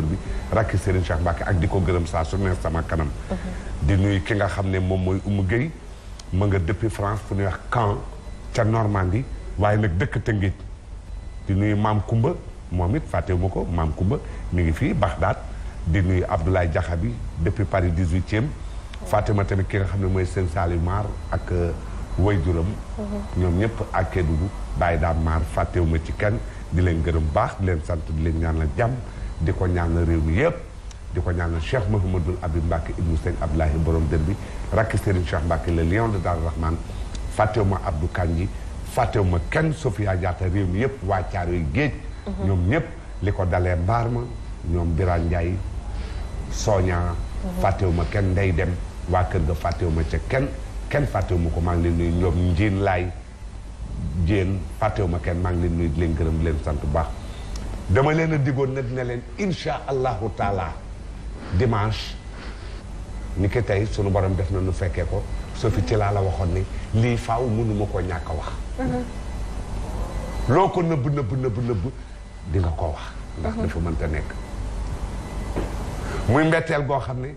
bi rakki Serigne Cheikh Mbacke ak di ko gërëm saa su ne sama kanam di nuyu ki nga xam ne moom mooy Oumou Gueye ma nga depuis France fu ñuy wax Caen ca Normandie waaye nag dëkk Tëngéej di nuyu maam Kumba moom it fàttewuma ko maam Kumba mu ngi fii Bagdad di nuyu Abdoulaye Diakha bi depuis Paris 18 fàtte ma tamit ki nga xam ne mooy seen Saliou Mar ak euh, wayjuram ñoom ñëpp ak Kédougou bàyyi daam maar fàttewuma ci kenn di leen gërëm baax di leen sant di leen ñaanal jàmm di ko ñaanal réew mi yëpp di ko ñaan ñaanal Cheikh Mouhamadul Habib Mbacke ibnu Sëñ Abdoulahi borom dër bi rakki Serigne Cheikh Mbacke le lion de Darou Rahman fàttewuma Abdou Kandji fàttewuma kenn Sofia Diatta réew mi yëpp waa Caaroy géej mhm. ñoom ñëpp li ko dalee mbaar ma ñoom Birane Ndiaye Soña mhm. fàttewuma kenn nday dem waa kër ga fàttewuma ca kenn kenn fàttewuma ko maa ngi leen nuyu ñoom njiin laay jéen fàttewuma kenn maa ngi leen nuyu di leen gërëm leen sant bu baax dama leen a digoon nag ne leen insha allahu taala dimanche ni ki tey sunu borom def na nu fekkee ko soo fi ci laa la waxoon ni lii faaw mënuma koo ñàkk a wax loo ko nëbb nëbb nëbb nëbb di koo wax ndax mhm. dafa mënta nekk muy mbetteel goo xam ne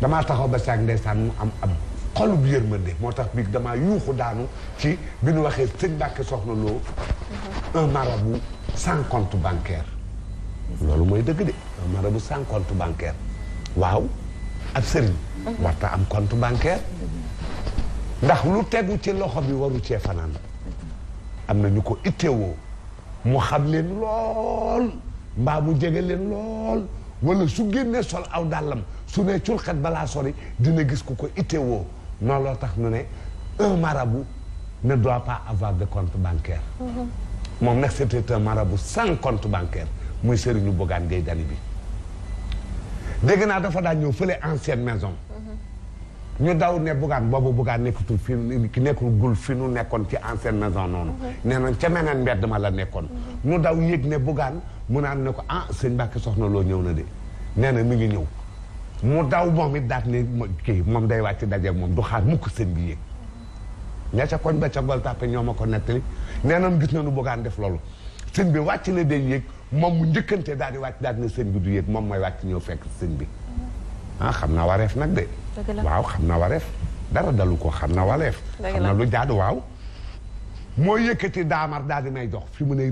damaa taxaw ba saag ndeysaan mu am ab xolub yërmande moo tax biig damaa yuuxu daanu ci bi ñu waxee sëñ Mbàkke Soxna Lo un marabout sans compte bancaire loolu mooy dëgg de un marabout sans compte bancaire waaw ab sëriñ warta am compte bancaire ndax lu tegu ci loxo bi waru cee fanaan am na ñu ko ittewoo mu xam leen lool mbaa mu jege leen lool wala su génnee sol aw dàllam su ne culxat balaa sori dina gis ku ko ittewoo noonu loo tax nu ne un marabout ne doit pas avoir de compte bancaire mm-hmm. moom nag c'était un marabout sans compte bancaire muy Serigne Bougane Gueye Dany bi dégg naa dafa daal ñëw fële ancienne maison mm-hmm. ñu daw ne Bougane boobu Bougane nekkatul fi ki nekkul gul fi nu nekkoon ci ancienne maison noonu mm-hmm. nee nañ ca meneen mbedd la nekkoon ñu daw yëg ne Bougane mu naan ne ko ah sëñ Mbàkke soxna loo ñëw na de nee na mi ngi ñëw mu daaw moom it daat ne kii moom day wàcc daje moom du xaar mukk seen bi yéeg ca koñ ba ca gol tàppe ñoo ma ko nettali nee nañ gis nañu bëggaan def loolu seen bi wàcc na day moom mu njëkkante daal di wàcc daal ne seen bi du yéeg moom mooy wàcc ñëw fekk seen bi ah xam na wareef nag de waaw xam na wareef dara dalu ko xam na wareef xam na lu jaadu waaw moo daamar daal di may jox mu ne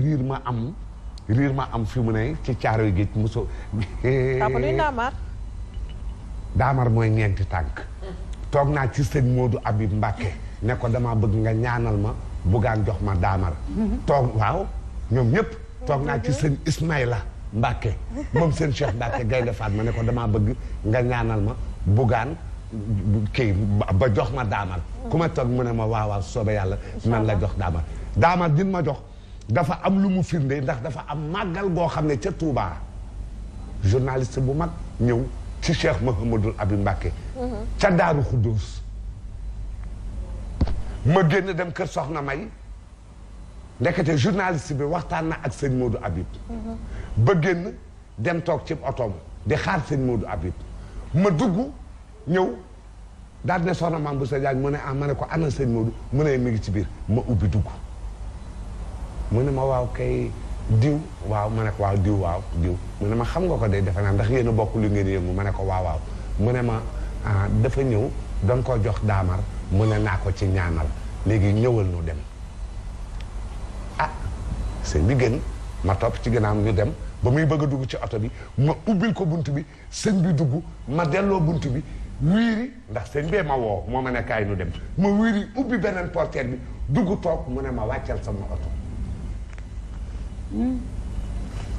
riir ma fi mu ne ci caaro yi géej moso papa luy daamar daamar mooy ñeenti tànk toog naa ci sëñ moodu Abib Mbàkke ne ko dama bëgg nga ñaanal ma buggaan jox ma daamar toog waaw ñoom ñëpp toog naa ci sëñ Ismaïla Mbàkke moom seen Cheikh Mbàkke Gaynde Fatma ne ko damaa bëgg nga ñaanal ma buggaan kii ba jox ma daamar ku ma toog mu ne ma waawaaw soobe yàlla nan la jox daamar daamar din ma jox dafa am lu mu firnde ndax dafa am màggal goo xam ne ca Touba journaliste bu mag ñëw ci Cheikh Mouhamadul Abi Mbacke. ca Daaru Xuddoos. ma génn dem kër Soxna May ndekete journaliste bi waxtaan na ak sëñ Modou Habib. ba génn dem toog ci otoom di xaar sëñ Modou Habib. ma dugg ñëw daal ne soxna maam bu sa jaaj mu ah, ne ko ana sëñ mu ne mi ngi ci biir ma ubbi dugg mu ne ma waaw kay. diw waaw ma ne ko waaw diw waaw diw mu ne ma xam nga ko de defe naa ndax yéen a bokk lu ngeen yëngu ma ne ko waaw waaw mu ne ma ah, dafa ñëw da nga ko jox daamar mu ne naa ko ci ñaanal léegi ñëwal nu dem ah sëñ bi gën ma topp ci gën a am ñu dem ba muy bëgg dugg ci oto bi ma ubbil ko bunt bi sëñ bi dugg ma delloo bunt bi wiiri ndax sëñ bee ma woo moo ma ne kaay nu dem ma wiiri ubbi beneen portière bi dugg toog mu ne ma wàccal sama oto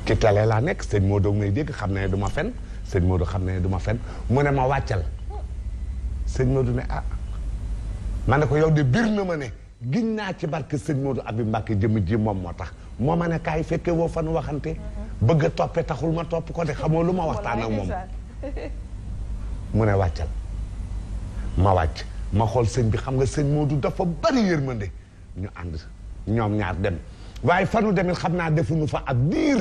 ci télé laa nekk sëñ Modou may dégg xam ne du ma fen sëñ moo Modou xam ne du ma fen mu ne ma wàccal sëñ du ne ah ma ne ko yow de biir na ma ne giñ naa ci barke sëñ Modou Abib Mbacke jëmm ji moom moo tax moo ma ne kaay fekke woo fan waxante bëgg a taxul ma topp ko de xamoo lu ma waxtaan ak moom mu ne wàccal ma wàcc ma xool sëñ bi xam nga sëñ Modou dafa bari nde ñu ànd ñoom ñaar dem waaye fanu demit xam naa defuñu fa ab diir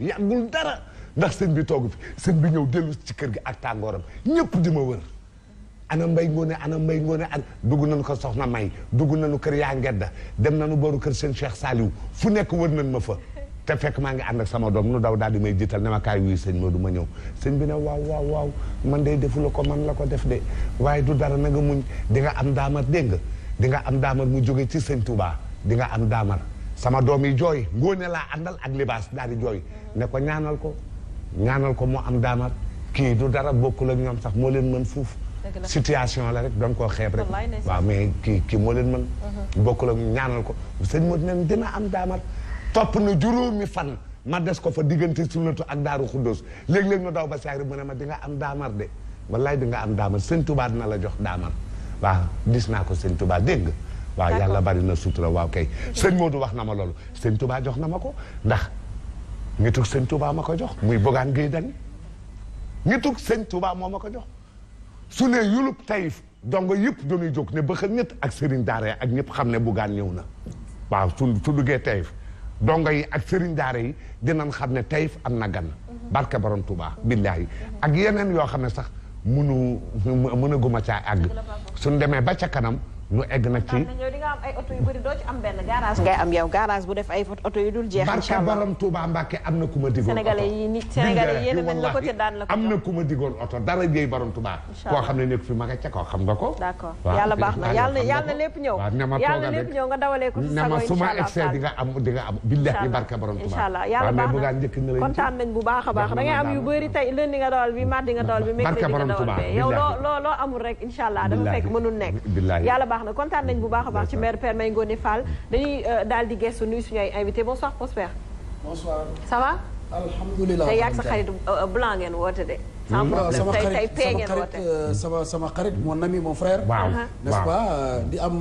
yàggul dara ndax sëñ bi toogu fi sëñ bi ñëw dellu ci kër gi ak tàngooram ñëpp di ma wër ana mbay ngoone ana mbay ngoone ak dugg nañu ko soxna may dugg nañu kër yaa ngedda dem nañu booru kër sëñ Cheikh Saliou fu nekk wër nañ ma fa te fekk maa ngi ànd ak sama doom nu daw daal di may jiital ne ma kaay wuyu sëñ Modou ma ñëw sëñ bi ne waaw waaw waaw man de defu la ko man la ko def de waaye du dara na nga muñ di nga am daamar dégg nga di nga am daamar mu jóge ci sëñ Touba di nga am daamar sama doom yi jooy ngóone laa àndal ak libaas daal di jooy ne ko ñaanal ko ñaanal ko moo am daamaat kii du dara bokkul ak ñoom sax moo leen mën fuuf situation la rek doon koo xeeb rek waaw mais kii kii moo leen mën uh-huh. bokkul ak ñaanal ko sëñ moo nen dina am daamar topp na mi fan ma des ko fa diggante sunnatu ak daaru xuddoos léeg-léeg ñu daw ba saari mu ne ma di nga am daamar de wallaay di nga am daamar sëñ Tuubaa dina la jox daamar waaw gis naa ko sëñ dégg nga waaw yàlla bari na sutura waaw kay mm-hmm. sëñ Modou wax na ma loolu sëñ Touba jox na ma ko ndax ñitug sëñ Touba ma ko jox muy Bogaan Gueye Dany ñitug sëñ Touba moo ma ko jox su ne yulub tayif dongo yëpp dañuy jóg ne bëxal ñett ak sëriñ daara ak ñëpp xam ne Bogaan ñëw na waaw su su duggee tayif yi ak sëriñ daara yi dinañ xam ne tayif am na gan mm-hmm. barke borom Touba billaahi mm-hmm. ak yeneen yoo xam ne sax munu mën caa àgg demee ba ca kanam ñu egg nag ci yow di nga am ay oto yu bëri doo ci am benn garage ngay am yow garage bu def ay oto yu dul jeex barke borom Touba Mbacke am kuma digol. Sénégalais yi nit Sénégalais la ko ci daan la ko am na ku ma dara jëy borom Touba koo xam ne fi ma ca koo xam nga ko d'accord yàlla baax na yàlla yàlla na lépp ñëw yàlla na nga dawalee ko ne ma su excès di nga am di nga am billahi barke borom Touba inshallah na nañ bu baax da ngay am yu lundi nga dawal bi mardi nga dawal bi mercredi nga dawal yow amul rek inshallah mënul baax na kontaan nañ bu baax a baax ci mère Père May Ngoné Fall dañuy euh, daal di gestu nuyu suñu ay invité bonsoir prosper bonsoir ça va alhamdulilah tey yaag sa xarit euh, blanc ngeen woote de sans hmm. problème ah, tey tey pee ngeen woote euh, sama sama xarit mon ami mon frère waaw uh-huh. n'est-ce pas di am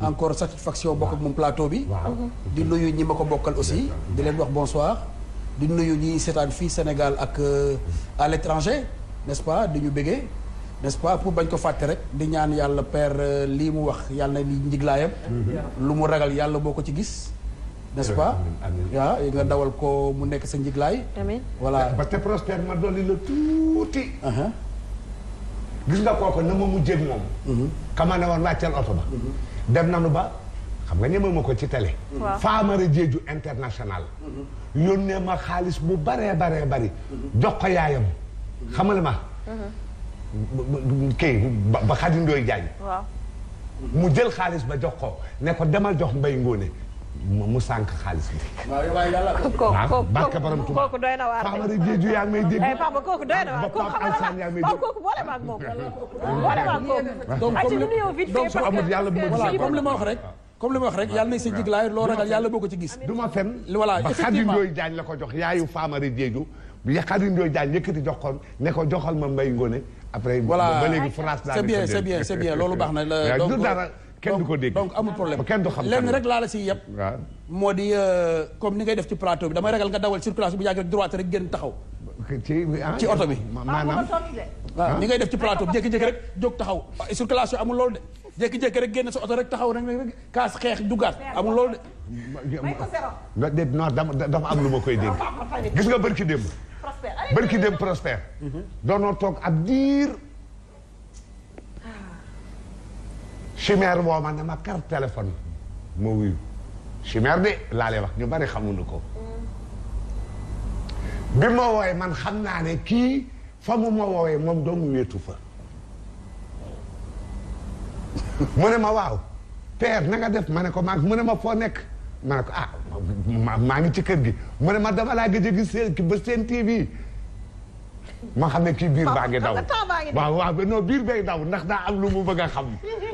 encore satisfaction bokk ak moom plateau bi uh-huh. di nuyu ñi ma ko bokkal aussi di leen wax bonsoir di nuyu ñi seetaan fii Sénégal ak à l'étranger n'est-ce pas di ñu bëggee n'est-ce pas pour bañ ko fàtte rek di ñaan yàlla père euh, lii mu wax yàlla na li njiglaayam mm-hmm. lu mu ragal yàlla boo ko ci gis n'est-ce pas waaw ah, nga dawal ko mu nekk sa njiglaay amiin voilà ba te prospère ma dolli la tuuti uh-huh. gis nga kooku na ma mujjee moom xamaa mm-hmm. ne war naa teel oto ba mm-hmm. dem nanu ba xam nga ñeme ma ko ci tele Famara Diédhiou international. yónnee ma xaalis bu baree baree bari. jox ko yaayam. xamal ma. kii ba Xadi Ndooy Jaañ mu jël xaalis ba jox ko ne ko demal jox mbay ngóone mu sànq xaalis bi. waaw yow waaye yàlla. Ah, kooku kooku kooku doy na waar de. Famara Diédhiou yaa ngi may eh, boole ma ak boole ma ak kooku. yàlla bu ma gis. comme li yàlla nañ sa jiglaay boo ko ci gis. ma fen voilà effectivement ba Xadi Ndooy Jaañ la ko jox yaayu Famara Diédhiou. Xadi Ndooy Jaañ jox ko ne ko joxal ma mbay ngoone après voilà ba léegi France daal di ko dégg c'est bien c'est bien loolu baax na. donc du dara kenn du ko dégg. donc amul problème kenn du xam lenn rek laa la si yëpp. waaw moo di euh, comme ni ngay def ci plateau bi damay ragal nga dawal circulation bu yàgg rek droite rek génn taxaw. Ah, ci oto bi maanaam ah, waaw ah. ni ngay def ci plateau bi jékki-jékki rek jóg taxaw circulation amul loolu de jékki-jékki rek génn sa oto rek taxaw rek rek kaas xeex dugaat amul loolu de. nga déet non dafa am lu ma koy dégg gis nga barki démb Prospère. barki dem Prospère. doonoo toog ab diir. Ah. chimère woo ma ne ma carte téléphone ma wuyu de laa lay wax ñu bari xamuñu ko. Mm. bi ma man xam naa ne kii fa mu ma woowee moom doomu wéetu fa. Mm. mu ne ma waaw père na def ma ne ko maag mu ne ma foo nekk. ma ne ko ah maa ngi ci kër gi mu ne ma dama laa gëj a gis seen ba seen TV ma xam ne kii biir baa ngi daw waaw waaw non biir bay daw ndax daa am lu mu bëgg a xam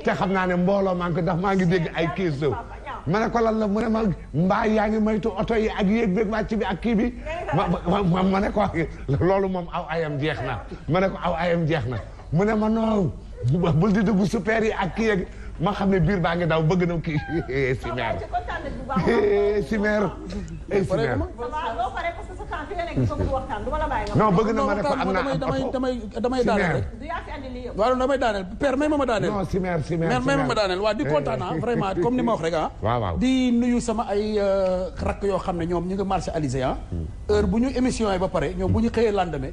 te xam naa ne mbooloo maa ngi ko ndax maa ngi dégg ay kees sow ma ne ko lan la mu ne ma mbaa yaa ngi maytu oto yi ak yéeg beeg wàcc bi ak kii bi ma ma ne ko loolu moom aw ayam jeex na ma ne ko aw ayam jeex na mu ne ma non bul di dugg super yi ak kii yeeg ma xam ne biir baa ngi daw bëgg na kii simeer simeer simeer bëgg na ma ne ko am naa am oto damay damay daaneel rek waaw damay ma ma daaneel non simeer simeer may ma ma daaneel waaw di eh. kontaan vraiment comme ni ma wax rek ah waaw waaw di nuyu sama ay euh, rakk yoo xam ne ñoom ñu ngi marché Alizé ah hmm. heure bu ñu émission yi ba pare ñoom bu ñu xëyee lendemain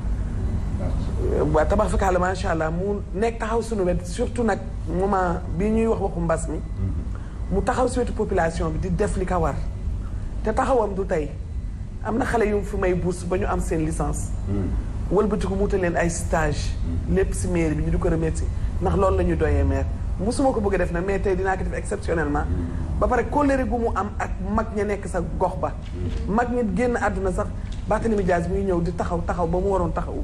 waaw tabax fa kaala macha allah mu nekk taxaw suñu wet surtout nag moment bi ñuy wax waxu mbas mi. Mhm. mu taxaw si wetu population bi di def li ka te taxawam du tey am na xale yu fi may bourse ba ñu am seen licence. Mhm. wëlbatiku mu wutal leen ay stage mhm. lépp si mairie bi ñu di a remercier ndax loolu la ñu doyee maire musuma ko bëgg a def nag mais tey dinaa ko def exceptionnellement. ba pare kóllëre gu mu am ak mag ña nekk sa gox ba. mag ñi génn àdduna sax Barthélémy Dias mi ñëw di taxaw taxaw ba mu waroon taxawu.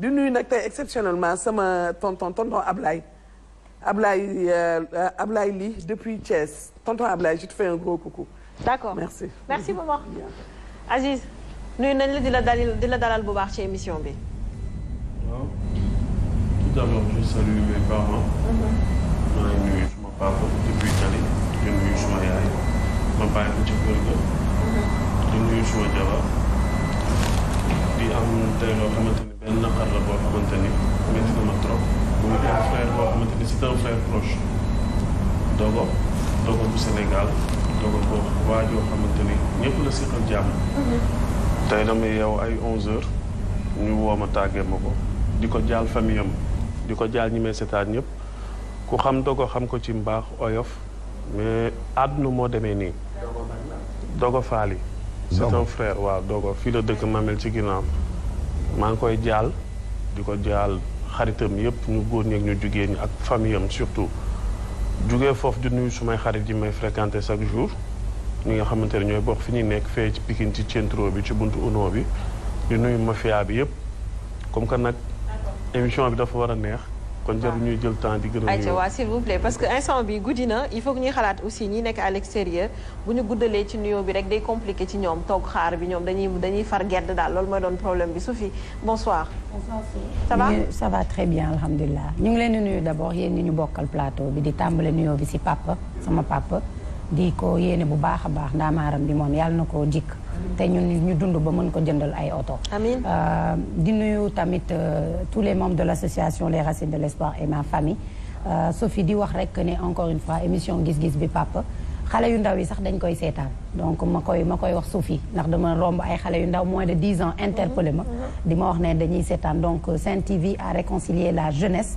Nous sommes exceptionnellement sama tonton tonton Ablaï, euh, Ablaye Li, depuis Thiès tonton Ablaï, je te fais un gros coucou. d'accord merci merci maman. Aziz nous sommes la de la dalal di chez dalal bu émission bi. tout d'abord je salue mes parents. Nous mm-hmm. ngi nuyu sama papa depuis Tali Nous nuyu sama yaay ma ko ci kër am tey loo xamante ni benn naqar la boo xamante ni métti na ma mu ngi benn frère boo xamante ni c'est un frère proche dogo dogo bu Sénégal dogo ko waa joo xamante ni ñëpp la siqal jàmm mm-hmm. tey dama yow ay onze heures ñu woo ma tàggee ma ko di ko jaal famille di ko jaal ñi may seetaan ñëpp ku xam dogo xam ko ci mbaax oyof mais àdduna moo demee nii dogo faali c'est un frère waaw Dogo fii la dëkk Mamel ci ginnaaw maa ngi koy jaal di ko jaal xaritam yëpp ñu góor ñeeg ñu jugee ak famille surtout jugee foofu di nuyu sumay xarit yi may fréquenté chaque jour ñi nga xamante ne ñooy bokk fi ñuy nekk fee ci Pikine ci centro bi ci buntu uno bi di nuyu mafia bi yëpp comme que nag émission bi dafa war a neex kon jarul ñuy jël temps di gën a. ayca waaw s'il vous plaît parce que instant bi guddi na il faut que ñuy xalaat aussi ñi nekk à l'extérieur bu ñu guddalee ci nuyoo bi rek day compliqué ci ñoom toog xaar bi ñoom dañuy dañuy far gedd daal loolu mooy doon problème bi Sophie bonsoir. bonsoir ça va ça va très bien alhamdulilah ñu ngi leen di nuyu d'abord yéen ñi ñu bokkal plateau bi di tàmbale nuyoo bi si papa sama papa di ko yéene bu baax a baax ndaamaaram bi moom yàlla na koo jikk te ñun ñu dund ba mën ko jëndal ay oto. amiin euh, di nuyu tamit euh, tous les membres de l' association les racines de l' espoir et ma famille. Euh, Sophie di wax rek que ne encore une fois émission gis-gis bi papa xale yu ndaw yi sax dañ koy seetaan donc ma koy ma koy wax Sophie ndax dama romb ay xale yu ndaw moins de 10 ans interpellé ma. Mhm. di ma wax ne dañuy seetaan donc Saint TV a réconcilié la jeunesse.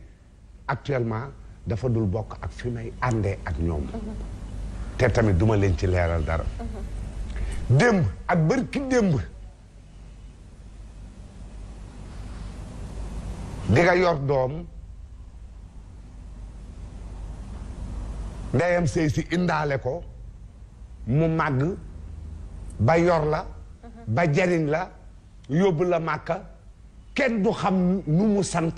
actuellement dafa dul bokk ak fi may àndee ak ñoom te tamit duma leen ci leeral dara démb ak bërki démb di yor doom ndeyam sëy si indaale ko mu màgg ba yor la ba jariñ la yóbbu la màkka kenn du xam nu mu sant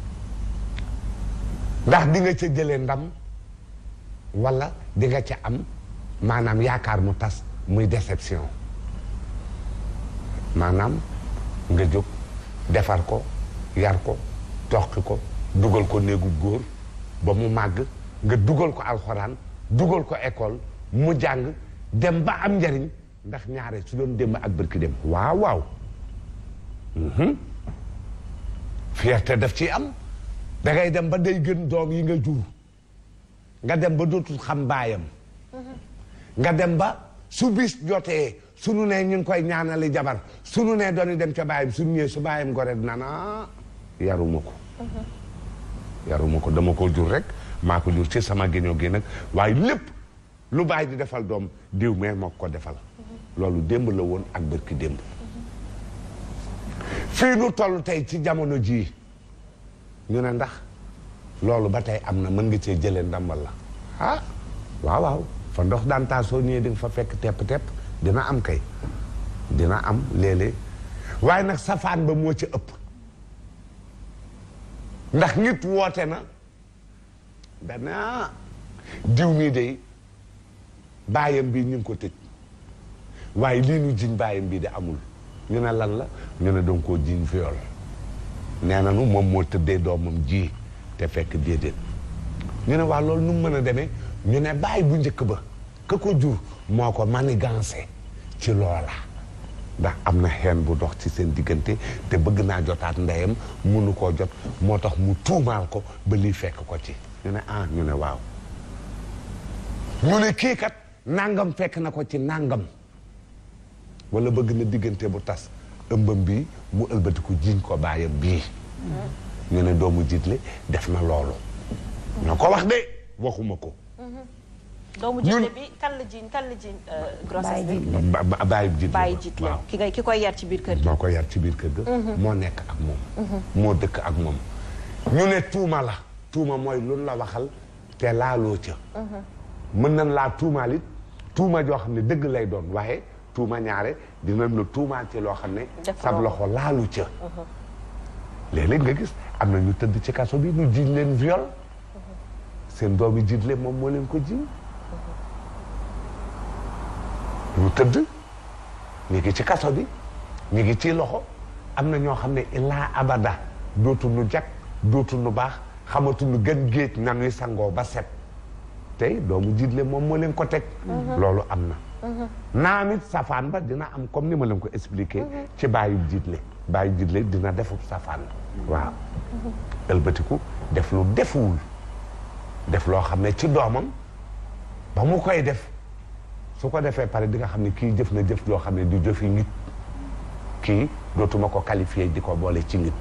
ndax di nga ca jëlee ndam wala di nga ca am maanaam yaakaar mu tas muy déception maanaam nga jóg defar ko yar ko toqi ko dugal ko néegu góor ba mu màgg nga dugal ko alxuraan dugal ko école mu jàng dem ba am njariñ ndax ñaare su doon démb ak bërki dem waaw waaw mhm. fierté daf ci am da ngay dem ba day gën doom yi nga jur nga dem ba dootul xam baayam nga dem ba su bis jotee sunu ne ñu ngi koy ñaanali jabar su nu ne doon dem ca baayam sunu ñëwee su baayam gore dina na yaruma ko yaruma ko dama ko jur rek maa ko jur ci sama géñoo gi nag waaye lépp lu baay di defal doom diw mee moo ko defal loolu demb la woon ak bërki démb fii nu toll tey ci jamono jii ñu ne ndax loolu ba tey am na mën nga cee jëlee ndàmbal la ah waaw waaw fa ndox daan taasoo ñëwee di fa fekk tepp-tepp dina am kay dina am léeg waaye nag safaan ba moo ci ëpp ndax nit woote na dana ah, diw mii de baayam bi ñu ngi ko tëj waaye lii ñu jiñ baayam bii de amul ñu ne lan la ñu ne danga koo fi viol nee nañu moom moo tëddee doomam ji te fekk déedéet ñu ne waa loolu nu mu mën a demee ñu ne bàyyi bu njëkk ba ka ko jur moo ko manigancé ci loola ndax am na xeen bu dox ci seen diggante te bëgg naa jotaat ndeyam mënu koo jot moo tax mu tuumaal ko ba lii fekk ko ci ñu ne ah ñu ne waaw ñu ne kii kat nangam fekk na ko ci nangam wala bëgg na diggante bu tas ëmbam bi mu ëlbatiku jiiñ ko baayam bii mm-hmm. ñu ne doomu jiitle def na loolu ñoo ko wax de waxuma ko mm-hmm. doomu jiitle bi kan la jiiñ kan la euh, ki koy yar ci biir kër gi moo yar ci biir kër mm-hmm. moo nekk ak moom moo dëkk ak moom ñu ne tuuma la tuuma mooy lu la waxal te laaloo ca mën nañ laa tuumaal it tuuma joo xam ne dëgg lay doon waaye tuuma ñaare dinañ la tuumaal ci loo xam ne. sab loxo laalu ca. Uh-huh. léeg-léeg nga gis am na ñu tëdd ci kaso bi ñu jiñ leen viol. Uh-huh. seen doomi jiit leen moom moo leen ko jiñ. Uh-huh. ñu tëdd ñu ngi ci kaso bi ñu ngi ci loxo am na ñoo xam ne illaa abada dootu dootuñu jag dootuñu baax xamatuñu gën géej nañuy sangoo ba set tey doomu jiit leen moom moo leen ko teg. loolu am na. naam it safaan ba dina am comme ni ma leen ko expliqué. ci bàyyi jiitle bàyyi jiitle dina defub safaan waaw ëlbatiku def lu defuwul def loo xam ne ci doomam ba mu koy def su ko defee pare di nga xam ne kii jëf na jëf loo xam ne du jëfi nit kii dootuma ko qualifié di ko boole ci nit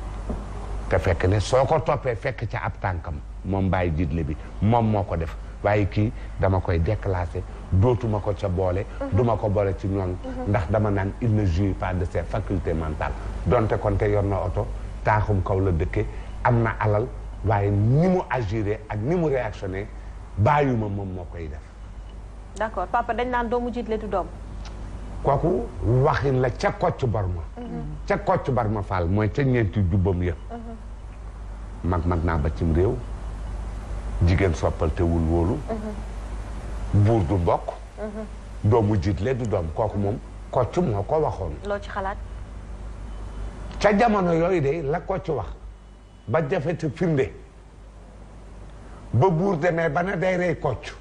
te fekk ne soo ko toppee fekk ca ab tànkam moom bàyyi jiitle bi moom moo ko def waaye kii dama koy déclassé dootuma ko ca boole mhm. duma ko boole ci ñoom mhm. ndax dama naan il ne jouit pas de ses facultés mentales donte kon te yoon na oto taaxum kaw la dëkke am na alal waaye ni mu agiré ak ni mu réactionné bàyyuma moom moo koy def d'accord papa dañ naan doomu jiit la du doom kooku waxin la ca kocc barma mhm. ca kocc barma faal mooy ca ñeenti jubbam yëpp mag mag naa ba cim réew jigéen soppaltewul wóolu mm-hmm. buur du bokk mm-hmm. doomu jiitle du doom kooku moom kocc moo ko waxoon loo ci xalaat ca jamono yooyu de la kocc wax ba jafe te firnde ba buur demee ba ne day rey kocc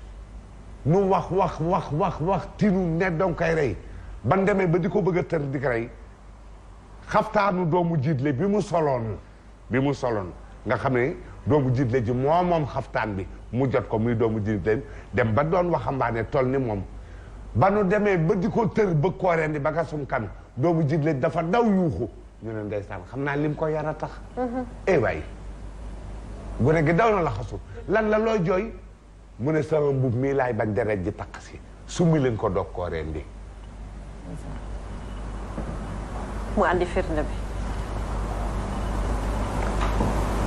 nu wax wax wax wax wax tinu ne doon koy rey ban demee ba di ko bëgg a tër di ko rey xaftaanu doomu jiitle bi mu soloon bi mu soloon nga xam ne doomu jiitle ji moo moom xaftaan bi mu jot ko muy doomu jiitle dem ba doon waxambaane tol ni moom ba nu demee ba di tër bëgg koo rendi ba gasum kan doomu jiitle dafa daw yuuxu ñu ne ndeysaan xam naa lim ko yar a tax mhm. eh waay gone daw na la lan la looy jooy mu ne sama mbub mii laay bañ deret ji takk si su mi leen ko doog koo rendi mu andi firnde bi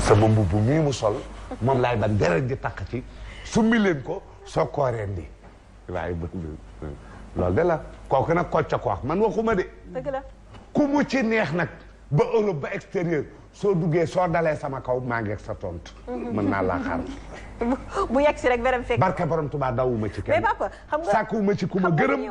sama mbubb mii mu sol moom laay ban deret di takk ci summi leen ko soo ko rendi waaye loolu de la kooku nag kocca ko wax man waxuma de dëgg ku mu ci neex nag ba Europe ba extérieur soo duggee soo dalee sama kaw maa ngi ak sa tontu. Mm-hmm. mën naa laa xaar. bu yegg si rek verem fekk. barke borom Tuubaa dawuma ci kenn. mais papa xam nga sàkkuwuma ci ku ma gërëm.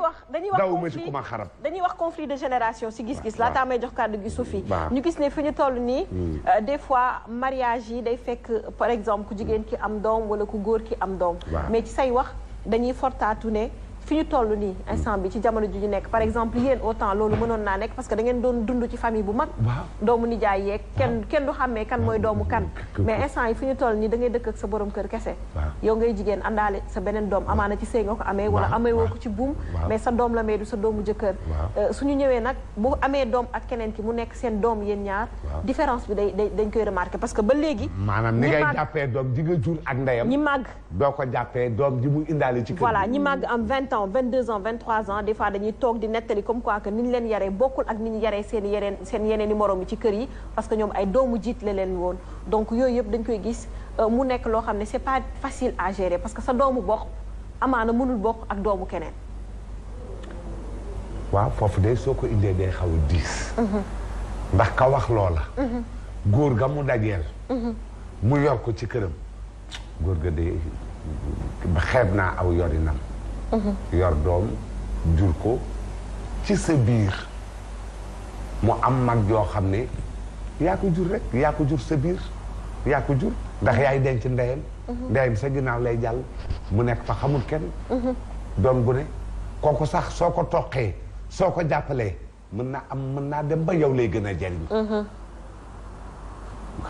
dawuma ci ku ma xarab dañuy wax conflit de génération si gis-gis. waaw laataa may jox kàddu gi suuf yi. ñu gis ne fi ñu toll nii. Hmm. Euh, des fois mariage yi day fekk par exemple ku jigéen ki am doom wala ku góor ki am doom. mais ci say wax dañuy fortaatu ne. fi ñu toll nii instant bi ci jamono ju ñu nekk par exemple yéen autant loolu mënoon naa nekk parce que da ngeen doon dund ci famille bu mag doomu nijaay yeeg kenn kenn du xàmmee kan mooy doomu kan mais sa doom la mais du sa doomu jëkkër euh, suñu ñëwee nag bu amee doom ak keneen ki mu nekk seen doom yéen ñaar différence bi day dañ koy remarqué parce que ba léegi maanaam ni ngay jàppee doom ji nga jur ak ndeyam ñi màgg doo am vingt ans ans 22 ans 23 ans des fois dañuy toog di nettali comme quoi que ni ñu leen yaree ak ni ñu yaree seen yeneen seen yeneen i morom ci kër yi parce que ñoom ay doomu jiit la leen woon donc yooyu yëpp dañ koy gis euh, mu nekk loo ne c'est pas facile à gérer parce que sa doomu bok amana mënul bok ak doomu keneen wa fofu day soko ko indee day xaw 10 hmm ndax ka wax loola mhm. góor ga mu hmm mu yor ko ci kërëm góor ga de xeeb aw yorinam Mm-hmm. yor doom jur ko ci sa biir mu am mag yoo xam ne yaa ko jur rek yaa ko jur sa biir yaa ko jur ndax yaay denc ndeyam mm-hmm. ndeyam sa ginnaaw lay jàll mu nekk fa xamul kenn mm-hmm. doom gu ne kooku sax soo ko toqee soo ko jàppalee mën naa am mën naa dem ba yow lay gën a jariñ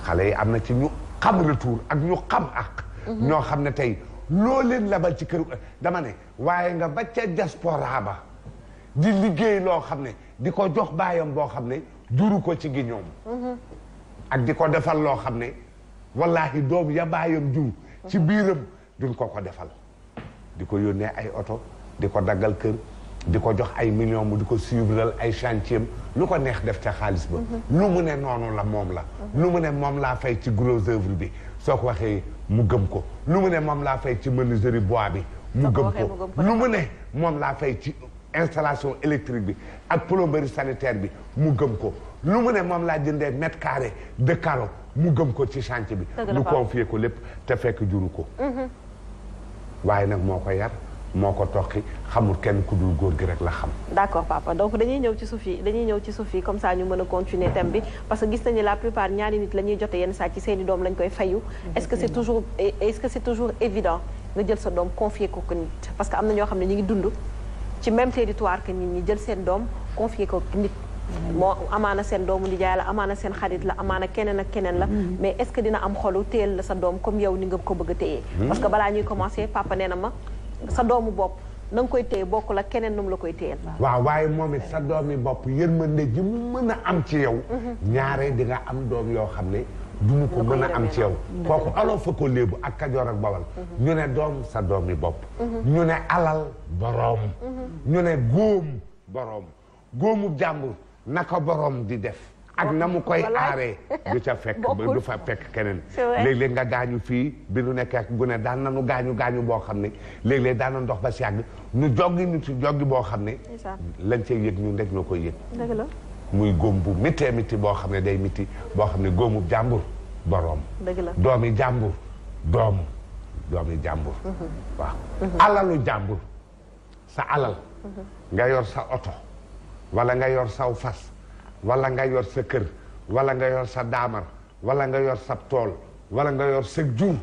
xale yi am na ci ñu xam retour ak ñu xam ak ñoo xam ne tey loo la labal ci këru dama ne waaye nga ba ca diaspora ba di liggéey loo xam ne di ko jox baayam boo xam ne juru ko ci giñoom mhm. ak di ko defal loo xam ne wallaahi doom ya baayam jur ci mhm. biiram duñ ko ko defal di ko yónnee ay oto di ko daggal kër di ko jox ay million mu di ko suivral ay chantier lu ko neex def ca xaalis ba mhm. lu mu ne noonu la moom la lu mu ne moom laa fay ci gros bi soo ko waxee mu gëm ko lu mu ne moom laa fay ci menuiserie bois bi mu gëm ko lu mu ne moom laa fay ci installation électrique bi ak plomberie sanitaire bi mu gëm ko lu mu ne moom laa jëndee mètre carré de carreau mu gëm ko ci chantier bi. mu confier ko lépp te fekk juru ko. Mhm. waaye nag moo ko yar. moo ko toqi xamul kenn ku dul góor gi rek la xam. d'accord papa donc dañuy ñëw ci suuf yi dañuy ñëw ci suuf yi comme ça ñu mën a continuer thème bi parce que gis nañu la plupart ñaari nit la ñuy jote yenn saa ci seeni doom lañ koy fayu. est-ce que c'est toujours est nga jël sa doom confier ko ko nit xam ne ñu ngi dund ci même territoire que jël seen doom confier ko nit. moo amaana seen doomu nijaay la amaana seen xarit la amaana keneen ak keneen la. Mm-hmm. mais est-ce que dina am xolu téel la sa doom comme yow ni nga ko bëgg a téye. Mm-hmm. parce que balaa sa doomu bopp na koy téye bokkul ak keneen nu la koy téyeel. waaw waaye moom it sa doomi bopp yërmande ji mu mën a am ci yow. Mhm. ñaare di am doom yoo xam ne. duñu ko mën a am ci yow kooku aloo fa ko ak kajoor ak bawal mhm. ñu ne doom sa doomi bopp mhm. ñu ne alal boroom ñu ne góom boroom góomu jàmbur naka boroom di def ak na mu koy aaree du ca fekk ba du fa nga gaañu fii bi nu nekk ak gune daan nanu gaañu gaañu boo xam ne léeg-léeg daan nañ dox ba si yàgg nu joggi nu boo xam ne lañ cee yëg ñun rek ñoo koy yëg muy góom bu mitti boo xam ne day mitti boo xam ne góomub jàmbur boroom dëgg doomi jàmbur doomu doomi jàmbur mm-hmm. Mm-hmm. alalu jàmbur sa alal mm-hmm. nga yor sa oto wala nga yor saw fas wala nga yor sa kër wala nga yor sa daamar wala nga yor sa tool wala nga yor sa jur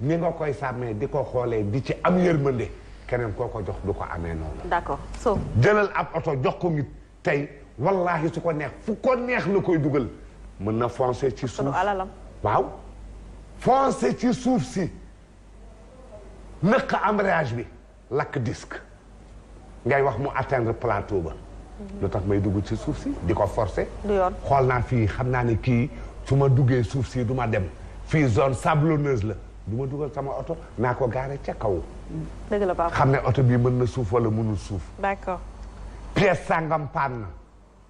ni nga koy sàmmee di ko xoolee di ci am yërmande keneen koo ko jox du ko amee noonu. d'accord so. jëlal ab oto jox ko nit tey wallaahi su ko neex fu neex la koy dugal mën na foncer ci suuf alalam waaw foncer ci suuf si nëq embrayage bi lakk disk ngay wax mu atteindre plateau ba. lu tax may dugg ci suuf si di ko forcer. xool naa fii xam naa ne kii su ma duggee suuf si du ma dem fii zone sablonneuse la du ma dugal sama oto naa ko gaare ca kaw. dëgg la xam ne oto bii mën na suuf wala mënul suuf. d'accord pièce sangam paan na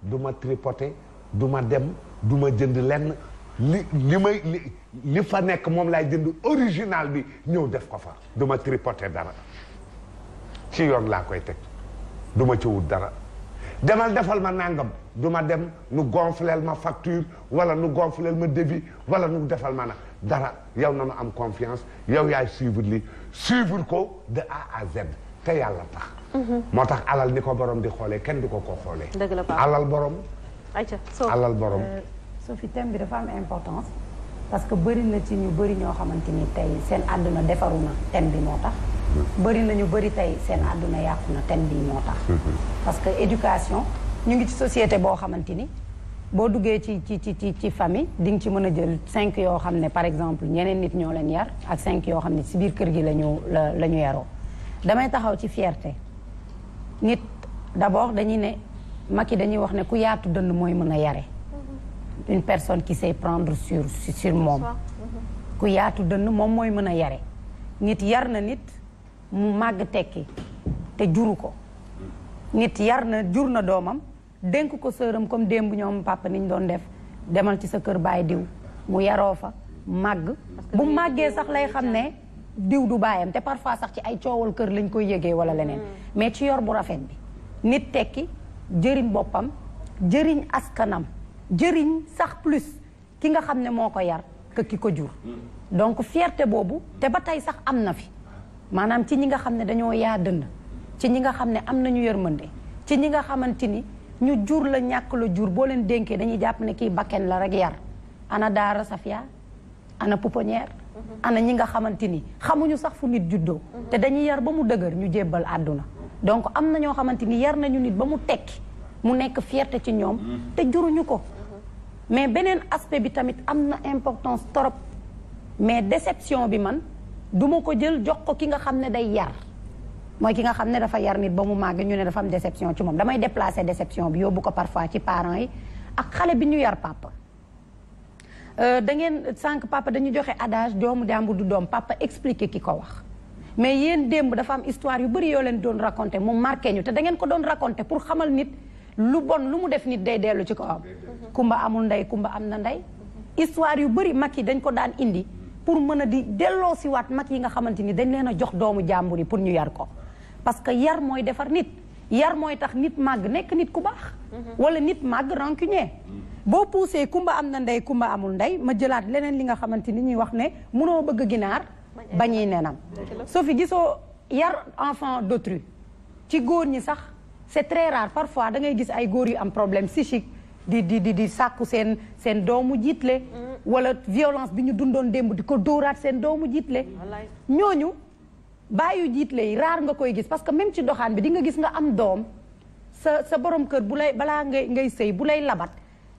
du ma tripoter du ma dem duma jënd lenn li li may li li fa nekk moom laay jënd original bi ñëw def ko fa. du ma tripoter dara ci yoon laa koy teg duma ma dara. demal defal ma nangam dem gonfler ma facture wala nu gonfler ma devis wala nu defal ma dara confiance je yaay suivre suivre de A à Z Je suis mhm. tax. alal de borom di ko la alal euh, Sophie thème bi je importance parce que bëri na ci ñu bëri Je suis je defaru bëri nañu bëri tey seen àdduna yàqu na thème bi moo tax parce que éducation ñu ngi ci société boo xamante ni boo duggee ci ci ci ci ci famille di nga ci mën a jël cinq yoo xam ne par exemple ñeneen nit ñoo leen yar ak cinq yoo xam ne si biir kër gi lañu la la ñu yaroo damay taxaw ci fierté nit d'abord dañuy ne mag yi dañuy wax ne ku yaatu dënn mooy mën a yare une personne qui sait prendre sur sur moom ku yaatu dënn moom mooy mën a yare nit yar na nit mu màgg tekki te juru ko nit yar na jur na doomam dénk ko sëram comme démb ñoom ni ñu doon def demal ci sa kër baay diw mu yaroo fa màgg bu màggee sax lay xam ne diw du baayam te parfois sax ci ay coowal kër lañ koy yëgee wala leneen hmm. mais ci yor bu rafet bi nit tekki jëriñ boppam jëriñ askanam jëriñ sax plus ki nga xam ne moo ko yar que ki ko jur hmm. donc feerte boobu te ba tey sax am na fi maanaam ci ñi nga xam ne dañoo yaa dënd ci ñi nga xam ne am nañu de ci ñi nga xamante ni ñu jur la ñàkk la jur boo leen dénkee dañuy jàpp ne kii bakken la rek yar ana daara safia ana pouponnière mhm. ana ñi nga xamante ni xamuñu sax fu nit juddoo mhm. te dañuy yar ba mu dëgër ñu jébbal àdduna donc am na ñoo xamante ni yar nañu nit ba mu tekki mu nekk fierté ci ñoom mhm. te juruñu ko mais beneen aspect bi tamit am na importance trop mais déception bi man duma ko jël jox ko ki nga xam ne day yar mooy ki nga xam ne dafa yar nit ba mu màgg ñu ne dafa am déception ci moom damay déplacer déception bi yóbbu ko parfois ci parents yi ak xale bi ñu yar papa. Euh, da ngeen sànq papa dañu joxe adage doomu jàmbur du doom papa expliquer ki ko wax mais yéen démb dafa am histoire yu bëri yoo leen doon raconté mu marqué ñu te da ngeen ko doon raconté pour xamal nit lu bon lu mu def nit day dellu ci ko am kumba amul ndey kumba am na ndey histoire yu bëri mag yi dañ ko daan indi pour mën a di delloo si waat mag yi nga xamante ni dañ leen a jox doomu jàmbur yi pour ñu yar ko parce que yar mooy defar nit yar mooy tax nit màgg nekk nit ku baax mhm. wala nit màgg rancunier boo poussé kumba am na ndey kumba amul ndey ma jëlaat leneen li nga xamante ni ñuy wax ne munoo bëgg ginaar bañuy nenam soo fi gisoo yar enfant d'autrui ci góor ñi sax c'est très rare parfois da ngay gis ay góor yu am problème psychique di di di di sàkku seen seen doomu jiitle wala violence bi dundon dundoon démb di ko dóoraat seen doomu jiitle ñooñu bàyyu jiitle yi nga koy gis parce que même ci doxaan bi di nga gis nga am doom sa sa borom kër bu lay bala ngay ngay sëy bu lay labat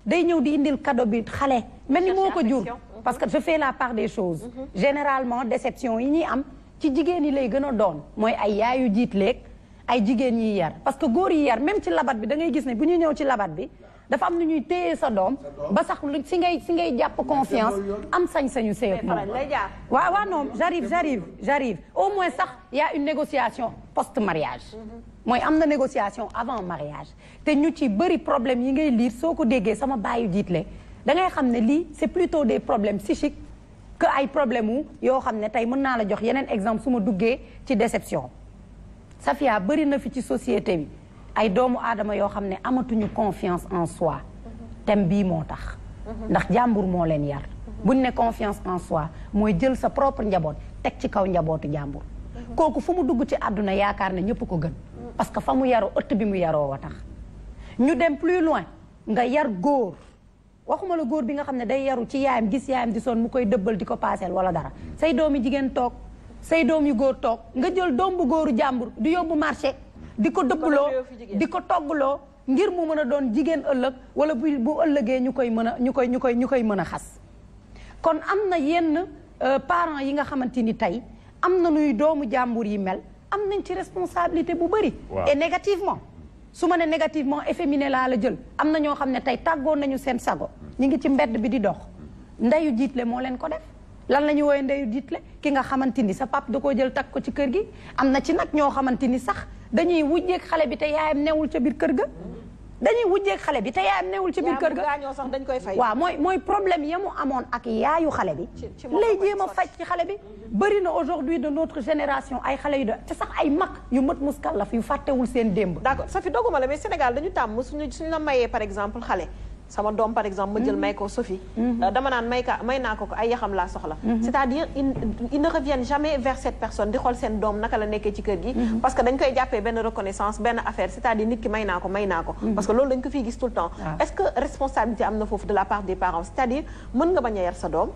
day ñëw di indil cadeau bi xale mel ni jur parce que je fais la part des choses mm-hmm. généralement déception yi ñuy am ci jigéen yi lay gën a doon mooy ay yaayu jiitleeg ay jigéen yi yar parce que góor yi yar même ci labat bi da ngay gis ne bu ñu ci labat bi dafa am nu ñuy téye sa doom ba sax si ngay si ngay japp confiance am sañ-sañu sëy ak wa waaw non j'arrive j'arrive j'arrive au moins sax y a une négociation post mariage moy mhm. amna négociation avant mariage té ñu ci bëri problème yi ngay lire soko déggé déggee sama bàyyi jiitle da ngay xamné li c'est plutôt des problèmes psychiques que ay problème wu yoo xam ne mën la jox yenen exemple suma duggé ci déception Safia bëri na fi ci société bi ay doomu aadama yoo xam ne amatuñu confiance en soi tem bii moo tax ndax jàmbur moo leen yar buñ ne confiance en soi mooy jël sa propre njaboot teg ci kaw njabootu jàmbur kooku fu mu dugg ci àdduna yaakaar ne ñëpp ko gën parce que fa mu yaroo ëtt bi mu yaroo wa tax ñu dem plus loin nga yar góor waxuma la góor bi nga xam ne day yaru ci yaayam gis yaayam di son mu koy dëbbal di ko paaseel wala dara say doomi yi jigéen toog say doomi yu góor toog nga jël doom bu góoru jàmbur di yóbbu marché di ko dëbbuloo di ko toggloo ngir mu mën a doon jigéen ëllëg wala bu bu ëllëgee ñu koy mën a ñu koy ñu koy ñu koy mën a xas kon am na yenn euh, parents yi nga xamante ni tey am na nuy doomu jàmbur yi mel am nañ ci responsabilité bu bëri et négativement su ma ne négativement efféminé laa la jël am na ñoo xam ne tey tàggoon nañu seen sago mm. ñu ngi ci mbedd bi di dox ndeyu jiitle moo leen ko def lan lañu woyé woowee ndeyu diitle ki nga xamanteni sa pap dako jël tak ko ci kër gi amna ci nak ño xamanteni sax dañuy wujjeeg xale bi te yaayam newul ci biir kër ga dañuy wujjeeg xale bi te yaayam newul ci biir kër ga gaañoo sax dañ koy fay wa moy moy problème yamu amone ak yaayu xale bi lay jema fajj ci xale bi bari na aujourd'hui de notre génération ay xale yu te sax ay mak yu mët muskàllaf yu fàttewul seen démb d'accord sa fi doguma la mais Sénégal dañu tam suñu suñu la mayee par exemple xale sama dom par exemple ma jël mm-hmm. may ko Sophie mm-hmm. euh, dama nan may ka may n'a ko ay yaxam la soxla mm-hmm. c'est-à-dire ils ne reviennent jamais vers cette personne di xol sen dom naka la nekkee ci kër gi parce que dañ koy jappé ben reconnaissance ben affaire c'est-à-dire nit ki may naa ko may ko parce que loolu dañ ko fi gis tout le temps ah. est-ce que responsabilité amna fofu de la part des parents c'est-à-dire mën nga baña a yar sa dom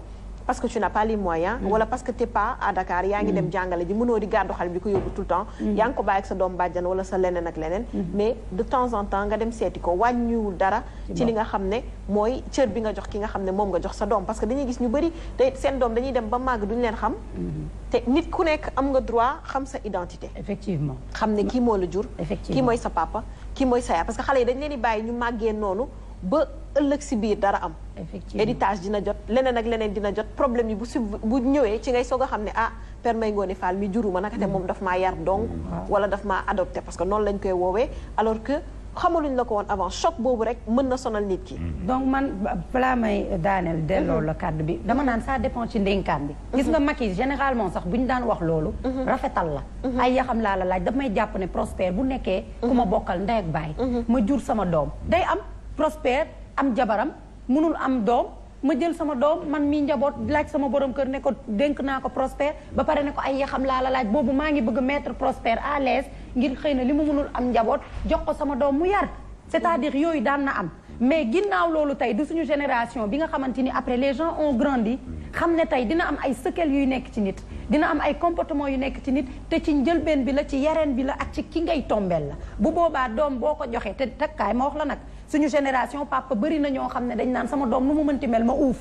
parce que tu n'as pas les moyens mm. wala parce que t'es pas à yaa ngi dem mm. jàngale ji mënoo di gàddu xale bi ko yóbbu tout le temps mm. yaa ngi ko bàyyi ak sa doom bàjjan wala sa leneen ak leneen mais de temps en temps nga dem seeti ko wàññiwul dara ci li nga xam ne mooy cër bi nga jox ki nga xam ne moom nga jox sa doom parce que dañuy gis ñu bëri te seen doom dañuy dem ba màgg duñu leen xam mm-hmm. te nit ku nekk am nga droit xam sa identité effectivement xam ne kii moo la jur kii mooy sa papa kii mooy sa parce que xale yi dañ leen di bàyyi ñu màggee noonu ba ëllëg si biir dara am effectivement héritage dina jot leneen ak leneen dina jot problème yi bu si bu ñëwee ci ngay soo a xam ne ah Père Mbaye Ngoné Fall mi juruma naka te moom daf maa yar donc wala daf maa adopté parce que noonu lañ koy woowee alors que xamaluñ la ko woon avant choc boobu rek mën na sonal nit ki. Mm-hmm. donc man balaa may daaneel delloo la kàddu bi dama naan saa dépend ci ndénkaan bi. Mm-hmm. gis nga mag yi généralement sax bu ñu daan wax loolu. Mm-hmm. rafetal la. ay yaxam laa la laaj daf may jàpp ne prospère bu nekkee. ku ma bokkal ndey ak baay. ma jur sama doom day am prospère am jabaram. mënul am doom ma jël sama doom man mii njaboot laaj sama borom kër ne ko dénk naa ko Prospère ba pare ne ko ay yaxam laa la laaj boobu maa ngi bëgg mettre Prospère à l'aise ngir xëy na li mu mënul am njaboot jox ko sama doom mu yar c'est-à-dire yooyu daan na am mais ginnaaw loolu tey du suñu génération bi nga xamante ni après les on ont grandi xam ne tey dina am ay sëkkel yuy nekk ci nit dina am ay comportement yu nekk ci nit te ci njëlbeen bi la ci yareen bi la ak ci ki ngay tombeel la bu boobaa doom boo ko joxee te takkaay ma wax la nag suñu génération papa bëri na ñoo xam ne dañ naan sama doom nu mu mënti mel ma uuf.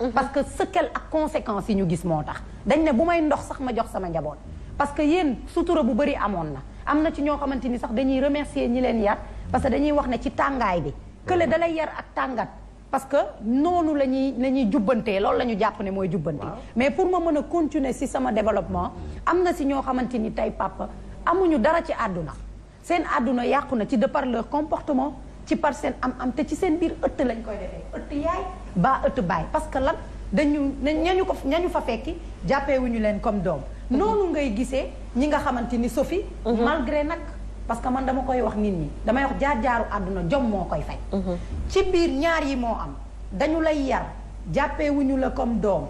Mhm. parce que sëkkal ak conséquences yi ñu gis moo tax. dañ ne bu may ndox sax ma jox sama njaboot parce que yéen sutura bu bëri amoon na am na ci ñoo xamante ni sax dañuy remercier ñi leen yar parce que dañuy wax ne ci tàngaay bi. kële mhm. dalay yar ak tàngat. parce que noonu la ñuy la ñuy jubbantee loolu la ñu jàpp ne mooy jubbante mais pour ma mën a continuer si sama développement am na si ñoo xamante ni tey papa amuñu dara ci àdduna seen àdduna yàqu na ci de par leur comportement ci parce seen am-am te ci seen biir ëtt lañ koy defee ëtt yaay baa ëtt baay parce que lan dañu ñañu ko ñañu fa fekki jàppeewuñu leen comme doom noonu ngay gisee ñi nga xamante ni Sophie mhm. malgré nag parce que man dama koy wax nit ñi damay wax jaar-jaaru àdduna jom moo koy fay mhm. ci biir ñaar yi moo am dañu lay yar jàppewuñu la comme doom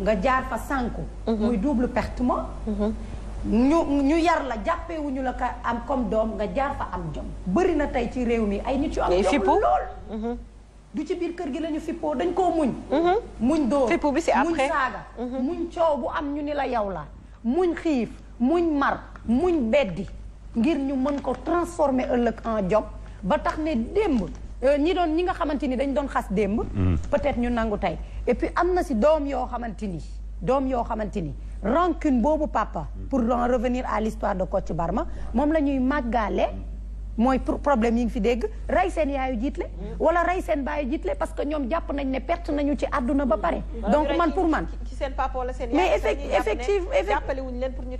nga jaar fa sànku mhm. muy double perte ñu ñu yar la jàppewuñu la ka am comme doom nga jaar fa am jom bëri na tey ci réew mi ay nit yu am jom lool mm-hmm. du ci biir kër gi lañu ñu fippoo dañ koo muñ mm-hmm. muñ dóor fippu bi si après muñ saaga mm-hmm. muñ coow bu am ñu ni la yow la muñ xiif muñ mar muñ beddi ngir ñu mën ko transformer ëllëg en jom ba tax ne démb euh, ñi doon ñi nga xamante ni dañ doon xas démb mm. peut-être ñu nangu tey et am na si doom yoo xamante ni doom yoo xamante ni rancune boobu papa. pour en revenir à l'histoire de Coach Barma mom lañuy magalé moy pour problème yi nga fi dégg ray sen yaayu jitlé wala ray sen baayu jitlé parce que ñom japp nañ né perte nañu ci aduna ba paré donc man pour man mais effectivement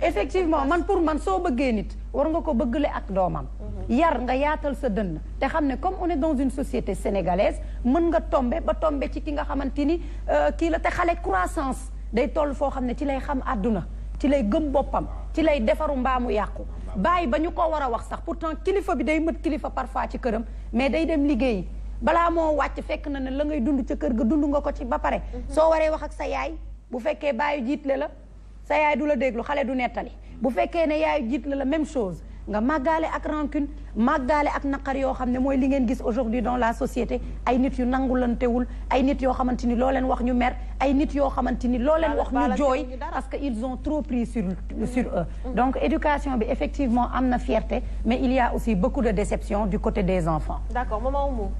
effectivement man pour man so bëggé nit war nga ko bëggale ak doomam mhm. yar nga yaatal sa dënn té xamné comme on est dans une société sénégalaise mën nga tomber ba tombe ci ki nga xamanteni euh ki la té xalé croissance day toll foo xam ne ci lay xam àdduna ci lay gëm boppam ci lay defaru mbaamu yàqu bàyyi ba ñu ko war a wax sax pour pourtant kilifa bi day mët kilifa parfois ci këram mais day dem liggéeyi balaa moo wàcc fekk na ne la ngay dund ca kër ga dund nga ko ci ba pare mhm. soo waree wax ak sa yaay bu fekkee bàyyi jiitle la sa yaay du la déglu xale du nettali bu fekkee ne yaay jiitle la même chose nga màggaale ak rancune màggaale ak nakar yo xam moy li ngeen gis aujourd'hui dans la société ay nit yu nangulantewul ay nit yo xamanteni lo loo leen wax ñu mer ay nit yo xamanteni lo loo leen wax ñu joy parce que ils ont trop pris sur mm-hmm. sur eux donc éducation bi effectivement amna fierté mais il y a aussi beaucoup de déception du côté des enfants d'accord maman Oumou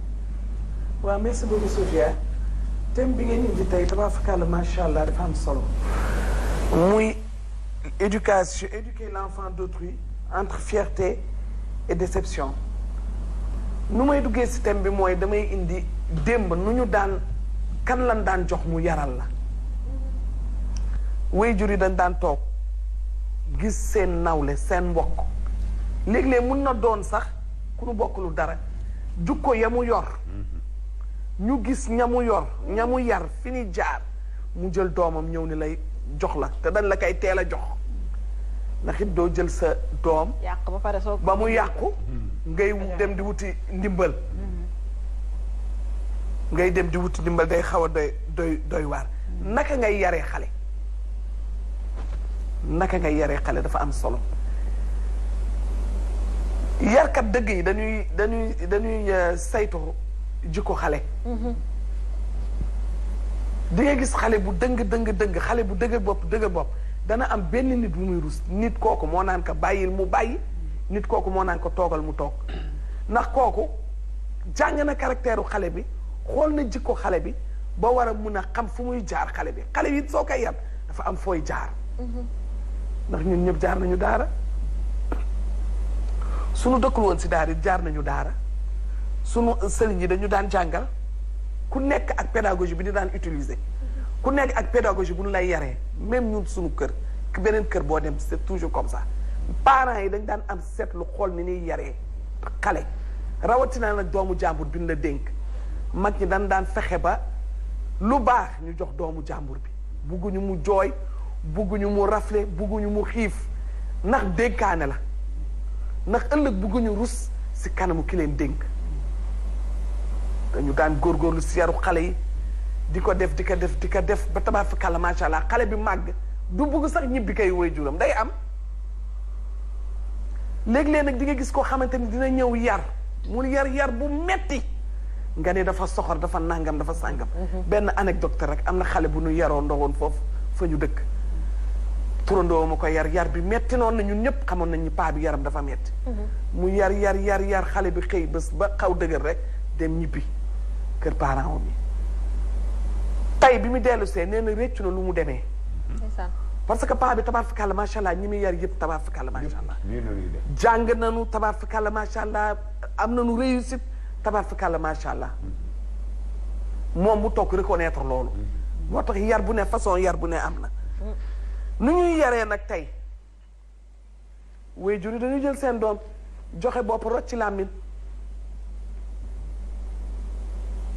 wa merci beaucoup sofia tem bi ngeen indi tey tabaarakalla kala machallah dafa am solo muy éducation éduquer l'enfant d'autrui entre fierté et déception nu may duggee si bi mooy damay indi démb nu ñu daan kan lan daan jox mu yaral la jur yi dañ daan toog gis seen nawle seen mbokk léeg-léeg mun na doon sax ku nu bokkulu dara jukko ya mu yor ñu gis ña mu yor ña mu yar fi ni jaar mu jël doomam ñëw ni lay jox la te dañ la koy teel a jox ndax it doo jël sa doom. yàq ba pare soo ba mu yàqu. ngay mm-hmm. dem di wuti ndimbal. Mm-hmm. ngay dem di wuti ndimbal day xaw a doy doy doy waar. Mm-hmm. naka ngay yare xale. naka ngay yaree xale dafa am solo. yarkat dëgg yi dañuy dañuy dañuy uh, saytu jikko xale. di nga gis xale bu dëng dëng dëng xale bu dëgër bopp dëgër bopp. dana am benn nit bu muy rus nit kooku moo naan ko bàyyil mu bàyyi nit kooku moo naan ko toogal mu toog ndax kooku jàng na caractère xale bi xool na jikko xale bi ba war a mun a xam fu muy jaar xale bi xale bi soo koy yar dafa am fooy jaar ndax ñun ñëpp jaar nañu daara suñu dëkkul woon si daara jaar nañu daara suñu sëriñ yi dañu daan jàngal ku nekk ak pédagogie bi ñu daan utiliser ku nekk ak pédagogie bu ñu lay yaree même ñun suñu kër beneen kër boo dem c'est toujours comme ça parent yi dañ daan am seetlu xool ni nii yaree xale rawatina nag doomu jàmbur bi ñu la dénk mag ñi dañ daan fexe ba lu baax ñu jox doomu jàmbur bi bugguñu mu jooy bugguñu mu rafle bugguñu mu xiif ndax dénkaane la ndax ëllëg bugguñu rus si kanamu ki leen dénk dañu daan góorgóorlu si yaru xale yi di ko def di ko def di ko def ba tabaarkalla macha allah xale bi màgg du bugg sax ñibbi kay woy juram day am léeg leen nag di nga gis koo xamante ni dina ñëw yar mu yar yar bu metti nga ne dafa soxor dafa nangam dafa sàngam. Mhm. benn anecdote rek am na xale bu ñu yaroo ndowoon foofu fa ñu dëkk. turandoo ko yar yar bi metti noonu na ñun ñëpp xamoon nañu paa bi yaram dafa metti mhm. mu yar yar yar yar xale bi xëy bés ba xaw dëgër rek dem ñibbi kër parent am yi tay bi mu dellu see nee na réccu na lu mu demee. Mm-hmm. parce que paa bi tabaar fakàlla macha allah ñi muy yar yëpp tabaar fakàlla macha allah. jàng nañu tabaar fakàlla macha allah am nañu réussite tabaar fakàlla macha allah mm-hmm. moom mu toog reconnaître loolu. Mm-hmm. moo tax yar bu ne façon yar bu ne am na. nu ñuy yaree nag tey. waajur yi dañuy jël seen doom joxe bopp rocc min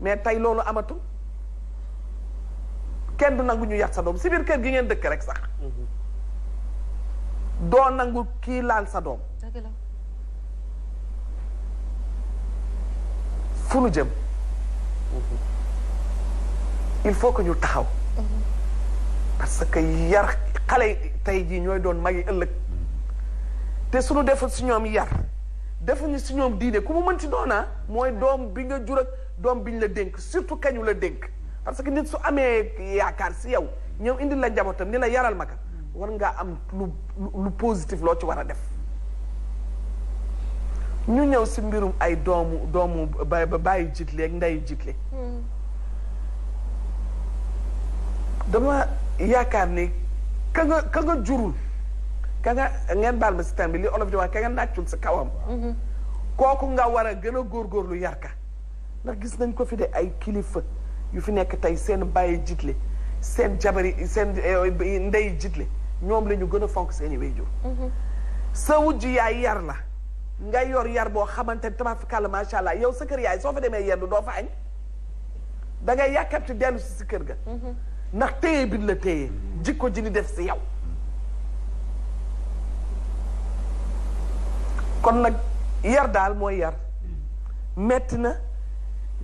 mais tey loolu amatul kenn du nangu ñu yàq sa doom si biir kër gi ngeen dëkk rek sax doo nangu kii laal sa doom fu nu jëm il faut que ñu taxaw parce que yar xale tey jii ñooy doon mag yi ëllëg te suñu deful si ñoom yar defuñu si ñoom diine ku mu mënti doonaa ah. mooy doom bi nga jur doom biñ la dénk surtout kañu la dénk parce que nit su amee yaakaar si yow ñëw indi la njabootam ni la yaral ma kat war ngaa am lu lu positif loo ci war a def ñu ñëw si mbirum ay doomu doomu ba bàyyi jiitle ak ndeyu jiitle dama yaakaar ni ka nga ka nga jurul ka nga ngeen baal ma si terme bi li olof di wax ka nga nàccul sa kawam mm-hmm. kooku nga war a gën a góorgóorlu yarka ndax gis nañ ko fi de ay kilifa yu fi nekk tey seen bàyyi jiitle seen jabari seen eh, ndey jiitle ñoom la ñu gën a fonk seen i wéyjur mhm. sa wujj yaay yar la nga yor yar boo xamante ne tabaarkalla macha allah yow sa kër yaay soo fa demee yendu doo fa añ dangay ngay yàkkamti dellu si si kër ga mhm. ndax téye bi la téye jikko ji ni def si yow kon nag yar daal mooy yar metti na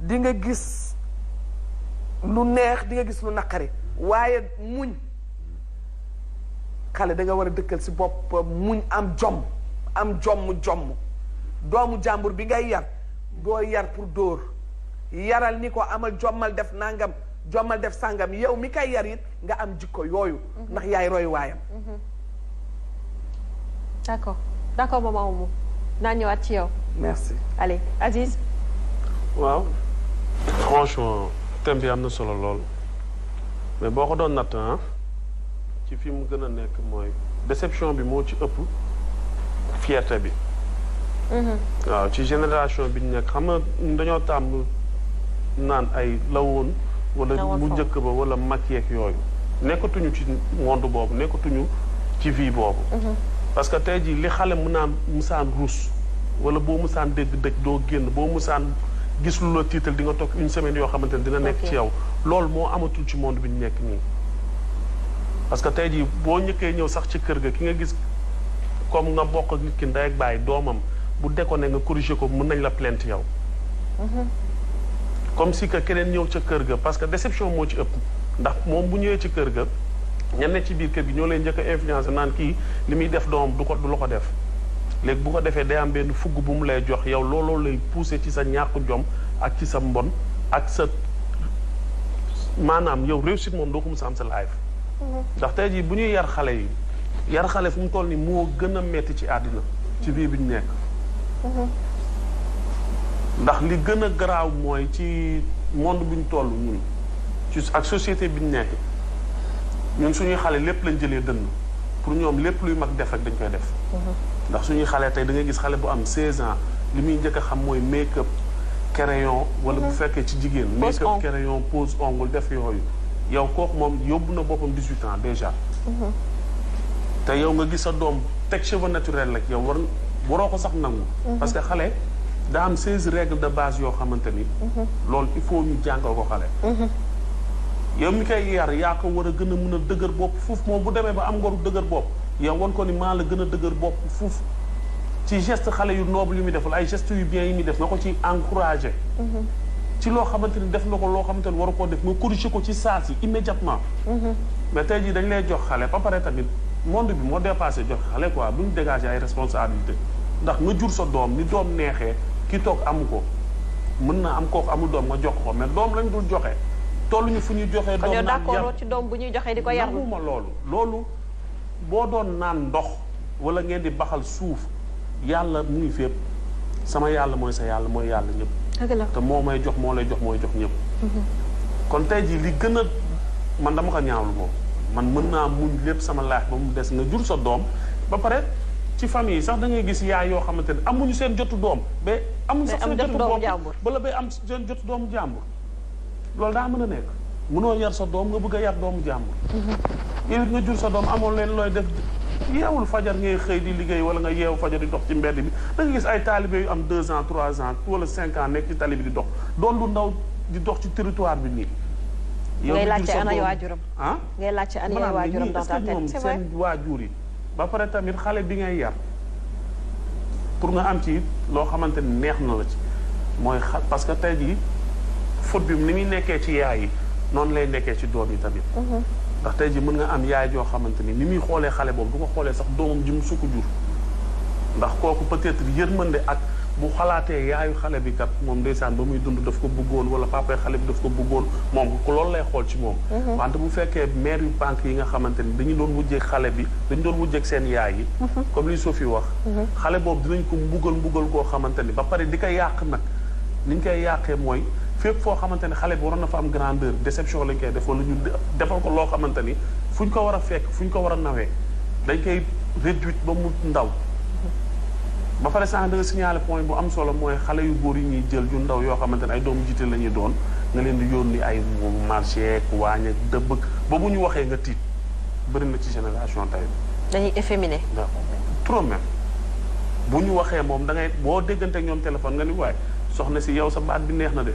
di nga gis lu neex di gis lu naqari waaye muñ xale danga war a dëkkal si bopp muñ am jomm am jomm jomm doomu jàmbur bi ngay yar boo yar pour dóor yaral ni ko amal jommal def nangam jommal def sàngam yow mi kay yar it nga am jikko yooyu mhm. ndax yaay roy waayam mhm. d'accord d'accord maman Oumou naa ñëwaat ci yow merci allez Aziz franchement thème bi am na solo lool mais boo ko doon natt ah ci fi mu gën a nekk mooy déception bi moo ci ëpp fierte bi. Mm-hmm. waaw ci génération bi nekk xam nga dañoo tàmm naan ay lawoon. wala mu njëkk ba wala mag yeeg yooyu. nekkatuñu ci monde boobu nekkatuñu ci vie boobu. Mm-hmm. parce que tey jii li xale mu naan musaan ruus wala boo musaan dégg dëj doo génn boo musaan. gis lu la tiital di nga toog une semaine yoo xamante ne dina nekk ci yow loolu moo amatul ci monde bi ñu nekk nii parce que tey jii boo njëkkee ñëw sax ci kër ga ki nga gis comme nga bokk ak nit ki ndey ak bàyyi doomam bu déconné nga corriger ko mun nañ la plainte yow mhm. comme si que keneen ñëw ca kër ga parce que déception moo ci ëpp ndax moom bu ñëwee ci kër ga ñenn ci biir kër gi ñoo leen njëkk a naan kii li muy def doomam du ko du la ko def léegi bu ko defee day am benn fugg bu mu lay jox yow looloo lay poussé ci sa ñàkk jom ak ci sa mbon ak sa maanaam yow réussite moom doo ko mës a am sa life mm-hmm. ndax tey jii bu ñuy yar xale yi yar xale fu mu toll nii moo gën a metti ci àddina ci biir bi ñu nekk mm-hmm. ndax li gën a garaaw mooy ci monde buñ toll ñun ci ak société bi ñu nekk ñun suñuy xale lépp lañ jëlee dënn pour ñoom lépp luy mag def ak dañ koy def mm-hmm. ndax suñuy xale tey da ngay gis xale bu am 16 ans li muy njëkk a xam mooy make up crayon wala bu mhm. fekkee ci jigéen make up crayon pose ongle def yooyu yow kooku moom yóbbu na boppam 18 ans déjà mhm. te yow nga gis sa doom teg cheveux naturel rek yow war waroo ko sax nangu mhm. parce que xale daa am 16 règles de base yoo xamante ni loolu il faut ñu jàngal ko xale yow mi koy yar yaa ko war a gën a mun a dëgër bopp foofu moom bu demee ba am ngoru dëgër bopp yow won ko ni maa la gën a dëgër bopp fuuf ci geste xale yu noobu yu muy deful ay geste yu bien yi muy def nga ko ci encouragé mm-hmm. ci loo xamante ni def na ko loo xamante ni waru koo def nga corrigé ko ci saa si immédiatement mm-hmm. mais tey jii dañ lay jox xale ba pare tamit monde bi moo dépassé jox xale quoi bu ñu dégagé ay responsabilité ndax nga jur sa doom ni doom neexee ki toog amu ko mën na am kooku amul doom nga jox ko mais doom lañ dul joxe ñu fu ñuy joxee doom naan yar ci doom bu ñuy joxee di ko yar ma loolu loolu boo doon naan ndox wala ngeen di baxal suuf yàlla mu ngi fépp sama yàlla mooy sa yàlla mooy yàlla ñëpp te moo may jox moo lay jox mooy jox ñëpp mm-hmm. kon tey jii li gën a man dama ko ñaawlu moom man mën naa muñ lépp sama laaj ba mu des nga jur sa doom ba pare ci yi sax da ngay gis yaay yoo xamante ne amuñu seen jotu doom ba amuñu sax seen jotu doom bala ba am seen jotu doomu jàmbur loolu daa mën a nekk mënoo yar sa doom nga bëgg a yar doomu jàmbur mm-hmm. yow nga jur sa doom amoon leen looy def yeewul fajar ngay xëy di liggéey wala nga yeewu fajar di dox ci mbedd bi da gis ay taalibe yu am deux ans trois ans wala cinq ans nekk bi di dox doon lu ndaw di dox ci territoire bi nii yow ngay laajte ana waajuram ah ngay laajte ana waajuram dans ta tête c'est vrai seen waajur yi ba pare tamit xale bi ngay yar nga am ci loo xamante ni neex na la ci mooy xa parce que tey jii foot bi ni ngi nekkee ci yaay yi noonu lay nekkee ci doom yi tamit mhm. ndax tey ji mën nga am yaay joo xamante ni ni muy xoolee xale boobu du ko xoolee sax doomam ji mu sukk jur ndax kooku peut-être yërmande ak bu xalaatee yaayu xale bi kat moom de ndeysaan ba muy dund daf ko bëggoon wala papay xale bi daf ko buggoon moom ku loolu lay xool ci moom mm-hmm. wante bu fekkee mère yu pànk yi nga xamante ni dañu doon wujjeeg xale bi dañu doon wujjeeg seen yaay yi mm-hmm. comme soo fi wax mm-hmm. xale boobu dinañ ko mbugal mbugal koo xamante ni ba pare di ko yàq nag ni koy yàqee mooy fépp foo xamante ne xale bi waroon na fa am grandeur déception lañ koy def wala ñu defal ko loo xamante ni fu ñu ko war a fekk fu ñu ko war a nawee dañ koy réduite ba mu ndaw ba pare sànq da nga point bu am solo mooy xale yu góor yi ñuy jël yu ndaw yoo xamante ne ay doomu jiite la ñuy doon nga leen di ni ay marché ak waañ ak dëbb ba bu ñu waxee nga tiit bëri na ci génération tey. dañuy efféminé. trop même bu ñu waxee moom da ngay boo déggante ak ñoom téléphone nga ni soxna si yow sa baat bi neex na de.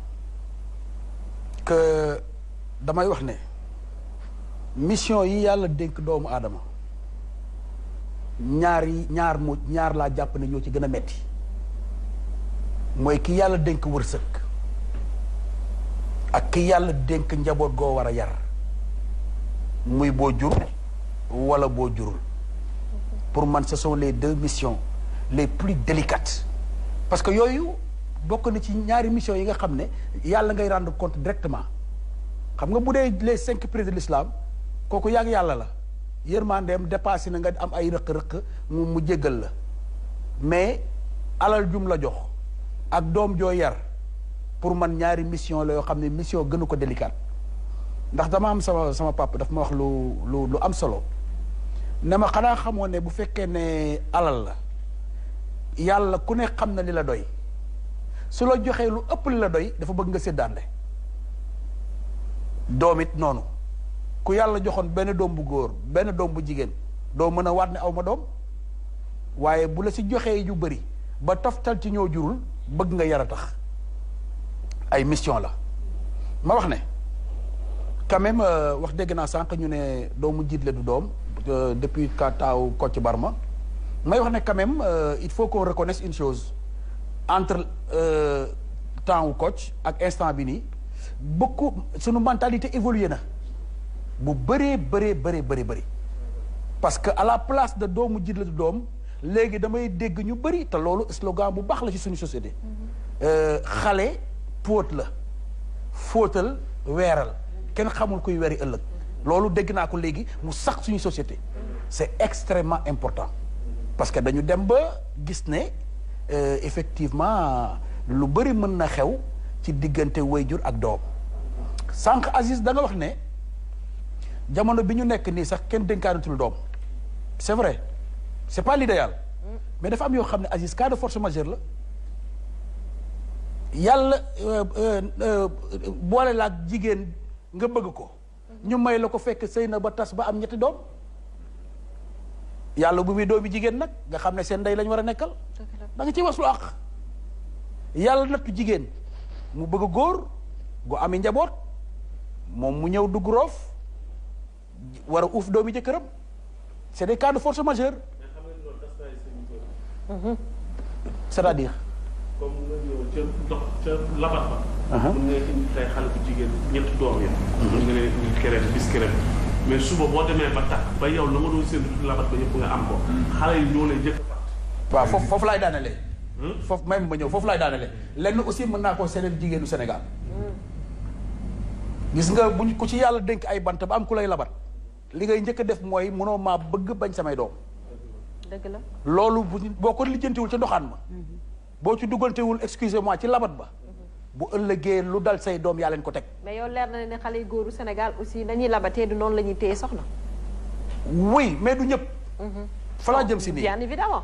que damay wax né mission yi yalla dénk doomu adama ñaar yi ñaar moo ñaar la japp né ñoo ci gëna metti moy ki yalla dénk wërseuk ak ki yalla dénk njabot go wara yar muy bo jur wala bo jurul pour man ce sont les deux missions les plus délicates parce que yooyu bokk na ci ñaari mission yi nga xam ne yàlla ngay rendre compte directement xam nga bu dee les cinq piliers de l'islam kooku yàgg yàlla la yërmandeem dépassé na nga am ay rëq-rëq mu mu jéggal la mais alal jum la jox ak doom joo yar pour man ñaari mission la yoo xam ne mission gënu ko délicate ndax dama am sama sama papa daf ma wax lu lu lu am solo ne ma xanaa xamoon ne bu fekkee ne alal la yàlla ku ne xam na li la doy su la joxee lu ëpp la doy dafa bëgg nga séddaande doom it noonu ku yàlla joxoon benn doom bu góor benn doom bu jigéen doo mën a waat ne aw ma doom waaye bu la si joxee yu bari ba toftal ci ñoo jurul bëgg nga yar a tax ay mission la ma wax ne quand même euh, wax dégg naa sànq ñu ne doomu jiit la du doom euh, depuis kataaw Kocc Barma may wax ne quand même euh, il faut qu'on reconnaisse une chose entre euh, temps ou coach et instant bi beaucoup mentalité évolué na parce que à la place de dom, la dom, damay dégg ñu bëri slogan la société mm-hmm. euh, xamul kuy dégg ko mu sax société c'est extrêmement important parce que dañu dem ba gis Euh, effectivement lu bëri mën na xew ci diggante wayjur ak doom sànq Aziz da wax ne jamono bi ñu nekk nii sax kenn dénkaanatul doom c'est vrai c'est pas l'idéal mais dafa am yoo xam ne Aziz cas de force majeure la yàlla euh, euh, boole la jigéen nga bëgg ko ñu may la ko fekk sëy na ba tas ba am ñetti doom yàlla bu muy doomi jigéen nag nga xam ne seen ndey lañ war a nekkal da nga ci waslu ak yalla natu jigen mu bëgg goor go ami njabot mom mu ñew dugg rof wara uuf doomi kërëm c'est des cas de force majeure c'est-à-dire comme nga ci labat ba ya leen bis mais suba ba ba labat ba nga am ko hmm. waaw foofu hmm. foofu laay daanelee. Hmm? foofu may ma ñëw foofu laay daanelee lenn aussi mën naa koo seedeel jigéenu Sénégal. Hmm. gis nga buñ ku ci yàlla dénk ay bant ba am ku lay labat li ngay njëkk def mooy mënoo maa bëgg bañ samay doom. dëgg la loolu bu boo ko lijjantiwul ca ndoxaan ma. boo ci duggantewul excusez-moi ci labat ba. bu ëllëgee lu dal say doom yaa leen ko teg. mais yow leer na ne xale yu góoru Sénégal aussi nañuy labatee du noonu la téye soxna. oui mais du ñëpp. fa laa jëm si nii bien évidemment.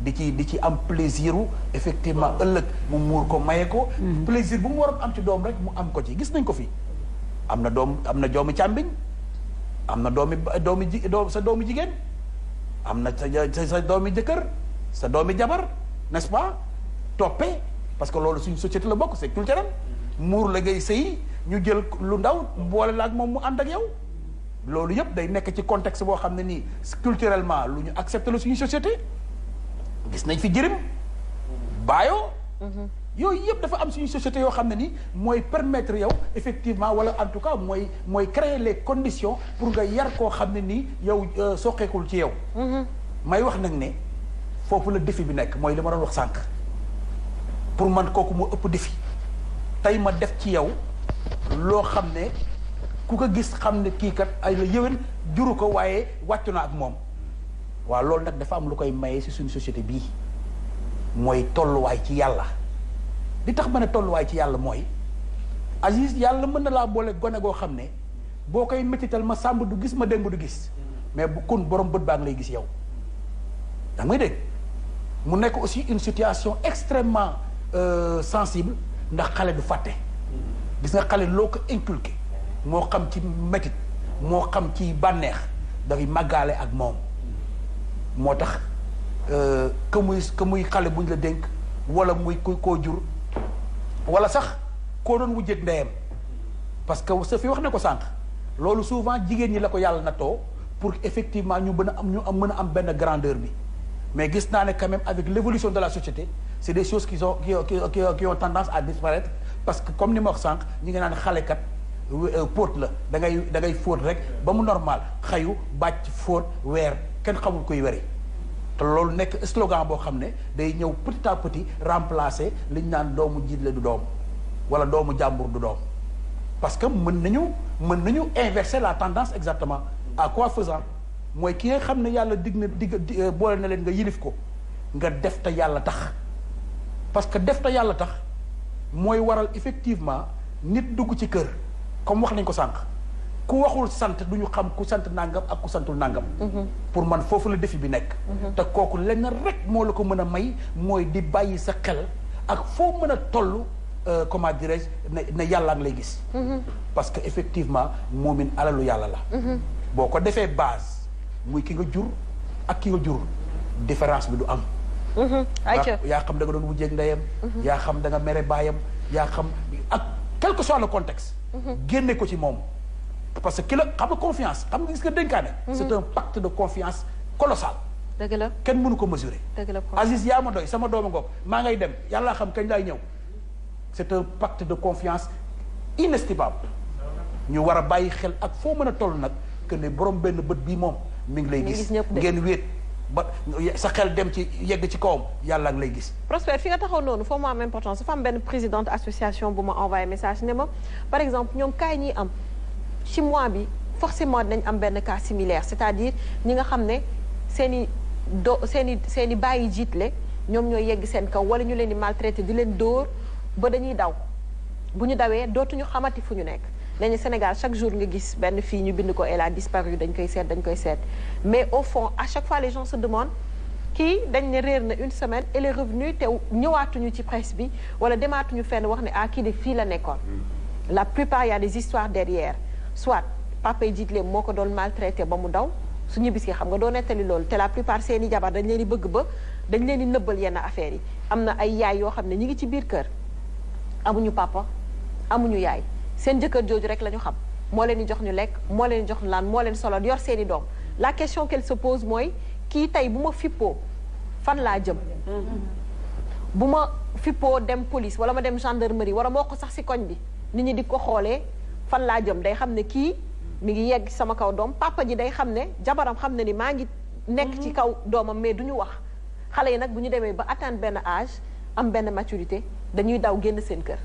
di ci di ci am plaisir effectivement ëllëg mu muur ko maye ko. Mhm. plaisir bu mu waroon am ci doom rek mu am ko ci gis nañ ko fi. am na doom am na doomi càmbiñ am na doomi doomi ji sa doomi jigéen am na sa sa doomi jëkkër sa doomi jabar n'est-ce pas toppee parce que loolu suñ société la bokk c'est culturel muur la ngay sëy ñu jël lu ndaw boole la ak moom mu ànd ak yow loolu yëpp day nekk ci contexte boo xam ne nii culturellement lu ñu accepté la suñu société gis nañ fi jërim baayoo yooyu yëpp dafa am suñu société yoo xam ne ni mooy permettre yow effectivement wala en tout cas mooy mooy créer les conditions pour nga yar koo xam ne nii yow euh, soqeekul ci yow may wax nag ne foofu la defi bi nekk mooy li ma doon wax sànq pour man kooku mu ëpp défi tey ma def ci yow loo xam ne ku ko gis xam ne kii kat ay la yëwén juru ko waaye wàccu naa ak moom waaw loolu nag dafa am lu koy maye si suñu société bii mooy tolluwaay ci yàlla li tax ma ne tolluwaay ci yàlla mooy Aziz yàlla mën na laa boole gone goo xam ne boo koy métital ma sàmb du gis ma démb du gis mais bu kon borom bët baa ngi lay gis yow da ngay dégg mu nekk aussi une situation extrêmement euh, sensible ndax xale du fàtte gis nga xale loo ko inculqué moo xam ci métit moo xam ci bànneex dafay màggaale ak moom motax euh que muy xalé buñ la denk wala muy ku ko jur wala sax ko doon wujjeeg ndeyam parce que sa fi wax na ko sànq loolu souvent jigen ñi la ko yalla nattoo pour effectivement ñu bëna am ñu am mëna am ben grandeur bi mais gis na né quand même avec l'évolution de la société c'est des choses qui ont qui qui qui ont tendance à disparaître parce que comme ni mo wax sànq ñi nga xalé kat euh, porte la da ngay da ngay fóot rek ba mu normal xayu bat fóot weer kenn xamul kuy weri te loolu nekk slogan boo xam ne day ñëw petit à petit remplacer liñ naan doomu jiit la du doom wala doomu jàmbur du doom parce que mën nañu mën nañu inverser la tendance exactement a quoi faisant mooy ki nga xam ne yàlla dig na dig euh, boole na leen nga yilif ko nga def te yàlla tax parce que def te yàlla tax mooy waral effectivement nit dugg ci kër comme wax nañ ko sànq ku waxul sant duñu xam ku sante nangam ak ku santul nangam. Mhm. pour man fofu la defi bi nek mhm. te koku len rek mo la ko meuna may moy di bayyi sa xel ak fo meuna tollu euh comment dirais ne ne ngi lay gis. Mhm. parce que effectivement momine alalu yalla la. boko defé base muy ki nga jur ak ki nga jur différence bi du am. ya xam da nga doon wujjeeg ndayam ya xam da nga méré bayam ya xam ak quel que soit le contexte. génne ko ci moom. parce que ki la confiance xam nga mhm. c'est un pacte de confiance colossal. Quel la kenn ko mesurer. Aziz yaa ma doy sama dooma ngay dem yàlla xam kañ c'est un pacte de confiance inestimable. ñu war a bàyyi xel ak foo que a toll nag que ne borom benn bët bii moom. mi ngi lay gis ngeen wéet. ba sa xel dem ci yegg ci kawam yàlla ngi lay gis. Prosper fi nga taxaw noonu foo mu am importance dafa am benn présidente association bu ma envoyé message ne ma par exemple ñoom kaay ñi am ci mois bi forcément dinañ am benn cas similaire c'est-à-dire ñi nga xamné seni seen i do seen i seen i bàyyi jiitle yegg sen kaw wala ñu leen di maltraité di leen door ba dañuy daw bu ñu dootu ñu xamati fu ñu nekk dañu Sénégal chaque jour nga gis benn fi ñu bind ko elle a disparu dañ koy sét dañ koy sét mais au fond à chaque fois les gens se demandent qui dañ né réer na une semaine elle est revenue te ñëwaatuñu ci presse bi wala demaatuñu fenn wax né ah kii de fii la nekkoon mm. la plupart il y a des histoires derrière soit papa yi jiitleem moo ko doon maltraité ba mu daw su ñibbisee xam nga doo nettali loolu te la plupart seeni jabar dañ leen di bëgg ba dañ leen di nëbbal yenn affaires yi am na ay yaay yoo xam ne ñi ngi ci biir kër amuñu papa amuñu yaay seen jëkkër jooju rek la ñu xam moo leen di jox ñu lekk moo leen jox laan moo leen solal yor seeni doom la question qu'elle se pose mooy kii tey bu ma fippoo fan laa jëm bu ma fippoo dem police wala ma dem gendarmerie wala moo ko sax si koñ bi nit ñi di ko xoolee fan la jëm day xamné ki mi ngi yegg sama kaw dom papa ji day xamné jabaram xamné ne ni ma ngi nek ci mhm. kaw doomam mais duñu wax xalé yi nag bu ba atteindre ben âge am ben maturité dañuy daw génn seen kër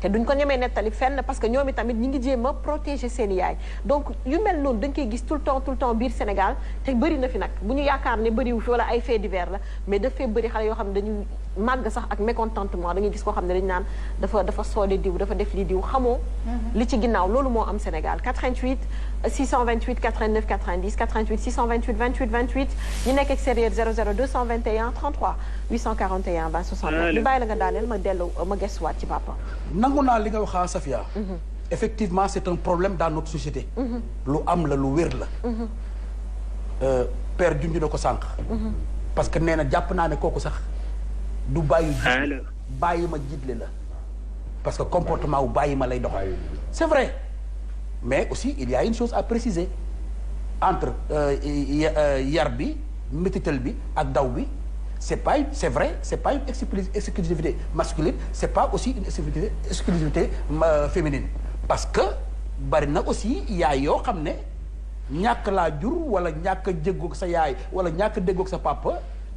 té duñ ko ñemee netali fenn parce que ñomi tamit ñi ngi jéma protéger seen yaay donc yu mel non dañ koy gis tout le temps tout le temps biir Sénégal té bëri na fi nak buñu ñu né ne wu fi wala ay faits divers la mais de fait, bëri xalé yo xamné dañuy mag sax ak mécontentement da ngay gis ko xam dañ dañu dafa dafa soode diw dafa def li diw xamoo. Mhm. li ci ginnaw lolu mo am Sénégal 88 628 89 90 88 628 28 28 ñu nekk extérieur 00 221 33 841 20 69. lu bàyyi la nga dalel ma dellu ma gëstuwaat ci papa. nangu naa li nga waxa ah, Safia. Mhm. effectivement c'est un problème dans notre société. Mhm. lu am la lu wér la. Euh, père junj ko sank parce que japp na né koku sax du bàyyi hein, parce que comportement bayima c'est vrai mais aussi il y a une chose à préciser entre euh, euh, Yarbi, Métitelbi, bi c'est pas c'est vrai c'est pas une exclusivité masculine c'est pas aussi une exclusivité féminine parce que barina aussi aussi a jur wala a sa yaay wala a sa papa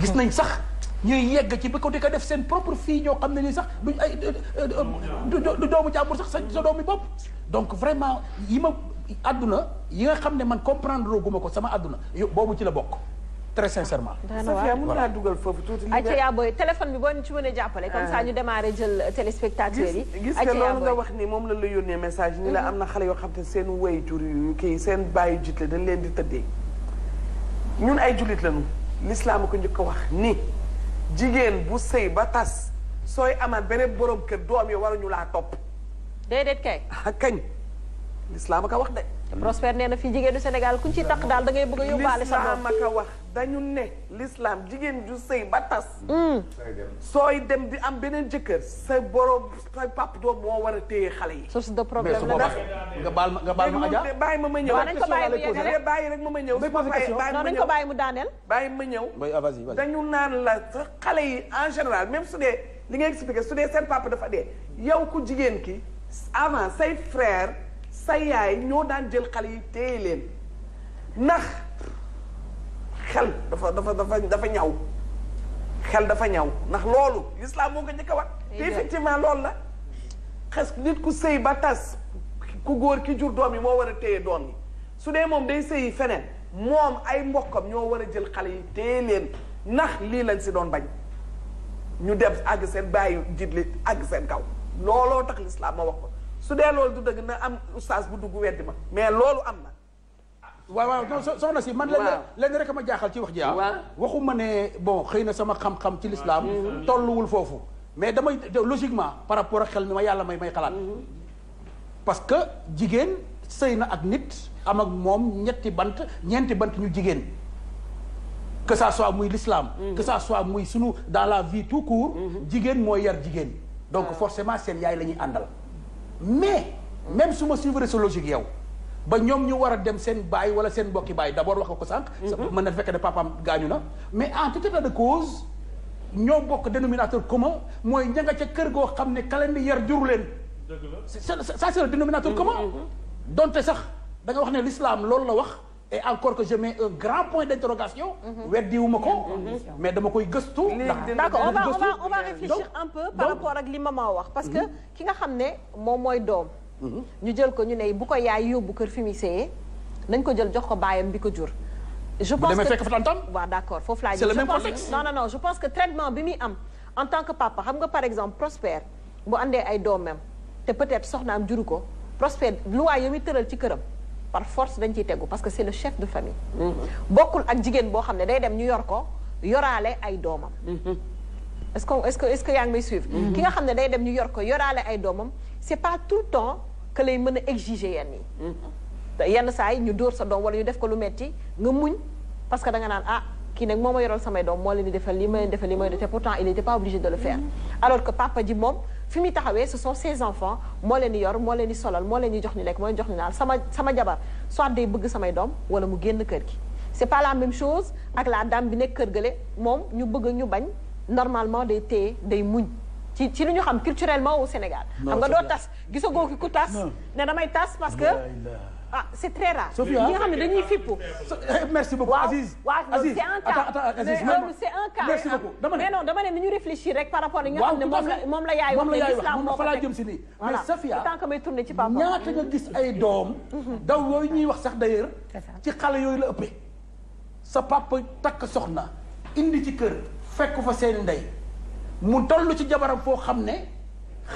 gis nañ sax ñuy yegg ci ba ko di ko def seen propre fille ñoo xam ne ni sax duñ ay du doomu jàmbur sax sa sa doomi bopp donc vraiment yi ma àdduna yi nga xam ne man comprendre guma ko sama àdduna boobu ci la bokk très sincèrement. Safia mën naa dugal foofu tuuti. Acaya Boy téléphone bi boo ñu ci mën a jàppale. comme ça euh. ñu démarrer jël téléspectateurs yi. gis nga loolu nga wax ni moom la la yónnee message ni la mm-hmm. am na xale yoo xam te seen wayjur yu kii seen bàyyi jitle dañ leen di tëddee ñun ay jullit lañu lislaam ko njëkk a wax ni jigéen bu sëy ba tas sooy amaat beneen borom kër doom yi ñu laa topp déedéet kay ah, kañ lislaam ko wax de te Prospère nee na fii jigéenu Sénégal ku ci takk daal da ngay bëgg a yóbbaale sa bopp lislaam wax dañu ne lislaam jigéen ju say ba tas mm. sooy dem di am beneen jëkkër sa borom sa pap doom moo war a téye xale yi source de problème la nga baal ma nga baal ma aja bàyyi ma ma ñëw nañ ko bàyyi mu yegale bàyyi rek ma ma ñëw non nañ ko bàyyi mu daaneel bàyyi ma ñëw ah, dañu naan la sa xale yi en général même su dee li nga expliqué su dee seen papa dafa dee yow ku jigéen ki avant say frère sa yaay ñoo daan jël xale yi téye leen ndax xel dafa dafa dafa dafa ñaw xel dafa ñaw ndax loolu l'islam moo ko njëkk a wax te effectivement loolu la xas nit ku sëy ba tas ku góor ki jur doom yi moo war a téye doom yi su dee moom day sëyi feneen moom ay mbokkam ñoo war a jël xale yi téye leen ndax lii lañ si doon bañ ñu dem àgg seen bàyyi jible li àgg seen kaw looloo tax l'islam ma wax ko su dee loolu du dëgg na am oustaz bu dugg weddi ma mais loolu am na. waaw waaw non soxna si man. waaw lenn rek ma jaaxal ci wax ji ah. waxuma ne bon xëy na sama xam-xam ci lislaam mm-hmm. tolluwul foofu. mais damay logiquement par rapport ak xel mi ma yàlla may may xalaat. Mm-hmm. parce que jigéen sëy na ak nit am ak moom ñetti bant ñeenti bant ñu jigéen. que ça soit muy l'islam mm-hmm. que ça soit muy sunu dans la vie tout court. jigéen mooy yar jigéen. donc ah. forcément seen yaay la ñuy àndal. mais même suma ma suivre sa logique yow ba ñoom ñu war a dem seen baay wala seen mbokki baay d'abord wax ko ko sànq. Mm-hmm. mën na fekk de papaam gaañu na. mais en tout état de cause ñoo bokk dénominateur commun mooy ña nga ca kër goo xam ne calendrier juru leen. dëgg la ça c'est le dénominateur mm-hmm. commun. Mm-hmm. donte sax da nga wax ne l'islam loolu la wax. et encore que je mets un grand point d'interrogation. Mhm. weddiwuma ko. Mhm. Mhm. mais dama koy gëstu. d'accord on va on va on va réfléchir un peu par rapport ce li maman wax. parce que ki nga xam ne moom mooy doom. ñu jël ko ñu ne bu ko yaay yóbbu kër fi muy seeyee nañ ko jël jox ko baayam bi ko jur. je pense que bu demee tantam. waaw d'accord foofu c'est le même contexte non non non je pense que traitement bi muy am en tant que papa xam nga par exemple Prospère bu àndee ay doomam te peut-être soxnaam juru ko Prospère loi yi muy tëral ci këram par force dañ ciy tegu parce que c'est le chef de famille mm-hmm. bokkul ak jigéen boo xam ne day dem ñu yor ko yoraale ay doomam mm-hmm. est-ce que est-ce que est-ce que yaa ngi may suivre mm-hmm. ki nga xam ne day dem ñu yor ko yoraale ay doomam c'est pas tout le temps que lay mën a exiger yenn yi yenn saa yi ñu dóor sa doom wala ñu def ko lu metti nga muñ parce que da nga naan ah kii nag moo ma yoral samay doom moo leen di defal li ma leen defal li ma leen pourtant il n'était pas obligé de le faire alors que papa ji moom fi muy taxawee ce sont ses enfants Moi leen di yor moo leen moi solal moo leen di jox ni lekk moo leen jox ni ça sama sama jabar soit day bëgg samay doom wala mu génn kër c'est pas la même chose ak la dame bi nekk kër gale nous ñu bëgg ñu bañ normalement des téye des muñ ci ci lu ñu xam culturellement au Sénégal xam nga doo tas gisagoo ki ku tas ne damay tas parce que ah c'est très rare. Sophia ñi nga xam ne dañuy fippu. Eh, merci beaucoup Aziz. waaw c'est un cas mais loolu c'est un cas. merci beaucoup dama ne mais non dama ne ni réfléchir rek par rapport ak ñi nga xam ne la yaay mom la yaay mom moom fa laa jëm si nii. voilà tant que may tourner ci papa. ñaata nga gis ay doom. daw yoy ñi wax sax d'ailleurs. ci xalé yoy la uppé. sa papa tak soxna. indi ci kër fekk fa seen ndey mu tollu ci jabaram fo xamné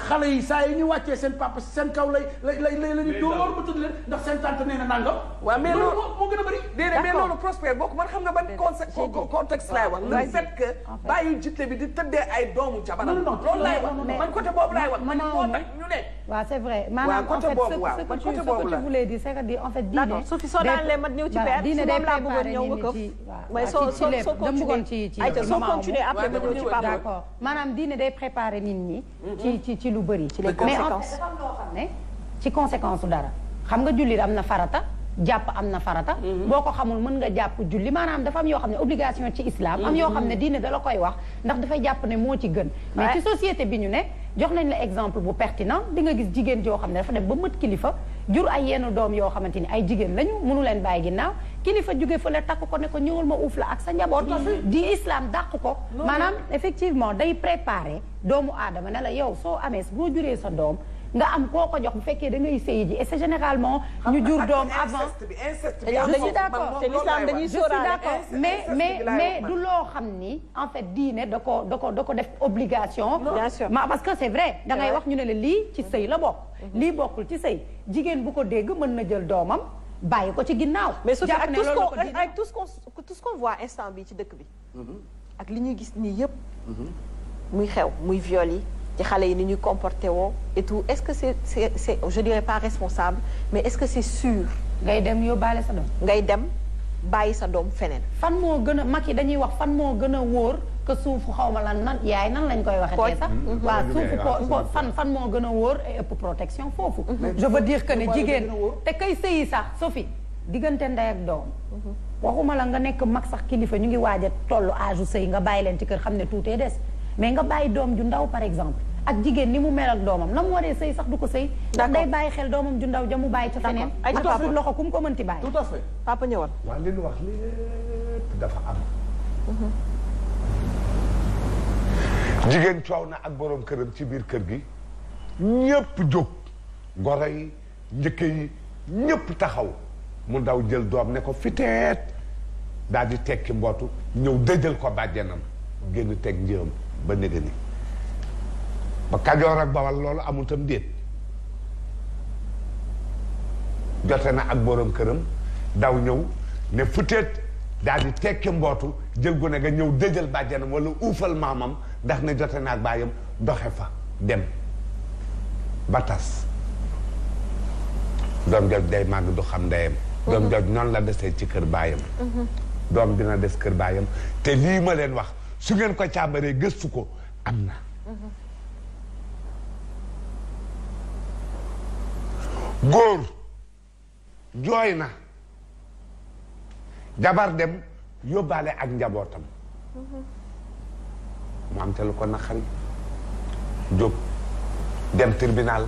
xale yi saa yi ñu wàccee seen papa seen kaw lay lay lay lay lay dóor ba tëdd leen ndax seen tante nee na nangam. waaw mais loolu moo gën a bëri. déedéet mais loolu prospère bokk man xam nga ban contexte laay wax. le fait que bàyyi jitte bi di tëddee ay doomu jabaram. non non loolu laay wax man côté boobu laay wax man moo tax ñu ne. waaw c'est vrai maanaam en fait ce que ce que tu voulais dire c'est que di en fait diine. d'accord fi soo daan lee mat ñëw ci père su moom laa bëggoon ñëw wëkkëf. mais soo soo soo continuer ayca soo continuer après ma ñëw ci papa. maanaam diine day préparer nit ñi ci ci ci lu bëri. ci les conséquences mais loo xam ne ci conséquence dara. xam nga jullit am na farata jàpp am na farata. Mhm. boo ko xamul mën nga jàpp julli maanaam dafa am yoo xam ne obligation ci islam. am yoo xam ne mhm. diine da la koy wax ndax dafay jàpp ne moo ci gën. mais ci société bi ñu ne jox nañ la exemple bu pertinent di nga gis jigéen joo xam ne dafa dem ba mët kilifa jur ay yenn doom yoo xamante ni ay jigéen lañu mënu leen bàyyi ginnaaw kilifa jóge fele takk ko ne ko ñewul ma uuf la ak sa njaboot mm. di islam dàq ko manam effectivement day préparer doomu adama ne la yow so amee bo juré sa dom. nga am koo ko jox bu fekke da ngay sey ji et c'est généralement ñu jur dom avant je suis d'accord l'islam suis d'accord mais mais mais du lo xamni en fait diine dako dako dako def obligation ma parce que c'est vrai da ngay wax ñu ne le lii ci sey la bokk mhm. li bokul ci sey jigen bu ko dégg meun na jël domam bàyyi ko ci ginnaw mais su euh, ak tout ce qu'on tout ce qu'on voit instant bi ci deuk bi. Mm-hmm. ak li ñuy gis yépp hmm muy xew muy viol yi ci xalé yi ni ñuy comporté wo et tout est-ce que c'est c'est je dirais pas responsable mais est-ce que c'est sûr. ngay dem yóbbaale sa dom ngay dem bàyyi sa dom fenen fan mo gëna maki dañuy wax fan mo gëna woor que suufu xaw ma lan nan yaay nan lañ koy waxatee sax hmm. waaw suufu po fan fan moo gën a wóor et ëpp protection foofu hmm. je veux dire que ne jigéen te kay sëyi sax Sophie diggante ndey ak doom hmm. waxuma la nga nekk mag sax kilifa ñu ngi waaj a tollu âge sëy nga bàyyi leen ci kër xam ne tuutee des mais nga bàyyi doom ju ndaw par exemple ak jigéen ni mu mel ak doomam na mu waree sëy sax du ko sëy ndax day bàyyi xel doomam ju ndaw ja mu bàyyi ci ca feneen ak loxo ku mu ko mënti bàyyi tout à fait papa ñëwal waaw li ñu wax lépp am jigéen coow na ak boroom këram ci biir kër gi ñépp jóg goro yi njëkke yi ñépp taxaw mu daw jël doom ne ko fiteet daal di tekki mbootu ñëw dëjal ko bàjjenam génn teg njëam ba néga ni ba kajoor ak bawal loolu amul tam déet jote na ak boroom këram daw ñëw ne futeet daal di tekki mbootu jël gu ne ga ñëw dëjal bàjjenam wala uufal maamam ndax na jote naag baayam doxe fa dem ba tas doom joj day màgg du xam ndeyam doom joj noonu la desee ci kër baayam doom dina des kër baayam te lii ma leen wax su ngeen ko càmbaree gëstu ko am na góor jooy na jabar dem yóbbaale ak njabootam Mam am ko naqari job dem tribunal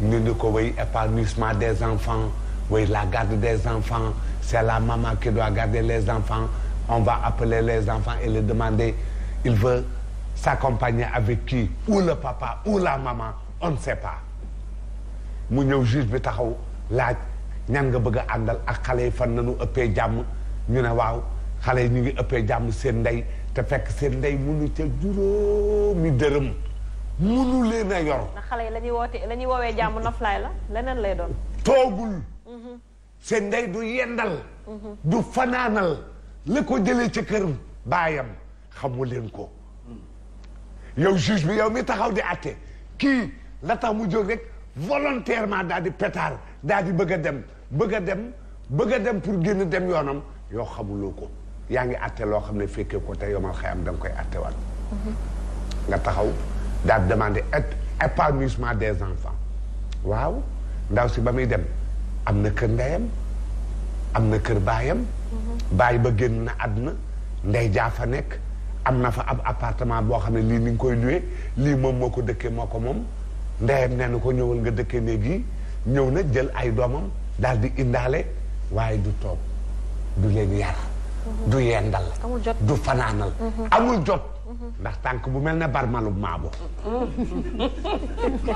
ñu ni ko way épanouissement des enfants way la garde des enfants c'est la maman qui doit garder les enfants on va appeler les enfants et les demander il veut s'accompagner avec qui ou le papa ou la maman on ne sait pas mu ñëw juge bi taxaw laaj ñan nga bëgg andal ak xalé fan nañu ëppé jamm ñu ne waaw xale ngi ëppé jamm seen ndey te fekk seen ndey munu ca juróomi dërëm munu leen a yor. na xale yi la ñuy woote la ñuy woowee jàmm noflaay la leneen lay doon. toogul. Mhm. seen ndey du yendal. Mhm. du fanaanal la ko jëlee ca kër baayam xamu leen ko. yow juge bi yow mi taxaw di àtte ki la tax mu jóg rek volontairement daal di pétard daal di bëgg a dem bëgg a dem bëgg a dem pour génn dem yoonam yoo xamuloo ko. yaa ngi àtte loo xam ne fekkee ko te yomal xayam da nga koy àttewaat. nga taxaw daal demander épanouissement des enfants waaw ndaw si ba muy dem am na kër ndeyam am na kër baayam. baay ba génn na àdduna ndey jaa fa nekk am na fa ab appartement boo xam ne lii ni nga koy luwee lii moom moo ko dëkkee moo ko moom ndeyam nee na ko ñëwal nga dëkkee néeg yi ñëw na jël ay doomam daal di indaale waaye du toog du leen yar. du yendal du fanaanal mhm. amul jot mhm. ndax tànk bu mel ne barmalum maabo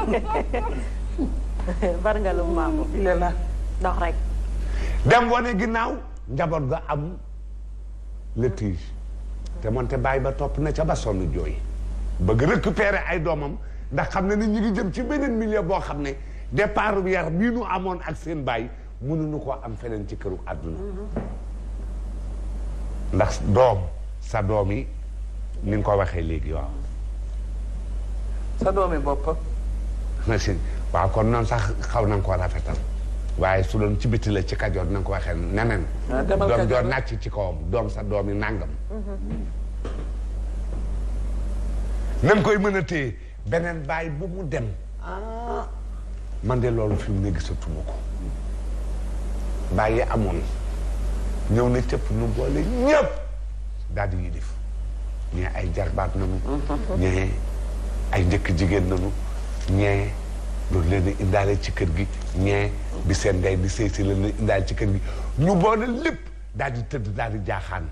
barmalum maabo la dox rek dem wane ginnaaw njaboot ga am litige te moonte bàyyi ba topp na ca ba sonn jooy bëgg récupérer ay doomam ndax xam ne ni ñu ngi jëm ci beneen milieu boo xam ne départ yar bii nu amoon ak seen bàyyi mënuñu ko am feneen ci këru àdduna mhm. ndax doom sa doom yi ni nga ko waxee léegi waaw. sa doom yi bopp. merci waaw kon noonu sax xaw na ko koo rafetal waaye su doom ci biti la ci kajoor na ko waxee neneen. Ah, doom joor nàcc ci kawam doom sa doom yi nàngam. Mhm. nañ koy mën a téye beneen bàyyi bu mu dem. Ah. man de loolu fi mu ne gisatuma ko bàyyi amoon. ñëw na cëpp nu boole ñëpp daal di ñee ay jarbaat nanu ñee ay njëkk jigéen nanu ñee loolu leen di indaale ci kër gi ñee bi seen ngay di sëy si leen indaale ci kër gi ñu boole lépp daal di tëdd daal di jaaxaan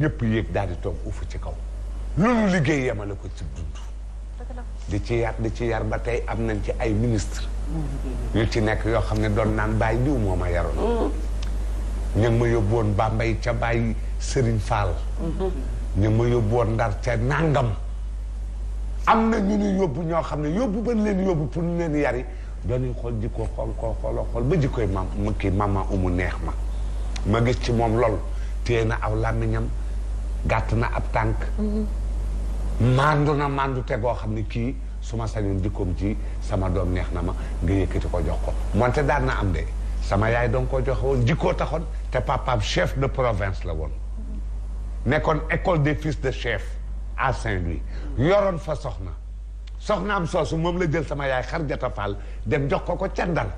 ñëpp yéeg daal di toog ufu ci kaw loolu liggéey yemale ko ci dund di ci yar ci yar ba tey am nañ ci ay ministre yu ci nekk yoo xam ne doon naan baay diw moo ma yaroon ña ma yóbbu woon Bambey ca Baye sëriñ Fall. ña ma yóbbu woon Ndar ca nàngam am na ñu ñu yóbbu ñoo xam ne yóbbu ba leen yóbbu pour ñu leen yari dañuy xool jikko xool ko xooloo ba jikkoy maam ma kii maama umu neex ma ma gis ci moom lool téye na aw làmmiñam gàtt na ab tànk maandu na maandu te xam ne kii su ma sañoon jikkoom ji sama doom neex na ma nga yëkkati ko jox ko moonte daan na am de sama yaay doon ko joxe woon jikkoo taxoon te papaam chef de province la woon nekkoon école des fils de chef à Saint-Louis yoroon fa soxna soxna am soosu moom la jël sama yaay Xarjata Fall dem jox ko ko candal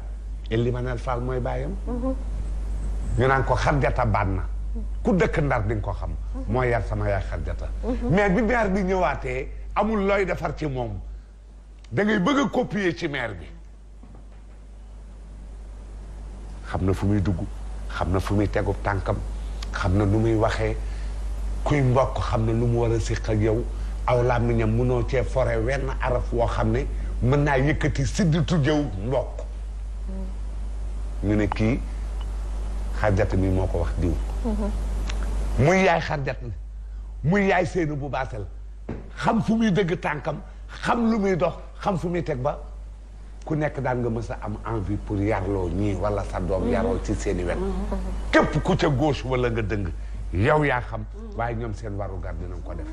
li ma ne Fall mooy baayam mhm. ñu naan ko Xarjata na ku dëkk Ndar di nga ko xam moo yar sama yaay Xarjata mhm. mais bi maire bi ñëwaatee amul looy defar ci moom da bëgg a copier ci maire bi xam na fu muy dugg xam na fu muy tegu tànkam xam na lu muy waxee kuy mbokk xam na lu mu war a siq ak yow aw làmmiñam munoo cee fore wenn araf woo xam ne mën naa yëkkati sidditu jëw mbokk ñu ne kii xarjata mi moo ko wax diw muy yaay xarjat na muy yaay seeni bu baasal xam fu muy dëgg tànkam xam lu muy dox xam fu muy teg ba ku nekk daal nga mës a am envie pour yarloo ñii wala sa doom yaroo ci seeni i képp ku ca gauche wala nga dëng yow yaa xam waaye ñoom seen waru dinañ ko def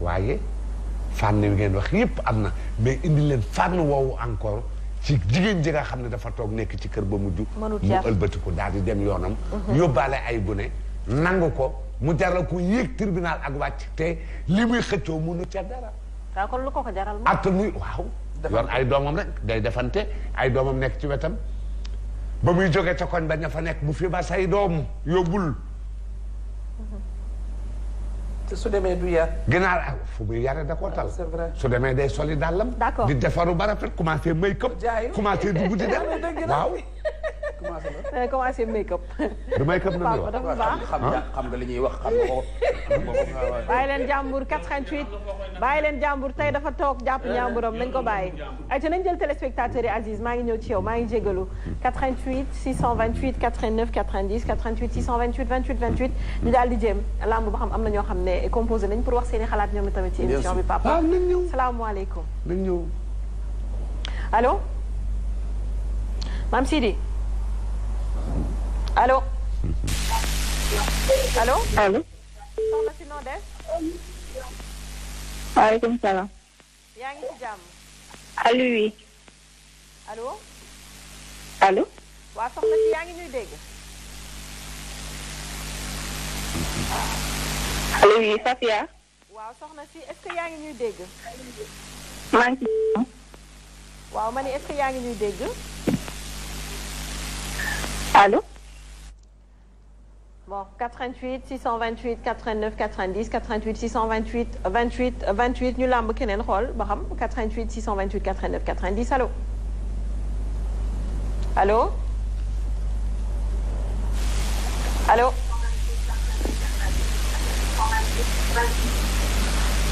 waaye fànn wi ngeen wax yépp am na mais indi leen fànn woowu encore ci jigéen ji nga xam ne dafa toog nekk ci kër ba mujj mu ëlbatiku daal di dem yoonam mhm. yóbbaale ay gune nangu ko mu jarla ko yéeg tribunal ak wàcc te li muy xëccoo mënu ca dara waaw kon lu ko ko muy waaw yor ay doomam rek day defante ay doomam nekk ci wetam ba muy joge ca kon ba ña fa nekk bu fi ba say doom yobul te su demee du yar. ginaar ah fu muy yare da koo tal. Ah, c'est vrai su demee day soli dàllam. di defaru ba rafet commencé may këpp. jaayul commencé dugg di dem waaw. commencé na commencé make up. du make up na nga wax dafa baax xam nga hein? xam nga li ñuy wax xam nga ko. bàyyi leen jàmbur 88 bàyyi leen jàmbur tey dafa toog jàpp jàmburam nañ ko bàyyi. ayca nañ jël téléspectateur yi Aziz maa ngi ñëw ci yow maa ngi jégalu. 88 628 89 90 88 628 28 28. ñu daal di jéem làmb ba xam am na ñoo composé nañ pour wax seen i xalaat ñoom tamit ci émission bi papa. waaw ah, nañ ñëw salaamaaleykum. nañ maam Sidi allo allo. allo. soxna si noo def. waaleykum salaam. yaa ngi ci jàmm. allo oui. alo allo. waa soxna si yaa ngi ñuy dégg. allo oui Safia. waaw soxna si est-ce yaa ngi ñuy dégg. maa ngi ci. waaw ma ne est-ce yaa ngi ñuy dégg. Allô Bon, 88 628 89 90 88 628 28 28 nous l'avons qu'un 88 628 89 90 allô Allô Allô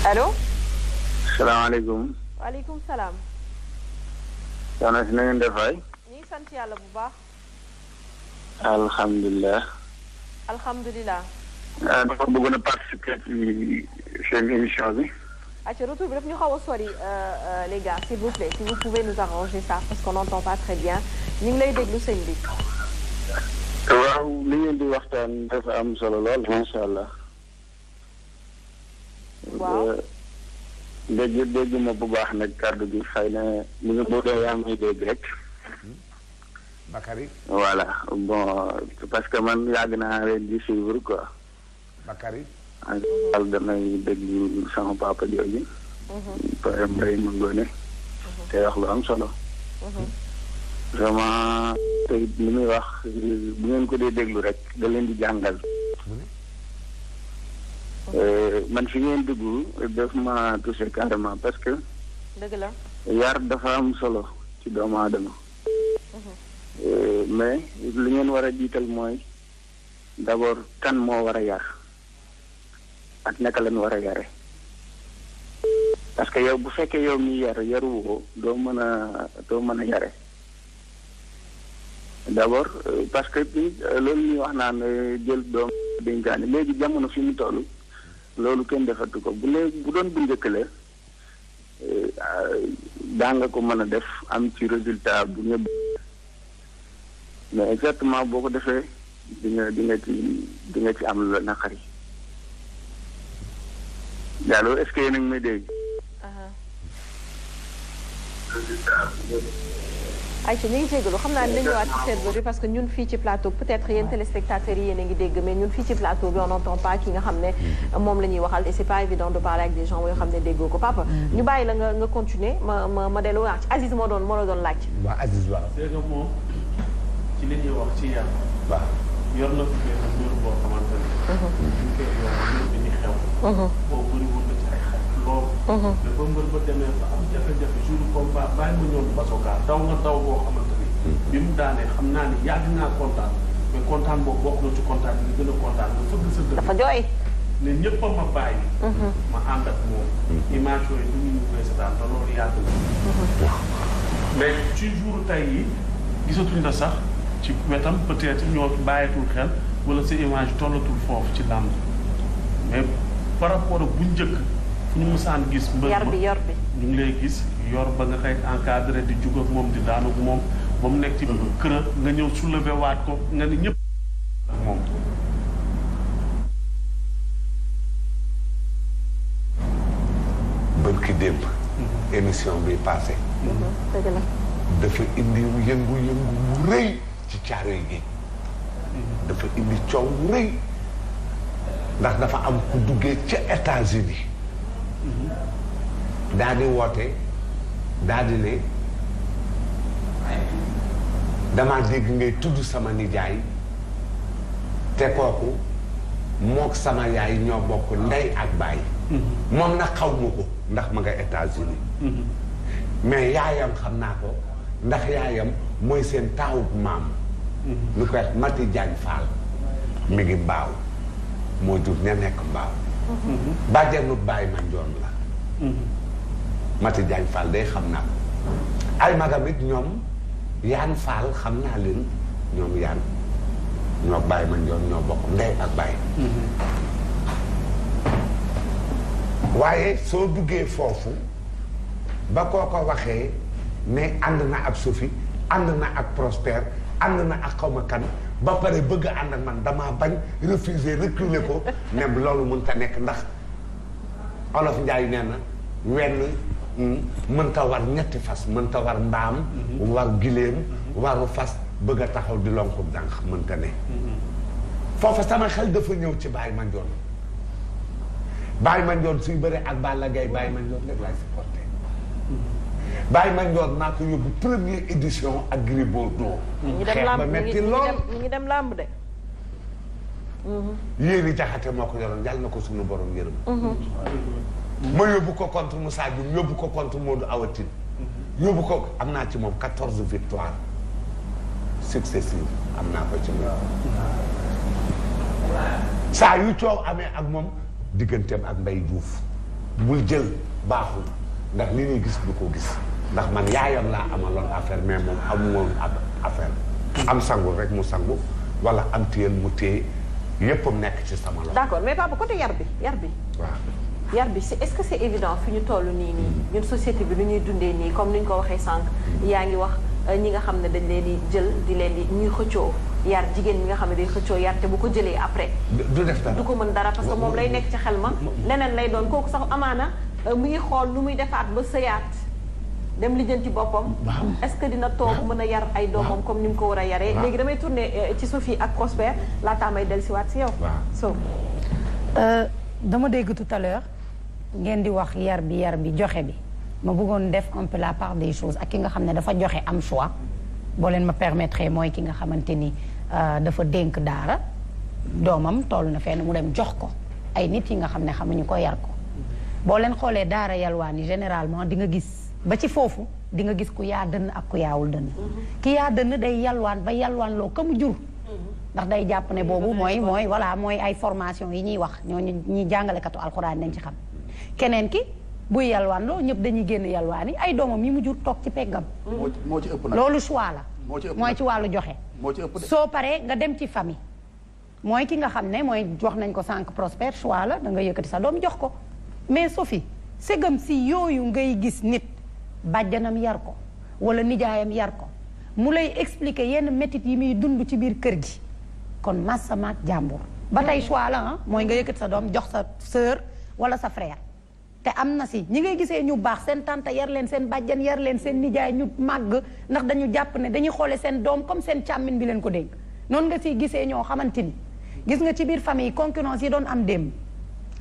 Allô Salam alaikum. Wa Salam salam. na ngeen def waay. sant alhamdulilah. alhamdulilah. ah euh, dafa bëggoon a participer ci seen émission bi. acca retour bi daf ñu xaw a sori euh, euh, les gars s'il vous plaît si vous pouvez nous arranger ça parce qu'on n'entend pas très bien ñu ngi lay déglu sëñ bi. waaw li ngeen di waxtaan dafa am solo lool macha allah. waaw dégg dégg ma bu baax nag kàddu gi xëy na li nga bëgg yaa may dégg rek. Bakary voilà bon parce que man yàgg naa leen di suivre quoi. Bakary. ak daal damay déglu sama papa jooju. pare mbay mu ngoone. te wax lu am solo. sama te li muy wax bu ngeen ko dee déglu rek da leen di jàngal. man fi ngeen dugg def ma touché carrément parce que. dëgg la. yar dafa am solo ci doomu aadama. Mhm. Euh, mais li ngeen war a jiital mooy d'abord kan moo war a yar ak naka lañ war a yare parce que yow bu fekkee yow mi yar yaruwu ko doo mën a doo mën a yare d'abord euh, parce que euh, loolu ñuy wax naan jël doom dénkaane léegi jamono fi mu toll loolu kenn defatu ko bu léegi bu doon bu njëkk la daa nga ko mën a def am ci résultat bu ñëpp mais exactement boo ko defee di nga di nga ci di nga ci am lu la naqari. est-ce que yéen a ngi may dégg. Uh-huh. ayca ñu ngi jégalu xam naa ne dañu ñëwaat ci serveur bi parce que ñun fii ci plateau peut-être yéen téléspectateurs yi yéen a ngi dégg mais ñun fii ci plateau bi on entend pas ki nga xam ne moom la ñuy waxal et c'est pas évident de parler avec des gens yoo xam ne déggoo ko papa. ñu bàyyi la nga nga continuer ma ma ma delluwaat ci Aziz moo doon moo la doon laaj. waaw Aziz waaw. ci li ñuy wax ci yàlla. waaw yor na ko benn mbir boo xamante ne. suñ mhm. koy yor mbir bi ñu xew. Mhm. boobu bëriwul na ci ay xarit lool. Mhm. ma ñoom basoka ni. bi mu daanee naa ni yàgg naa kontaan mais kontaan boobu bokk na ci kontaan bi gën a a ma bàyyi. ma ànd na. mais la sax. ci wetam peut-être ñoo bàyyeetul xel wala sa image tollatul foofu ci làmb mais par rapport ak bu njëkk fu ñu mësaan gis mbër yor bi ñu ngi lay gis yor ba nga xëy encadré di jug moom di daanu ak moom ba mu nekk ci mhm. kër nga ñëw soulevé waat ko nga ni ñëpp ak moom bërki démb mhm. émission bi passé mhm. dafa indi yëngu-yëngu bu rëy ci caaroy géej dafa indi coow rëy ndax dafa am ku duggee ca États-Unis daadi di woote daa di ne dama dégg ngay tudd sama nijaay te kooku mook sama yaay ñoo bokk ndey ak baay moom na xaw ma ko ndax ma nga États-Unis mm-hmm. mais yaayam xam naa ko ndax yaayam mooy seen taawub maam mm-hmm. ñu koy wax Mati Diagne Fall mi ngi mbaaw moo jur ña nekk mbaaw mm-hmm. bàjjanu bàyyi ma njoon la mm-hmm. Mati Diagne Fall day xam naa ay magam it ñoom yaan Fall xam naa leen ñoom yaan ñoo bàyyi ma njoon ñoo bokk ndey ak bàyyi waaye soo duggee foofu ba koo ko waxee ne ànd na ab sufi ànd na ak prospère ànd na ak xawma kan ba pare bëgg ànd ak man damaa bañ refuser reculer ko ne loolu mënta nekk ndax olof Njaay nee na wenn mm, mënta war ñetti fas mënta war ndaam mhm. war giléem mhm. waru fas bëgg a taxaw di lonku dànq mënta ne mhm. foofa sama xel dafa ñëw ci Baye Mandione Baye Mandione suy bëre ak Balla Gaye Baye Mandione rek laay support Baye Mandione maa ko yóbbu première édition ak Gris Bordeaux. xeex ba metti lool ñu dem làmb de. Mm-hmm. yéen i jaxate moo ko yoroon yàlla na ko suñu borom yërëm. Mm-hmm. ma yóbbu ko contre Moussa Dioum yóbbu ko contre Modou awatin mm-hmm. yóbbu ko am naa ci moom quatorze victoires successives am naa ko ci moom. saa yu coow amee ak moom digganteem ak mbay juuf bul jël baaxul ndax li ñuy gis du ko gis. ndax man yaayam laa amaloon affaire mais moom amuloon affaire am sangu rek mu sangu wala am téyel mu téye yéppam nekk ci sama loxo. d' accord mais papa côté yar bi yar bi. waaw yar bi c' est ce que c' est évident fi ñu toll nii nii ñun société bi lu ñuy dundee nii comme ni ñu ko waxee sànq yaa ngi wax euh, ñi nga xam ne dañ leen di jël di leen di ñuy xëccoo yar jigéen ñi nga xam ne day xëccoo yar te bu ko jëlee après. du def dara du ko mën dara parce que moom lay nekk ci xel ma leneen lay doon kooku sax amaana euh, mu ngi xool lu muy defaat ba sëyaat. dem lijjanti boppam. est-ce que dina toog mën a yar ay doomam comme ni mu ko war a yaree. léegi damay tourner euh, ci Sophie ak Prosper laataa may dellusiwaat si yow. so euh, dama dégg tout à l'heure ngeen di wax yar bi yar bi joxe bi ma bëggoon def un peu la part des choses ak ki nga xam ne dafa joxe am choix boo leen ma permettre mooy ki nga xamante ni euh, dafa dénk daara doomam toll na fenn mu dem jox ko ay nit yi nga xam ne xamuñu ko yar ko boo leen xoolee daara yalwaan généralement di nga gis. ba ci foofu di nga gis ku yaa dënn ak ku yaawul dënn mhm. ki yaa dënn day yalwaan ba yalwaan loo ka mu jur mhm. ndax day jàpp ne boobu mooy mooy voilà mooy ay formation yi ñuy wax ñooñu ñuy jàngalekatu alxuraan dañ ci xam keneen ki buy yalwaan loo ñëpp dañuy génn yalwaan yi ay doomam yi mu jur toog ci peggam mhm. moo ci ëpp nag loolu choix la mooy ci wàllu joxe moo ci soo paree nga dem ci famille mooy ki nga xam ne mooy jox nañ ko sànq prospère choix la da nga yëkkati sa doom jox ko mais Sophie bajjanam yar ko wala nijaayam yar ko mu lay expliquer yenn metit yi muy dund ci biir kër gi kon massa maag jàmbur ba tey choix la ah mooy nga yëkkat sa doom jox sa sœur wala sa frère te am na si ñi ngay gisee ñu baax seen tante yar leen seen bàjjan yar leen seen nijaay ñu mag, ndax dañu jàpp ne dañuy xoole seen doom comme seen càmmin bi leen ko dégg noonu nga siy gisee ñoo xamante ni gis nga ci biir famille concurrence yi doon am démb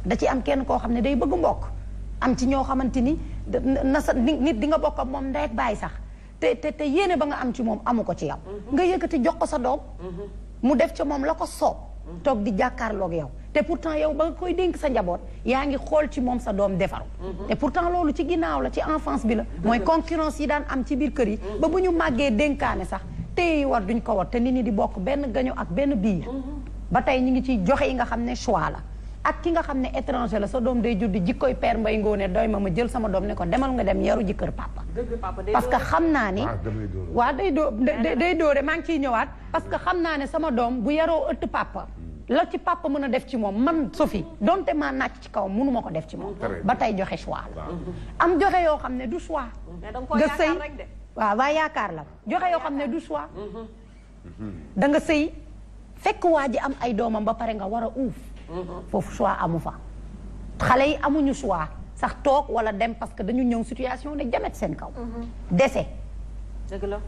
da ci am kenn koo xam day bëgg mbokk am ci ñoo xamante ni na sa nit di nga bokk ak moom ndey ak baay sax te te te yéene ba nga am ci moom amu ko ci yow. Mm-hmm. nga yëkkati jox ko sa doom. Mm-hmm. mu def ca moom la ko soob. Mm-hmm. toog di jàkkaarloog yow te pourtant yow ba nga koy dénk sa njaboot yaa ngi xool ci moom sa doom defaru te pourtant loolu ci ginnaaw la ci enfance bi la. mooy concurrence yi daan am ci biir kër yi. ba bu ñu màggee dénkaane sax téye yi war duñ ko war te nit ñi di bokk benn gaño ak benn biir. ba tey ñu ngi ciy joxe yi nga xam ne choix la. ak ki nga xam ne étranger la sa doom day juddi jikkoy père mbay ngoone doy ma ma jël sama doom ne ko demal nga dem yaru ji kër papa parce que xam naa ni ah, waa day doo ah, day dóore maa ngi ciy ñëwaat hmm. parce que xam naa ne sama doom bu yaroo ëtt papa la ci papa mën a def ci moom man Sophie donte maa nàcc ci kaw mënuma ko def ci moom ba tey joxe choix la am joxe yoo xam ne du choix nga sëy waaw waa yaakaar la joxe yoo xam ne du choix mm-hmm. da nga sëy fekk waa ji am ay doomam ba pare nga war a uuf foofu choix amu fa. xale yi amuñu choix sax toog wala dem parce que dañu ñëw situation ne jamet seen kaw. Mhm. dese. dëgg la.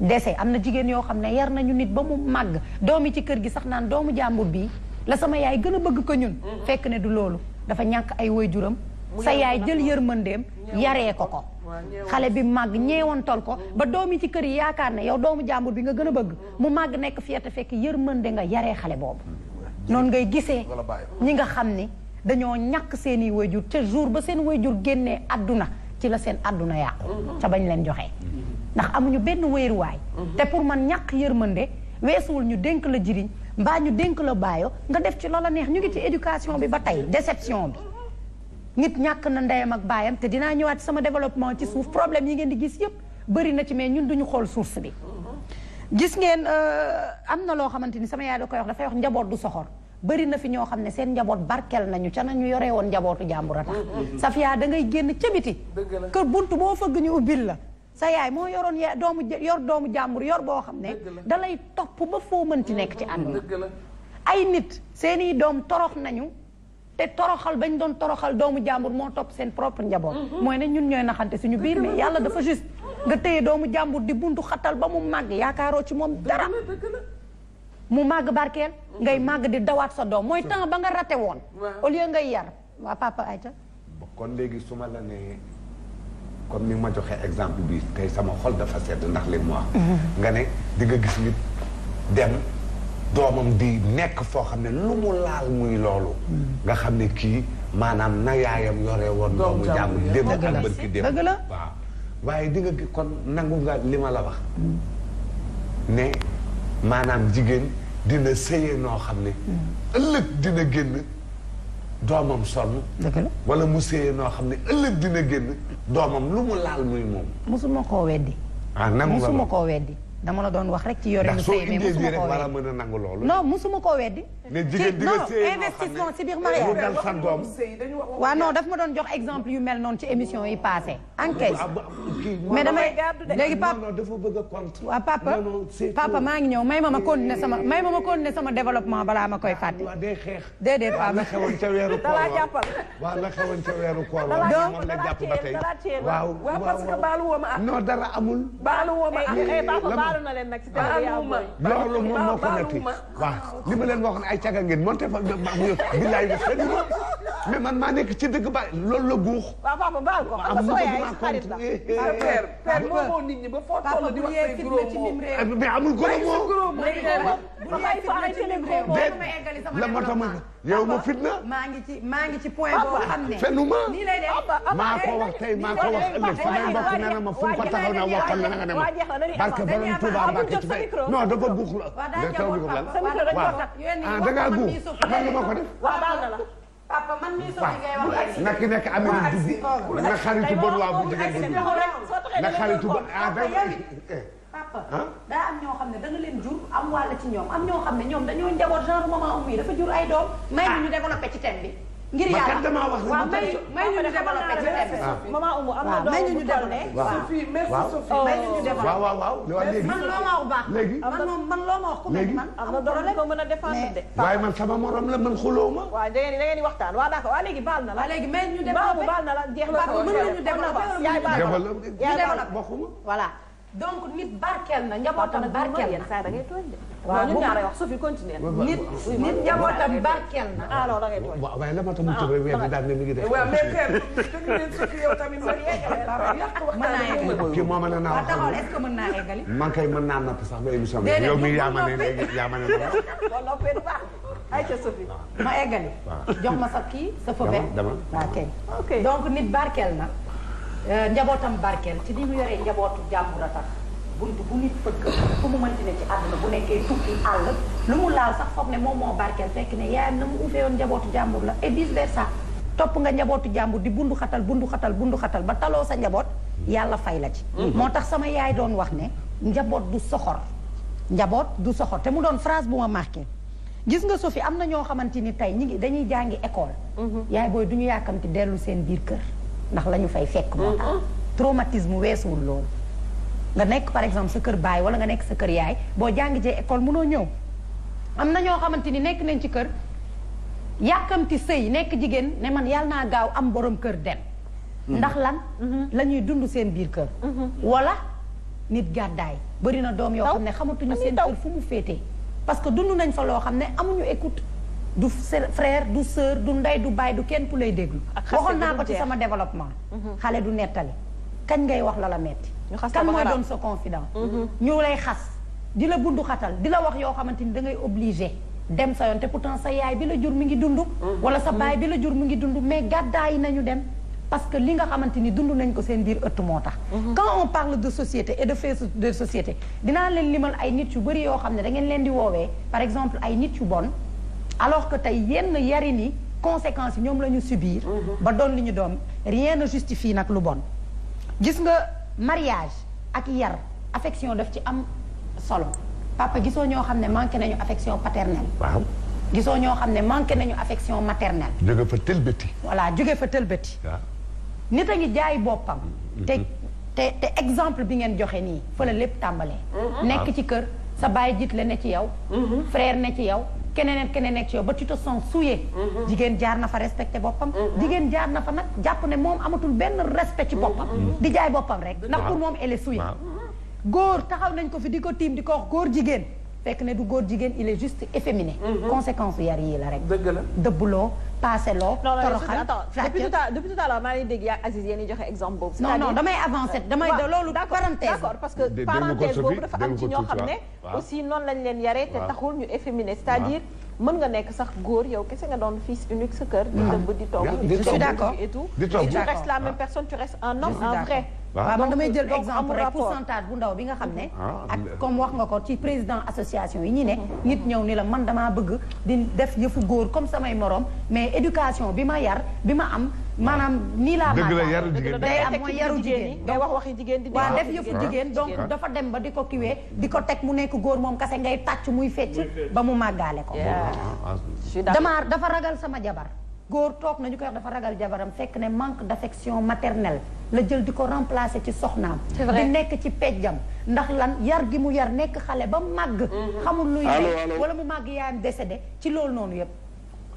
dese am na jigéen yoo xam ne yar nañu nit ba mu màgg doom yi ci kër gi sax naan doomu jàmbur bi la sama yaay gën a bëgg ko ñun. Mhm. fekk ne du loolu dafa ñàkk ay waajuram. sa yaay jël yërmandeem yaree ko ko. xale bi màgg ñeewantal ko mhm. ba doom yi ci kër yi yaakaar ne yow doomu jàmbur bi nga gën a bëgg mu màgg nekk fierté fekk yërmande nga yaree xale boobu. noonu ngay gisee ñi nga xam ni dañoo ñàkk seen i wayjur ca jour ba seen way jur génnee àdduna ci la seen àdduna yàqu mhm. ca bañ leen joxe. Mhm. ndax amuñu benn wéeruwaay mhm. te pour man ñàkk yërmande weesuwul ñu dénk la jiriñ mbaa ñu dénk la baayo nga def ci loola neex ñu ngi ci éducation bi ba tey déception bi nit ñàkk na ndeyam ak baayam te dinaa ñëwaat sama développement ci suuf problème yi ngeen di gis yëpp bëri na ci mais ñun duñu xool source bi gis ngeen euh, am na loo xamante ni sama yaay da koy wax dafay wax njaboot du soxor bari na fi ñoo xam ne seen njaboot barkel nañu ca na ñu yore woon njabootu jàmbur a tax mhm. Safia da ngay génn ca biti kër buntu boo fëgg ñu ubbil la sa yaay moo yoroon ya doomu yor doomu jàmbur yor boo xam ne da lay topp ba foo mënti nekk ci am àdduna ay nit seeni doom torox nañu te toroxal bañ doon toroxal doomu jàmbur moo topp seen propre njaboot mhm. mooy ne ñun ñooy naxante suñu biir mi yàlla dafa juste nga teye doomu jàmbur di buntu xatal ba mu màgg yaakaaroo ci moom dara mu màgg barkeel ngay màgg di dawaat sa doom mooy temps ba nga rate woon au lieu ngay yar waa papa ayta kon léegi suma la nee comme ni ma joxe exemple bi tey sama xol dafa sedd ndax li mhm. nga ne di nga gis nit dem doomam di nekk foo xam ne lu mu laal muy loolu mhm. nga xam ne kii maanaam na yaayam yore woon doomu jàmbur ya. démb ak démb waaw waaye dinga kon nangu nga li ma la wax ne maanaam jigéen dina sëyee noo xam ne ëllëg dina génn doomam sol wala mu noo xam ne ëllëg dina génn doomam lu mu laal muy moom mosuma koo weddi ah nangu nga mosuma koo weddi dama la doon wax rek ci yore. ndax soo indee bii rek wala mën a nangu loolu. non musuma ci biir mariage. lu dal sa daf ma doon jox exemple yu mel noonu ci émission yi passé. enquête ah, mais damay léegi papa non dafa bëgg a compte. waaw papa maa ngi ñëw may ma ma continuer sama ma ma développement balaa ma koy fàtte. waaw ah, day xeex. déedéet papa ah, la xewoon ca weeru koor waaw la xewoon ca weeru koor waaw moom la jàpp ba tey waaw waaw waaw parce que baalu woo eh, eh, ma non loolu moom moo ko nekk waaw li ma leen waxoon ay caga ngeen monté fa mu yëpp billaay bi fenn mais man maa nekk ci dëgg ba loolu la guux. waaw papa baal ko parce que soo yaay xarit la père père moomoo nit ñi ba foo toll di wax say gros mots mais amul gros mots. léegi nag bu ñu la yow ma fitna maa ngi ci maa ngi ci point boo xam ne fenuma maa ko wax tey maa ko wax ëllëg sama mbokk nee na ma fu mu ko taxaw na waxal na nga ne ma barke borom Tuuba Mbàkke ci tey non dafa guux la da taw bi ko lan waaw ah da ngaa guux man ma ko def waaw baal na la papa man mii soxna ngay wax nak nekk Amérique dugg na xaritu bon waa bu jigéen bu dugg na xaritu bon ah papa daa am ñoo xam ne da nga leen jur am wàll ci ñoom am ñoo xam ne ñoom dañoo njaboot genre maman Oumy dafa jur ay doom. may ñu développé ci thème bi. ngir yàlla waaw may may ñu développé ci thème bi. maman Oumou am na doom bu toll ne. waaw Sophie merci Sophie. may ñu développé waaw waaw waaw. man loo ma wax baax. léegi man moom man loo ma wax ku mel man. am na doole ko mën a défendre de. waaye man sama morom la man xuloo ma. waaw da ngeen di da ngeen di waxtaan waaw d'accord waaw léegi baal na la. waaw léegi may ñu développé baal na la jeex na. waaw mën nañu développé yaay baal na la. yaay baal na la bokkuma voilà. donc nit barkeel na njabootam barkeel na saa da ngay tooñ de. waaw ñun ñaar wax su fi continuer nit nit njabootam barkeel na. ah loolu da ngay tooñ waaye la ma tax mu tëb rek weer bi daal ne mi ngi def. waaw mais Père dëgg leen su fi yow tamit ma yàq waxtaan bi. kii moom mën naa wax taxawal est-ce que mën naa eggali. man kay mën naa napp sax ba émission bi. yow mi yaa ma ne léegi yaa ma ne la. loolu la fee baax ayca Sophie ma eggali. jox ma sa kii sa fobet. dama dama ok donc nit barkeel na. Euh, njabootam barkeel ci ni mu yoree njabootu jàmbur a tax bunt bu nit fëgg fu mu mënti ne ci àdduna bu nekkee tukki àll lu mu laal sax foog ne moom moo barkeel fekk ne yaayam na mu ufee woon njabootu jàmbur la et vice versa topp nga njabootu jàmbur di bundu xatal bundu xatal ba taloo sa njaboot yàlla fay la ci mhm. moo tax sama yaay doon wax ne njaboot du soxor njaboot du soxor te mu doon phrase bu ma marqué gis nga Sophie am na ñoo xamante ni tey ñi ngi dañuy jàngi école mhm. yaay booy du dellu seen biir kër ndax la ñu fay fekk moo tax mm-hmm. traumatisme weesuwul loolu nga nekk par exemple sa kër baay wala nga nekk sa kër yaay boo jàngi jee école munoo ñëw am na ñoo xamante ni nekk nañ ci kër yàkkamti sëy nekk jigéen ne man yàlla naa gaaw am borom kër dem mm-hmm. ndax lan mm-hmm. la ñuy dund seen biir kër wala nit gàddaay bëri na doom yoo xam ne xamatuñu seen kër fu mu féetee parce que dund nañ fa loo xam ne amuñu écoute du frère du sœur du ndey du baay du kenn ku lay déglu. waxoon naa ko ci sama développement. Mhm. xale du nettali. kañ ngay wax la la metti kan mooy doon sa confident. Mhm. ñu lay xas di la bundu xatal di la wax yoo xamante ni da ngay obligé. dem sa yoon te pourtant sa yaay bi la jur mi ngi dund. Mhm. wala sa baay bi la jur mu ngi dund mais gàddaay nañu dem. parce que li nga xamante ni dund nañ ko seen biir ëtt moo tax. quand on parle de société et de fait de société dinaa leen limal ay nit yu bëri yoo xam ne da ngeen leen di woowee par exemple ay nit yu bon. alors que tay yenn yarin yi conséquences ñom lañu subir. Mhm. ba doon li ñu rien ne justifie nak lu bon. gis nga mariage ak yar affection daf ci am solo papa gisoo ñoo xam ne manqué nañu affection paternelle. waaw gisoo ñoo xam ne manqué nañu affection maternelle. jóge fa tëlbëti. voilà jóge fa tëlbëti. waaw nit a ngi jaay boppam. Mhm. te te te exemple bi ngeen joxe nii fa la lépp tàmbalee. Mhm. nekk ci kër sa baay jiit la ne ci yow. frère ne ci yow keneen ak keneen ak ba tu te souillé. Mhm. jaar na fa respecté mhm. jaar na fa ne benn respect ci mhm. di pour moom elle est souillée. góor taxaw nañ ko fi ne du il est juste efféminé. conséquence la rek. dëgg la passé depuis tout à depuis tout à l'heure marie Aziz Yeni, exemple non non damay parenthèse d'accord parce que parenthèse vous dafa am ci ñoo ne. aussi non, l'année dernière, t'as taxul efféminé c'est-à-dire. mën nga nekk sax góor yow kese nga doon fils unique sa kër. di ah. dëbb di togg ah, di je suis d'accord et tout et tu restes la ah. même personne tu restes un jël exemple rek pourcentage bu ndaw bi nga xam ne. ak comme wax nga ko ci président association yi ñi ne. Mm-hmm. nit ñëw ni la man damaa bëgg di def yëfu góor comme samay morom mais éducation bi ma yar bi ma am. maanaam nii laa dëgg la yaru jigéen day am mooy yaru jigéen day wax waxi jigéen di waaw def yëfu jigéen donc dafa dem ba di ko kiwee di ko teg mu nekk góor moom kase ngay tàcc muy fecc ba mu màggaale ko dama dafa ragal sama jabar góor toog nañu koy wax dafa ragal jabaram fekk ne manque d'affection maternelle la jël di ko remplacer ci soxnaam di nekk ci pejjam ndax lan yar gi mu yar nekk xale ba màgg mm-hmm. xamul luy wala mu màgg yaayam décédé ci loolu noonu yëpp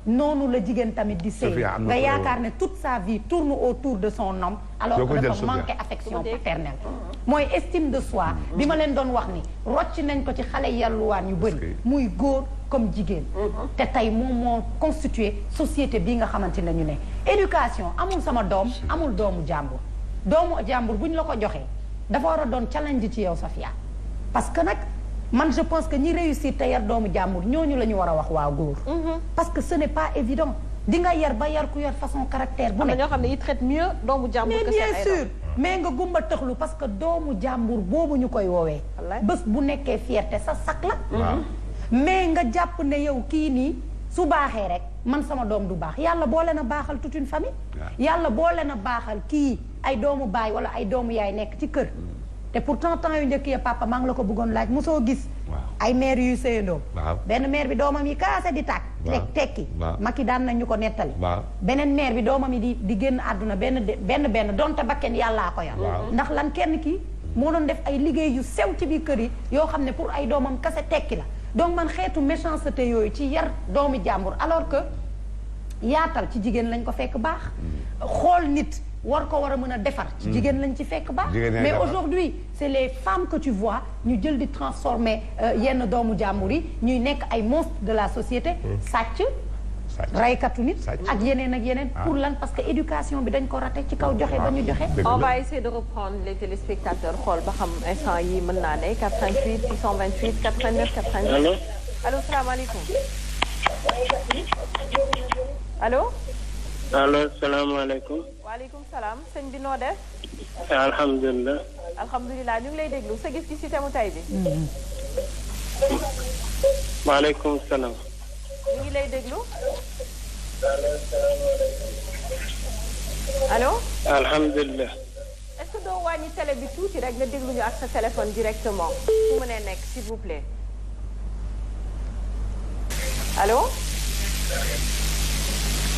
noonu la jigen tamit di sey nga yaakaar ne toute sa vie tourne autour de son homme alors que dafa affection paternelle moy estime de soi bima len don wax ni rocc nañ ko ci xale yàlluwaan yu bëri muy goor comme jigen mhm. te tay moom constituer constitué société bi nga xamante ñu ne éducation amul sama dom amul domu jambour domu jambour buñ la ko joxee dafa challenge ci yow Safia parce que nak man je pense que ñi réussir te yar doomu jàmbur ñooñu la ñu war a wax waa góor. Mhm. parce que ce n'est pas évident. di nga yar ba yar ku yor façon caractère bu ne. am xam ne ils traitent mieux doomu jàmbur. que bien mais nga gumba tëxlu parce que doomu jàmbur boobu ñu koy woowee. bés bu nekkee fierté sa sak la. Mhm. mais nga jàpp ne yow kii nii su baaxee rek man sama doom du baax yàlla boole na baaxal toute une famille. yàlla boole na baaxal kii ay doomu baay wala ay doomu yaay nekk ci kër. te pourtant temps yu njëkk ya papa maa la ko bëggoon laaj mosoo gis. ay maire yu séyandoo. benn maire bi doomam yi kaase di tàkk. waaw tekki Macky daan nañu ko nettali. beneen maire bi doomam yi di di génn àdduna benn benn benn donte bakken yàllaa ko yar. ndax lan kenn kii moo doon def ay liggéey yu sew ci biir kër yi yoo xam ne pour ay doomam kase tekki la donc man xeetu méchanceté yooyu ci yar doomi jàmbur alors que yaatal ci jigéen lañ ko fekk baax. Mm. xool nit. war ko war a mën a defar ci hmm. jigéen lañ ci fekk ba mais aujourd'hui c'est les femmes que tu vois ñu jël di transformer euh, yenn doomu jàmbur yi ñuy nekk ay monstres de la société hmm. sàcc raykatu nit ak yeneen ak yeneen ah. pour lan parce que éducation bi dañ ko raté ci kaw joxe ba ñu ah. on va essayer de reprendre les téléspectateurs xool ba xam instant yi mën naa ne 88 628 89 90 allo allo salaamaaleykum allo allo salaamaaleykum waaleykum salaam sëñ bi noo def. alhamdulilah. alhamdulilah ñu ngi lay déglu sa gis-gis ci thème tey bi. Mm-hmm. waaleykum salaam. ñu ngi lay déglu. allo. alhamdulilah. est-ce déglu ñu ak sa téléphone directement. fu mënee nekk s'il vous plaît. allo.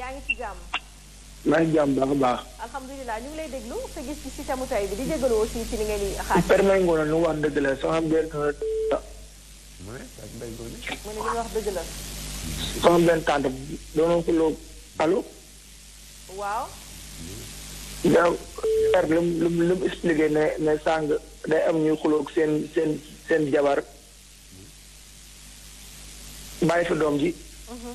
yaa ngi ci jàmm. maa jàmm baax a baax. alhamdulilah ñu lay déglu sa gis ci thème tey bi di jégalu aussi ci li ngeen di xaar. permet ngoon nu wax dëgg la soxna benn. mu ne li doonoon ko loo allo. lu mu lu ne ne sàng day am ñuy xuloog seen seen seen jabar mm-hmm. bàyyi fa doom ji. Mm-hmm.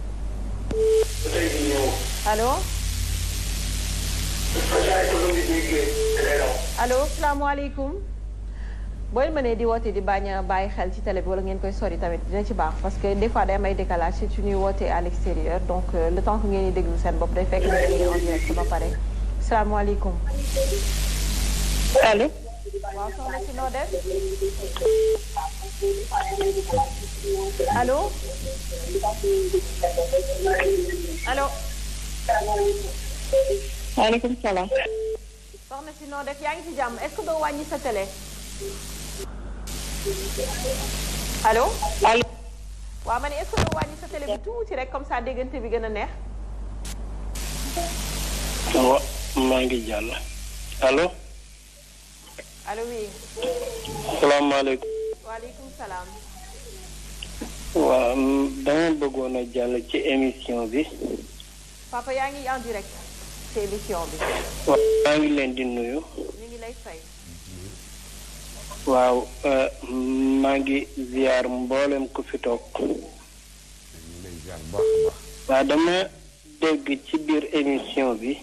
Allô Allô, allo alaykoum. Boy mené di woote di baña a xel ci télé bi wala ngeen koy sori tamit dina ci baax parce que des fois day may décalage si tu ñuy wootee à l'extérieur donc euh, le temps que ngeen di déglu seen bop day fekk ne ngeen en direct ba pare alaykoum. Allô. waaw soxna ci noo def. allo allo. maaleykum salaam. soxna si noo def yaa ngi ci jàmm est-ce que wàññi sa télé. allo. allo. waaw ma ne est wàññi sa télé bi tuuti rek comme ça déggante bi gën a neex. wa maa ngi jàll allo. allo oui. salaamaaleykum. salaam. waaw dama bëggoon a jàll ci émission bi. papa yaa ngi maa ngi leen di nuyu. ñu ngi lay waaw euh, maa ngi ziar mboolem ku fi toog. waaw dama dégg ci biir émission bi.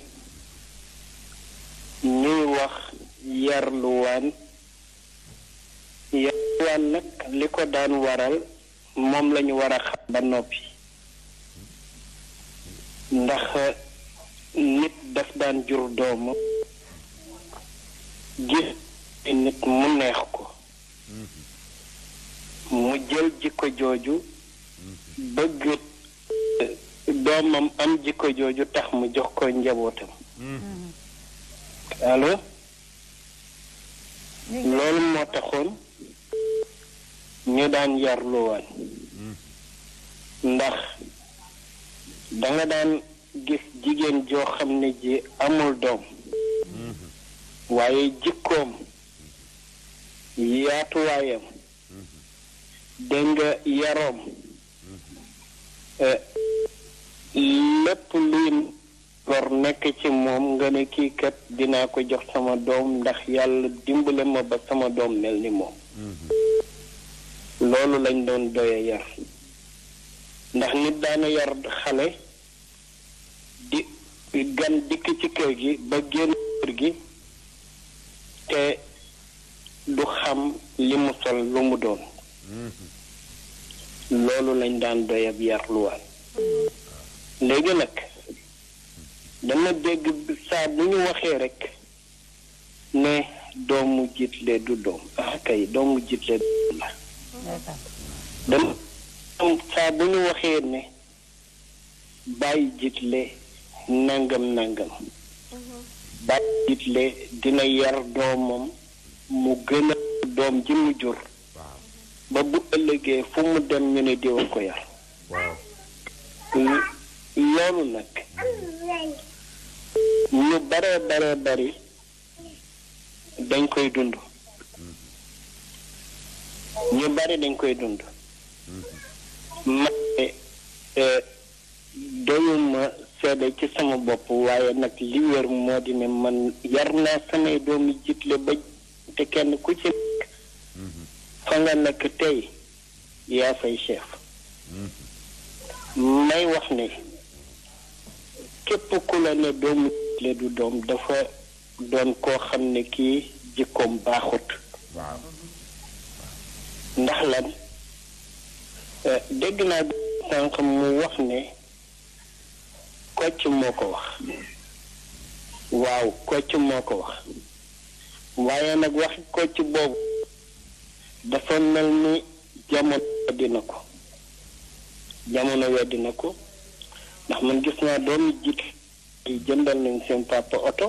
ñuy wax waan yalwaan nag li ko daan waral moom lañu ñu war a xam ba noppi ndax nit daf daan jur doomu gis nit mu neex ko mu jël jikko jooju bëgg doomam am jikko jooju tax mu jox koy njabootam mm-hmm. allo loolu moo taxoon ñu daan yarluwaan hmm. ndax danga daan gis jigéen joo xam ne ji amul doom hmm. waaye jikkoom yaatuwaayam hmm. dégg nga yaroom eh, lépp luy lor nekk ci moom nga ne kii kat dinaa ko jox sama doom ndax yàlla dimbale ma ba sama doom mel ni moom loolu lañ doon doye yar ndax nit daana yar xale di gan dikk ci kër gi ba génn kër gi te du xam li mu sol lu mu doon loolu lañ daan doyab yar luwaan léegi nag dama dégg saa bu ñu waxee rekk ne doomu jiitle du doom ah kay doomu jiitle la dama am saa bu ñu waxee ne bàyyi jitle nangam nangam bàyyi jitle dina yar doomam mu gën a doom ji mu jur ba bu ëllëgee fu mu dem ñu ne diwa ko yar loolu nag ñu bare bare bari dañ koy dund ñu bari dañ koy dund mm-hmm. ma eh, doyuma seede ci sama bopp waaye nag li wér moo di ne man yar naa samay doomi jiitle ba te kenn ku ci nekk mm-hmm. fa nga nekk tey yaa fay chef mm-hmm. may wax ne képp ku la ne doomu jiitle du doom dafa doon koo xam ne kii jikkoom baaxut ndax lan eh, dégg naa sànq mu wax ne kocc moo ko wax waaw kocc moo ko wax waaye nag wax kocc boobu dafa mel ni jamono weddi ko jamono weddi na ko ndax man gis naa doomu jiit yi jëndal nañ seen papa oto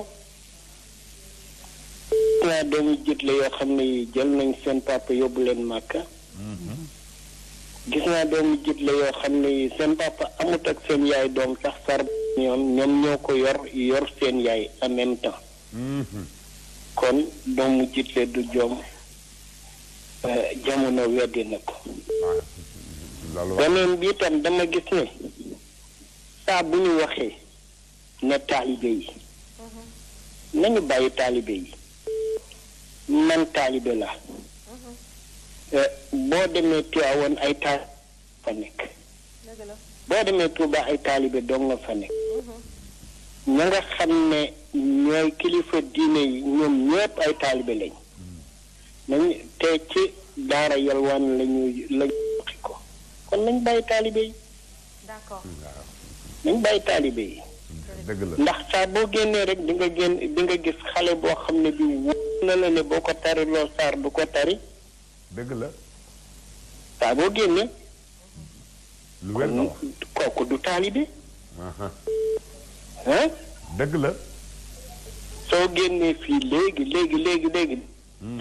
plan doomu jiit la yoo xam ne yi jël nañ seen papa yóbbu leen màkka gis naa doomu jiit la yoo xam ne yi seen papa amut ak seen yaay doom sax sar ñoom ko yor seen yaay kon doomu jiit la du joom euh, jamono weddi na ko bu ñu waxee ne taalibe yi mhm. nañu bàyyi taalibe yi man taalibe la eh, boo demee Tiwaawoon ay taalibe fa nekk boo demee Tuuba ay taalibe dong nga fa nekk ña nga xam ne ñooy kilifa diine yi ñoom ñëpp ay taalibe lañ te ci daara yalwaan lañuy lañ ko kon nañ bàyyi taalibe yi d'accord bàyyi taalibe yi dëgg ndax saa boo génnee rek di nga génn di gis xale boo xam ne bii wóor na la ne boo ko tari lool saar bu ko tari. dëgg la. saa boo génnee. lu wér du taalibe. ah. dëgg la. soo génnee fii léegi léegi léegi léegi. te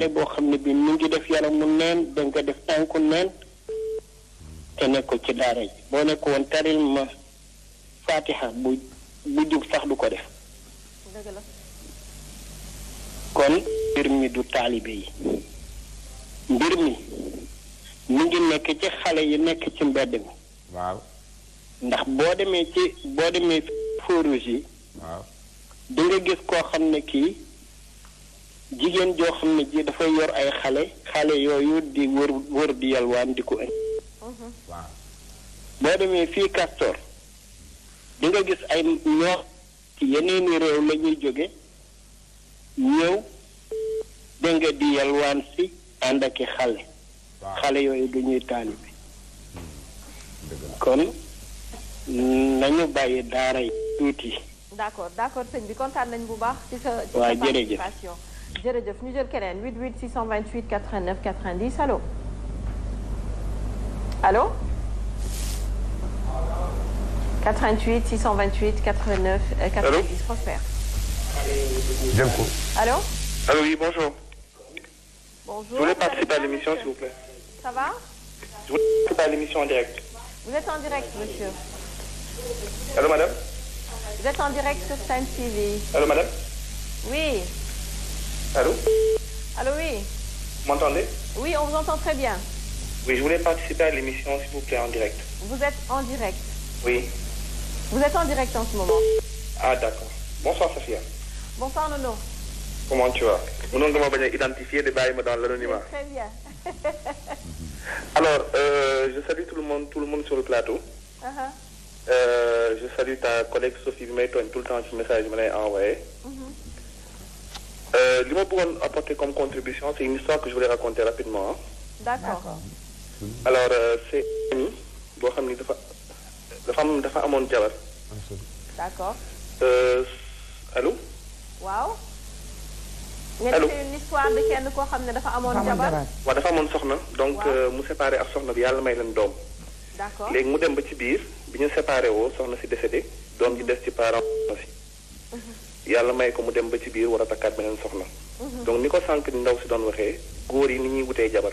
hmm. boo xam ne bii mu ngi def yaramu neen da nga def tànku neen. te nekkul ci daara yi boo nekk woon taril ma faatiha bu. bu jub sax du ko def kon mbir mi du taalibe yi mbir mi mu ngi nekk ci xale yi nekk ci mbedd mi waaw ndax boo demee ci boo demee feux rouges yi waaw gis koo xam ne kii jigéen joo xam ne ji dafay yor ay xale xale yooyu di wër wër di yalwaan di ko ëñ mhm. boo demee fii Castor di nga gis ay ñoo ci yeneeni réew la ñuy jóge ñëw da nga di yalwaan si ànd ak i xale xale yooyu du ñuy taalibe hmm. kon nañu bàyyi daara yi tuuti d'accord d'accord sëñ bi kontaan nañ bu baax ci sa ci sa participation jërëjëf ñu jël keneen 88 628 89 90 allo allo 88 628 89 90 transfert. Allô Allô, oui, bonjour. Bonjour. Je voulais participer à l'émission, s'il vous plaît. Ça va Je voulais participer à l'émission en direct. Vous êtes en direct, monsieur. Allô, madame Vous êtes en direct sur Time TV. Allô, madame Oui. Allô Allô, oui. Vous m'entendez Oui, on vous entend très bien. Oui, je voulais participer à l'émission, s'il vous plaît, en direct. Vous êtes en direct Oui. Vous êtes en direct en ce moment. Ah, d'accord. Bonsoir, Sophia. Bonsoir, Nono. Comment tu vas Mon nom est identifié de Baïma dans l'anonymat. Très bien. Alors, euh, je salue tout le monde, tout le monde sur le plateau. Uh-huh. Euh, je salue ta collègue Sophie Maiton, tout le temps, ce message me l'ai envoyé. pour mm-hmm. euh, apporter comme contribution, c'est une histoire que je voulais raconter rapidement. Hein. D'accord. Alors, c'est dafa am dafa amoon jabar. d'accord. Euh, allo. waaw. allo nga une koo xam ne dafa amoon jabar. waaw dafa amoon soxna donc euh, mu séparé ak soxna bi yàlla may leen doom. d'accord léegi mu dem ba ci biir bi ñu séparé woo soxna si décédé doom ji mhm. des ci parent si. Mhm. yàlla may ko mu dem ba ci biir war a takkaat beneen soxna. Mhm. donc ni ko sànq ndaw si doon waxee góor yi ni ñuy wutee jabar.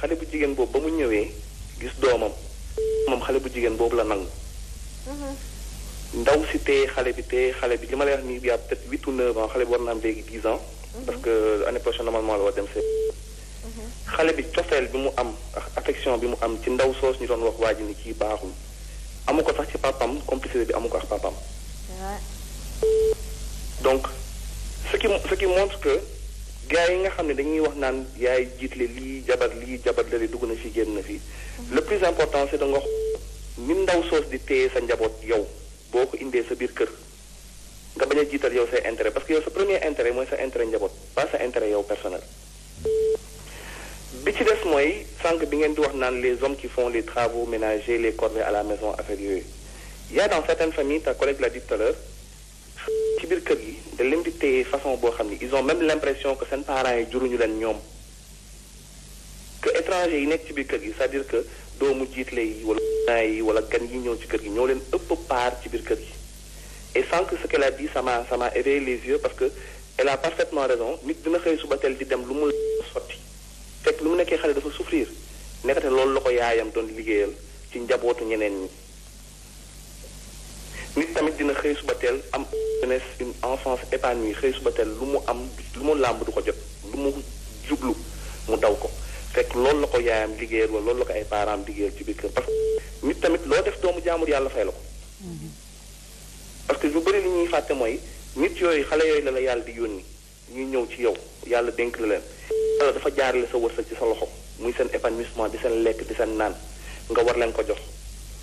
xale bu jigéen boobu ba mu ñëwee gis doomam moom xale bu jigéen boobu la nangu mhm. ndaw si téye xale bi téye xale bi li ma lay wax nii bi a peut-être huit ou neuf ans xale bi war na am léegi dix ans mhm. parce que année prochaine normalement la war dem see mhm. xale bi cofeel bi mu am affection bi mu am ci ndaw soos ñu doon wax waa ni kii baaxul amu ko sax ci papam complicité bi amu ko ak papam donc ce qui ce qui montre que gars yi nga xam ne dañuy wax naan yaay jiitle lii jabar lii jabar lële dugg na fi génn na fi mhm. le plus important c'est da nga ni ndaw soos di téye sa njaboot yow boo ko indee sa biir kër nga bañ a jiital yow say intérêt parce que yow sa premier intérêt mooy sa intérêt njaboot pas sa intérêt yow personnel bi ci des mooy sànq bi ngeen di wax naan les hommes qui font les travaux ménagers les corvées à la maison affaire yooyu y a dans certaines familles ta collègue l'a dit tout à l'heure bir kër yi da leen di téye façon boo xam ils ont même l'impression que seen parents yi juruñu leen ñoom que étranger yi nekk ci biir kër gi c'est-à-dire que doomu jiitle yi wala naay yi wala gan yi ñëw ci kër gi ñoo leen ëpp part ci biir kër gi et sans que ce qu'elle a dit ça m'a ça m'a éveillé les yeux parce que elle a parfaitement raison nit dina xëy suba teel di dem lu mu sotti fekk lu mu nekkee xale dafa souffrir nekkate loolu la ko yaayam doon liggéeyal ci njabootu ñeneen ñi nit tamit dina xëy suba teel am jeunesse une enfance épanouie xëy suba teel lu mu am lu mu làmb du ko jot lu mu jublu mu daw ko fekk loolu la ko yaayam liggéeyal wala loolu la ko ay parents liggéeyal ci biir kër parce que nit tamit loo def doomu jaamur yàlla fay la ko parce que lu bëri li ñuy fàtte mooy nit yooyu xale yooyu la la yàlla di yónni ñuy ñëw ci yow yàlla dénk la leen yàlla dafa jaarale sa wërsëg ci sa loxo muy seen épanouissement di seen lekk di seen naan nga war leen ko jox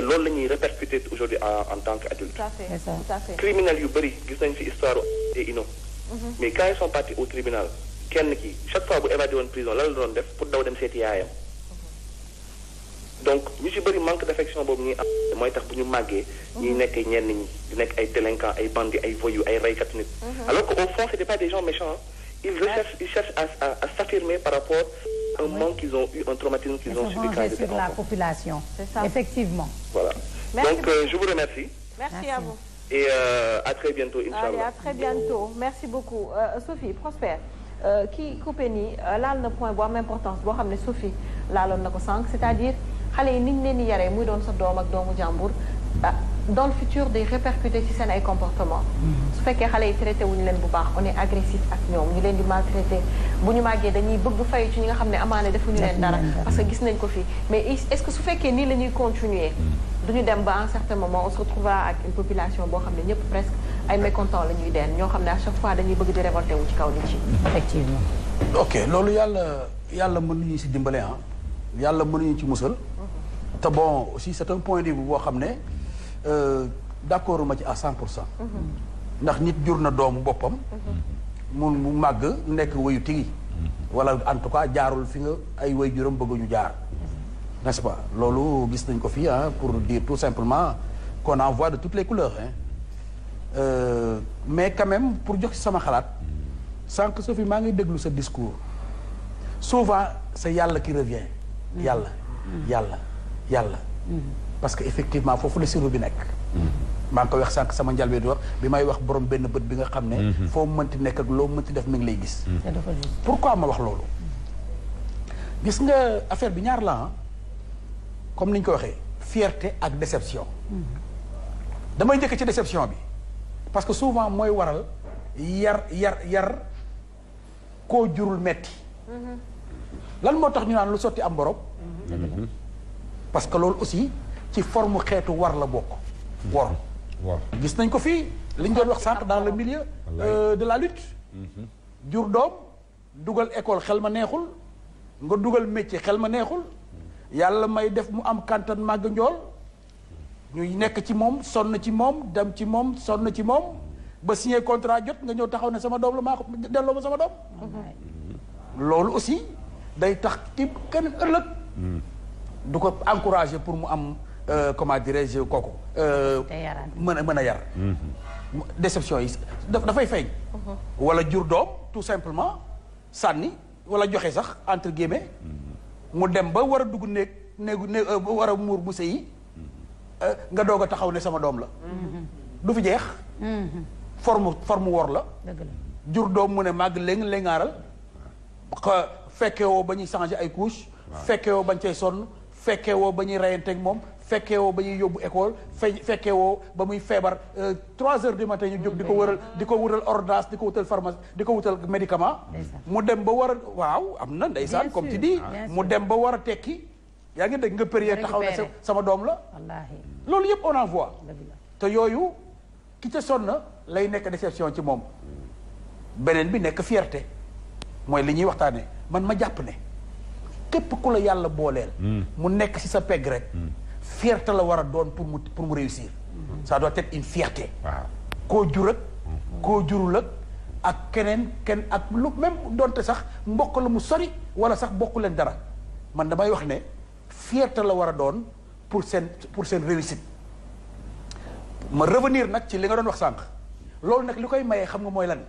te loolu la ñuy répercuter aujourd'hui en tant qu'adulte. tout à criminel yu bëri gis nañ fi histoire et ino. Mhm. mais quand ils sont partis au tribunal kenn ki chaque fois bu évadé woon prison lan la doon def pour daw dem seeti yaayam. Mhm. donc ñu ci bëri manque d'affection boobu ñuy am mooy tax bu ñu màggee. ñuy mhm. nekk ñenn ñi di nekk ay délinquants ay bandi ay voyous ay raykat nit. alors que au fond c'était pas des gens méchants hein. ils recherchent ils à à s'affirmer par rapport un oui. manque qu'ils ont eu, un traumatisme qu'ils ont subi quand ils sur la population. Effectivement. Voilà. Donc, euh, je vous remercie. Merci, à vous. Et euh, à très bientôt, Inch'Allah. à très bientôt. Merci beaucoup. Euh, Sophie, prospère qui coupé ni, là, le point de importance, vous ramener Sophie, là, le c'est-à-dire, allez, ni ni ni yare, mouy don sa dom ak domu jambour, ah, dans le futur des répercuter ces seen ay comportement mhm. su fekkee xale yi traité wuñu leen bu baax on est agressif ak nous, ñu est di maltraité bu ñu màggee dañuy bëgg fay ci ñi nga xam ne amaane defuñu dara parce que gis nañ ko mais est-ce que su fekkee nii la continuer mhm. duñu dem ba à un certain moment on se retrouve ak une population boo xam ñëpp presque ay mécontents la ñuy nous ñoo xam à chaque fois dañuy bëgg di révolté wu ci kaw nit ci mhm. effectivement ok loolu yàlla yàlla mën nañu d'Imbalé, dimbale ah yàlla mën nañu ci musal te bon aussi c'est un point de vue boo xam euh, d'accord accord ma à 100 pour cent. Mhm. ndax nit jur na doomu boppam. Mhm. mun mu màgg mhm. en tout cas jaarul fi nga ay way juram bëgguñu jaar. n'est-ce pas lolu gis nañ ko hein, pour dire tout simplement qu'on en voit de toutes les couleurs hein. euh, mais quand même pour dire que m'a sama sans que ce film ait déglu ce discours souvent c'est yalla qui revient. yalla yalla yalla parce que effectivement fofu la sirou bi nek mm-hmm. man ko wax sank sama njëlbeen di wax bi may wax borom ben beut bi nga xamne mm-hmm. fo meunti nek ak lo meunti def mi ngi lay gis mm-hmm. ya, pourquoi ma wax lolu gis nga affaire bi ñaar la ah. comme niñ ko waxe fierté ak déception damay njëkk ci déception bi parce que souvent moy waral yar yar yar ko jurul metti lan motax ñu nan lu soti am borom parce que loolu aussi ci forme xeetu war la bokk war gis nañ ko fi liñ doon wax sànq dans le milieu euh, de la lutte mhm. jur doom dugal école xel ma neexul nga dugal métier xel ma neexul yàlla may def mu am kantan màgg njool ñuy nekk ci moom sonn ci moom dem ci moom sonn ci moom ba signé contrat jot nga ñëw taxaw ne sama doom la maa ko delloo ma sama doom loolu aussi day tax ki kenn ëllëg mhm. du ko encouragé pour mu am Euh, comment dirais-je kooku. Euh, mën a déception dafay feeñ. wala jur doom tout simplement sànni wala joxe sax entre guillemets. mu dem ba war a dugg néeg néegu néeg euh, ba war a yi. nga doog taxaw ne sama doom la. du fi jeex. forme forme wor la. jur doom mu ne màgg léng léngaaral. fekke woo ba ay couche. sonn fekkee woo ba ñuy yóbbu école fe fekkee woo ba muy feebar euh, trois heures du matin ñu jóg di ko waral di ko wutal ordonnance di ko wutal pharmacie di ko wutal médicament mu dem ba war a waaw am na ndeysaan comme tu dis mu dem ba war a tekki yaa ngi dégg nga période taxaw na sama doom la loolu yëpp on en voit te yooyu ki ca sonn lay nekk déception ci moom beneen bi nekk fierté mooy li ñuy waxtaanee man ma jàpp ne képp ku la yàlla booleel hmm. mu nekk ci sa pegg rek hmm. fierté la war a doon pour mu pour mu réussir mhm. ça doit être une fierté koo jur ak mhm. koo jurul ak ak keneen kenn ak lu même donte sax mbokk la mu sori wala sax bokku leen dara man damay wax ne fierté la war a doon pour seen pour seen réussite ma revenir nag ci li nga doon wax sànq loolu nag li koy mayee xam nga mooy lan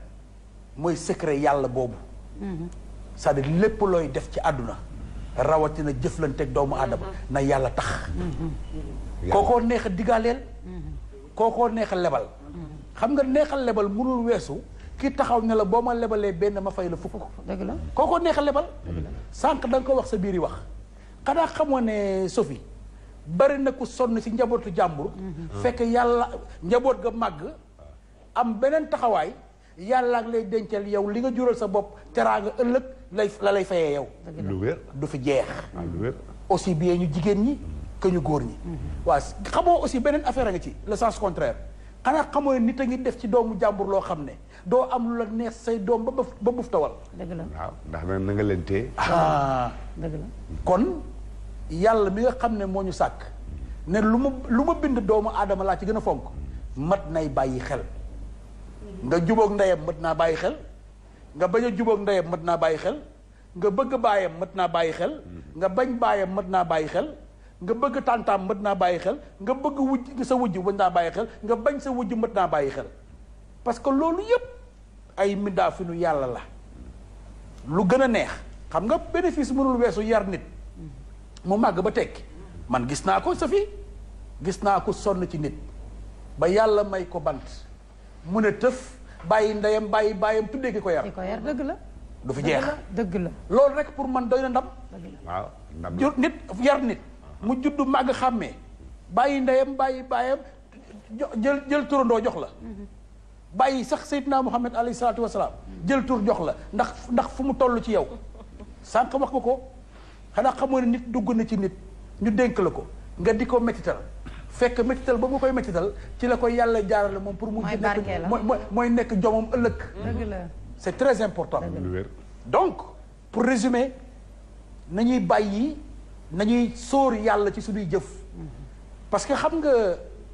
mooy secret yàlla boobu mhm. cest à lépp looy def ci àdduna rawatina jëflanteeg doomu aadama mm-hmm. na yàlla tax mm-hmm. kookoo neex a digaaleel mm-hmm. kookoo neex a lebal xam nga neexal lebal mënul weesu ki taxaw ne la boo ma lebalee benn ma fay la fukk ko kookoo neex a lebal sànq danga ko wax sa biir yi wax xanaa xamoo ne sofi bari na ku sonn ci njabootu jàmbur fekk yàlla njaboot ga màgg am beneen taxawaay yàlla lay dencal yow li nga jural sa bopp teraanga ëllëg lay fayee yow. lu wér du fi ah, aussi bien ñu jigéen ñi que ñu góor ñi. Mm-hmm. waa beneen affaire a nga ci le sens contraire xanaa xamoo nit a ngi def ci doomu jàmbur loo xam ne doo am lu neex say doom ba ba buf tawal. dëgg la na nga leen ah. Ah, kon yàlla mi nga xam ne moo ñu sàkk ne lu ma lu ma bind doomu aadama laa ci gën a fonk mat nay bàyyi xel. nga jubok ndeyam mët naa bàyyi xel nga baña jubok jubóog ndeyam mët naa xel nga bëgg baayam mët naa bàyyi xel mm-hmm. nga bañ baayam mët naa bàyyi xel nga bëgg tàntaam mët naa bàyyi xel nga bëgg wujj sa wujj mët naa xel nga bañ sa wujj mët naa xel parce que lolu yëpp ay minda fi nu la lu gëna neex xam nga bénéfice mënul weesu yar nit mu mag ba tekki man gis naa ko sa fi gis naa ko sonn ci nit ba yàlla may ko bant mu ne tëf bàyyi ndeyam bàyyi bàyyam tuddee ki ko yar. dëgg la. du fi jeex dëgg la loolu rek pour man doy na ndam. waaw ndam la nit yar nit. mu juddu màgg xàmmee bàyyi ndeyam bàyyi bàyyam jël jël turandoo jox la. bàyyi sax Seydina Muhammad alayhi salaatu wa salaam jël tur jox la ndax ndax fu mu toll ci yow. sànq wax nga ko xanaa xamoo ne nit dugg na ci nit ñu dénk la ko nga di ko métital fekk métital boobu koy métital ci la koy yàlla jaarale moom pour mu nekk mooy mooy nekk jomam ëllëg c'est très important donc pour résumer ñuy bàyyi nañuy soor yàlla ci suñuy jëf mm-hmm. parce que xam nga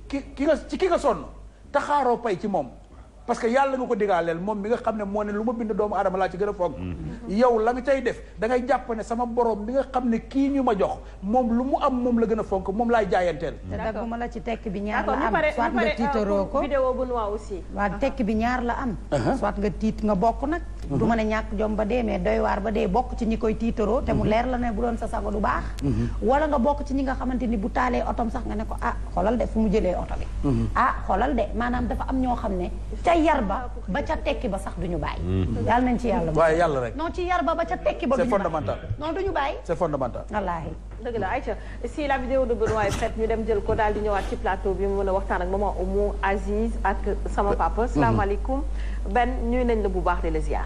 ki ki nga ci ki nga sonn taxaaroo pay ci moom parce que yàlla nga ko digaaleel moom mi nga xam ne moo ne lu ma bind doomu aadama laa ci gën a foog yow la mu cay def da ngay sama borom bi nga xam ne kii ñu ma jox moom lu mu am moom la gën a fonk moom laa jaayanteel te dagg ma la tekk euh, bi ñaar la am tekk bi ñaar la am nga tiit nga bokk nag uh-huh. du ma ne ñàkk jom ba dee mais waar ba dee bokk ci ñi koy tiitaroo te mu uh-huh. leer la ne bu doon sa sago du baax uh-huh. wala nga bokk ci ñi nga xamante ni bu taalee otom sax nga ne ko ah xolal de fu mu jëlee oto bi ah xolal de maanaam dafa am ñoo xam ne yar ba ba ca tekki ba sax du ñu bàyyi mm-hmm. yàlla nañ ci yàlla waaye yàlla rek non ci yar ba ba ca tekki ba c'est fondamental non du ñu bàyyi c'est fondamental wallaahi dëgg la Aïcha si la vidéo de Benoît est prête ñu dem jël ko daal di ñëwaat ci plateau bi mu mën a waxtaan ak maman Oumou Aziz ak sama papa mm-hmm. salaamaaleykum Ben ñuy nañ la bu baax di la ziar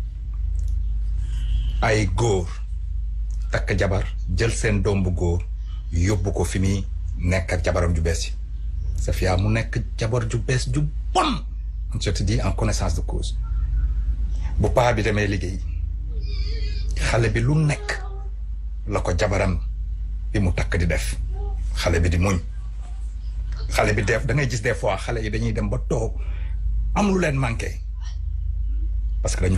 ay góor takk jabar jël seen doom bu góor yóbbu ko fi muy nekk ak jabaram ju bees yi Safia mu nekk jabar ju bees ju bon je te dis en connaissance de cause bu paa bi demee liggéey xale bi lu nekk la jabaram bi mu di def xale bi di muñ bi def da ngay gis des fois xale yi dañuy dem ba toog am lu leen manqué parce que dañu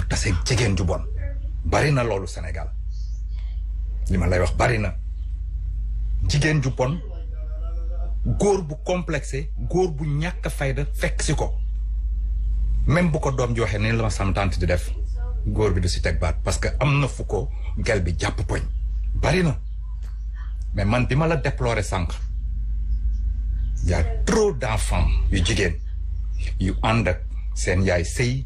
ju bon bari na Senegal. Sénégal li ma lay wax bari na jigéen ju pon gor bu complexé gor bu fayda fekk ci ko même bu ko dom ji ne la tante di def gor bi du si tek baat parce que amna na fu ko gel bi japp poñ bari na mais man bima la déplorer sank ya trop d'enfants yu jigen, yu andak sen yaay sey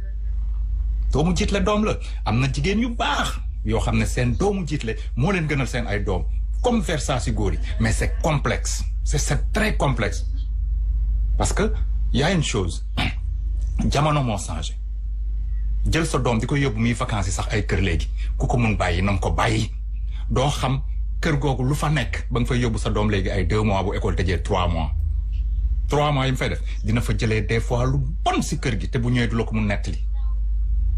doomu la doom la am na jigéen yu baax yoo ne seen doomu moo gënal seen ay doom comme ça góor yi mais c'est complexe c'est très complexe parce que y a une chose jamono moo changé jël sa doom di ko yóbbu muy vacances yi sax ay kër léegi ku ko mun bàyyi na nga ko bàyyi doo xam kër googu lu fa nekk ba nga fay sa doom léegi ay deux mois bu école trois mois trois mois yi mu fay def dina fa jëlee des fois lu bon si kër gi te bu ñëwee du ko mun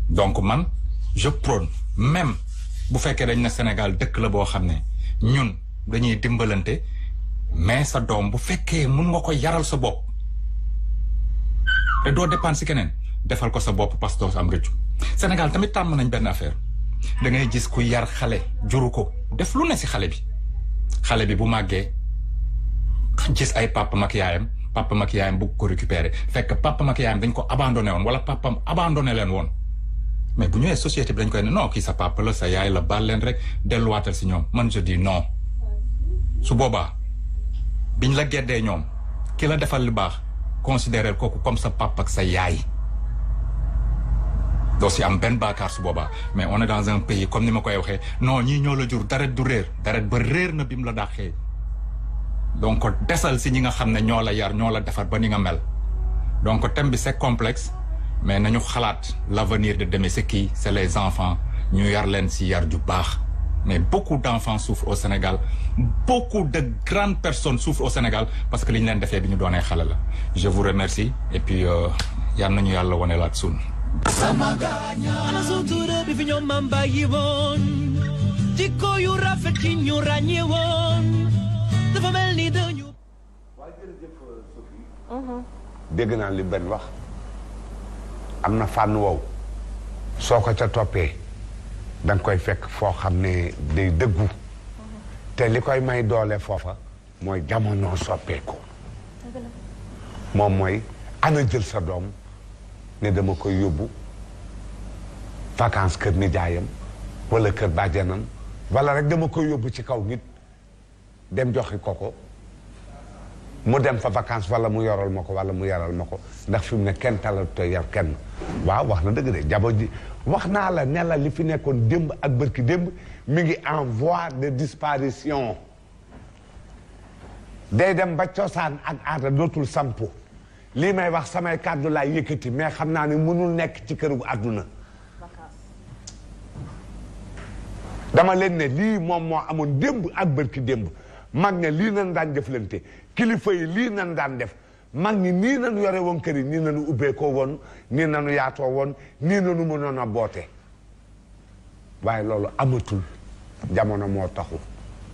donc man je prône même bu féké dañ na Sénégal dëkk la bo xamné ñun dañuy dimbalante mais sa dom bu féké mun nga ko yaral sa bop te dépendre si kenen defal ko sa bop parce que doo am rëccu Sénégal tamit tam nañ ben affaire da ngay gis ku yar xalé juru ko def lu ne si xalé bi xalé bi bu maggé gis ay papa mak yaayam papa mak yaayam bu ko récupérer fekk papa mak yaayam dañ ko abandonné won wala papam abandonné len won mais bu société une koy non ki sa papa la sa yaay la le rek delluwaatal ci ñom man je dis non su boba biñ la gédé ñom ki la lu baax considérer comme sa papa ak sa yaay Donc c'est am bon mais on est dans un pays comme ni ma koy waxé non ñi ñoo la jur dara du dara ba la donc si ñi nga la yar ñoo la ba ni nga donc c'est complexe mais nañu xalaat l'avenir de demain c'est qui c'est les enfants ñu yar leen ci yar mais beaucoup d'enfants souffrent au Sénégal beaucoup de grandes personnes souffrent au Sénégal parce que nous leen je vous remercie et puis nous euh, nañu am na fànn wow soo ko ca toppee da koy fekk foo xam ne day dëggu te li koy may doole foofa mooy jamono soppeeku moom mooy ana jël sa doom ne dama koy yóbbu vacances kër nijaayam wala kër bàjjanam wala rek dama koy yóbbu ci kaw ngit dem joxi koko mu dem fa vacances wala mu yoral ma ko wala mu yaral ma ko ndax fi mu ne kenn talatu te yar kenn waaw wax na dëgg de jabo ji wax naa la ne la li fi nekkoon démb ak bërki démb mi ngi en voie de disparition day dem ba cosaan ak aada dootul sampu lii may wax samay kàddu laay yëkkati mais xam naa ne mënul nekk ci këru àdduna dama leen ne lii moom moo amoon démb ak bërki démb mag ña lii nan daan jëflante kilifa yi lii nan daan def mag ñi nii nanu yore woon kër yi nii nanu ubbeekoo woon nii nanu yaatoo woon nii nanu mënoon a boote waaye loolu amatul jamono moo taxu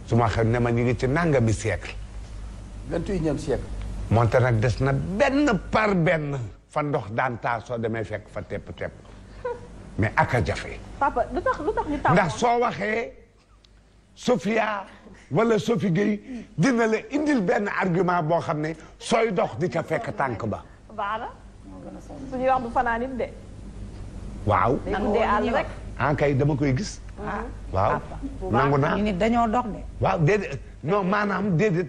su ma xel ne ma ñu ngi ci nangami siècle vingt-et-unième siècle moonte nag des na benn par benn fa ndox daan taa soo demee fekk fa tepp-tepp mais ak a jafe ndax soo waxee Sofia wala Sophie Gueye dina la indil benn argument boo xam ne sooy dox di ca fekk tànk ba. baax na suñuy wax du fanaan it de. waaw day àll rek. ah kay dama koy gis. Ah. waaw nangu naa ñu nit dañoo dox de. waaw déedéet non maanaam déedéet.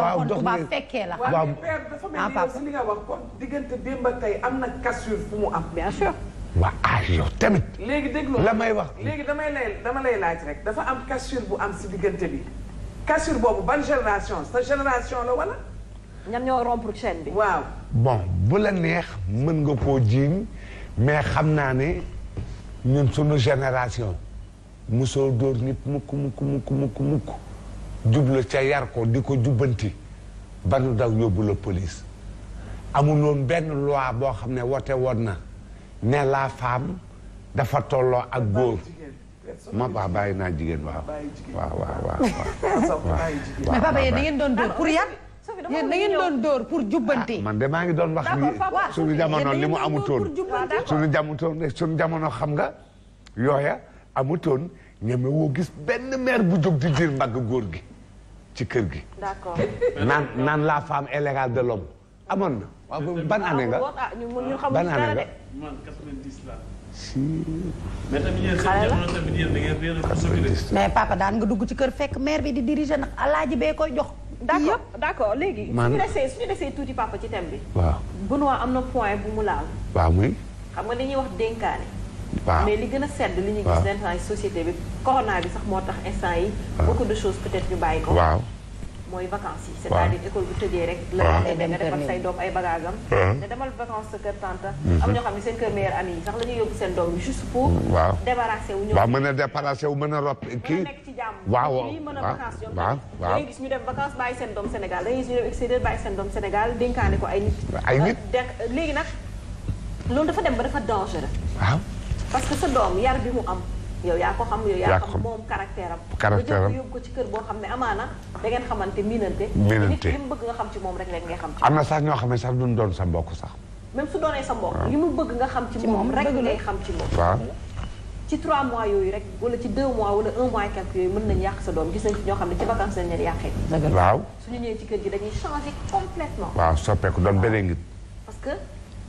waaw dox yaa ngi fekkee la. waaw dafa mel ni ah, yow si li nga wax kon diggante démb ak tey am na cassure fu mu am. bien sûr. waaw ah yow tamit. léegi déglu la may wax léegi damay lay dama lay laaj rek dafa am cassure bu am si diggante bi cassure boobu ban génération sa génération la wala. ñam ñoo rompre chaîne bi. waaw bon bu la neex mën nga koo jiiñ mais xam naa ne ñun sunu génération mosoo dóor nit mukk mukk mukk mukk mukk jublu ca yar ko di ko jubbanti ba nu daw yóbbu la police amuloon benn loi boo xam ne wote woon na. ne la femme dafa tolloo ak góor ma ba bàyyi naa jigéen waaw waaw waaw waaw mais papa yéen da ngeen doon dóor pour yar yéen da ngeen doon dóor pour jubbanti ah, man de maa ngi doon wax suñu jamono li mu amutoon suñu jamono suñu jamono xam nga yooya amutoon ñeme woo gis benn mère bu jóg di jiir mbagg góor gi ci kër gi naan naan la femme est l'égale de l'homme amoon na. waaw ban année nga ah, ban la. si. mais tamit yéen seen jamono tamit yéen da a sukkandiku. mais papa daan nga dugg ci kër fekk maire bi di diriger ndax alaaji bee koy jox. d'accord d'accord léegi. maanaam su ñu desee su ñu desee tuuti papa ci thème bi. waaw Benoît am na point bu mu laal. waaw muy. xam nga dañuy wax dénkaane. waaw mais li gën a sedd li ñu gis. waaw instant société bi corona bi sax moo tax instant yi. beaucoup de choses peut ñu bàyyi ko. waaw mooy vacances yi. cest école bu tëjee rek. la lay nga defal say doom ay bagages ne demal vacances sa kër tante. Mhm. am ñoo xam ne seen kër meilleure amie sax la ñuy seen doom juste pour. Mm, waaw wu ñoom. waaw mën wu mën a rop nekk ci jàmm waaw waaw mën a vacances gis ñu dem vacances bàyyi seen doom Sénégal dañuy gis ñu dem extérieur bàyyi seen doom euh, euh, dafa dem ba dafa dangereux. parce que sa doom yar bi mu am yow yaa ko xam yaa xam moom caractère am caractère ko ci kër boo xam ne amaana da xamante miinante miinante li mu bëgg nga xam ci moom rek ngay xam ci na sax ñoo xam ne sax duñ doon sa mbokk sa mbokk li mu bëgg nga xam moom ci moom mois yooyu rek wala ci 2 mois wala 1 mois et yooyu mën nañ yàq sa doom gis nañ ci ñoo xam ne ci vacances lañ leen yàqee waaw suñu ñëwee ci kër gi dañuy changer complètement waaw soppeeku doon beneen nit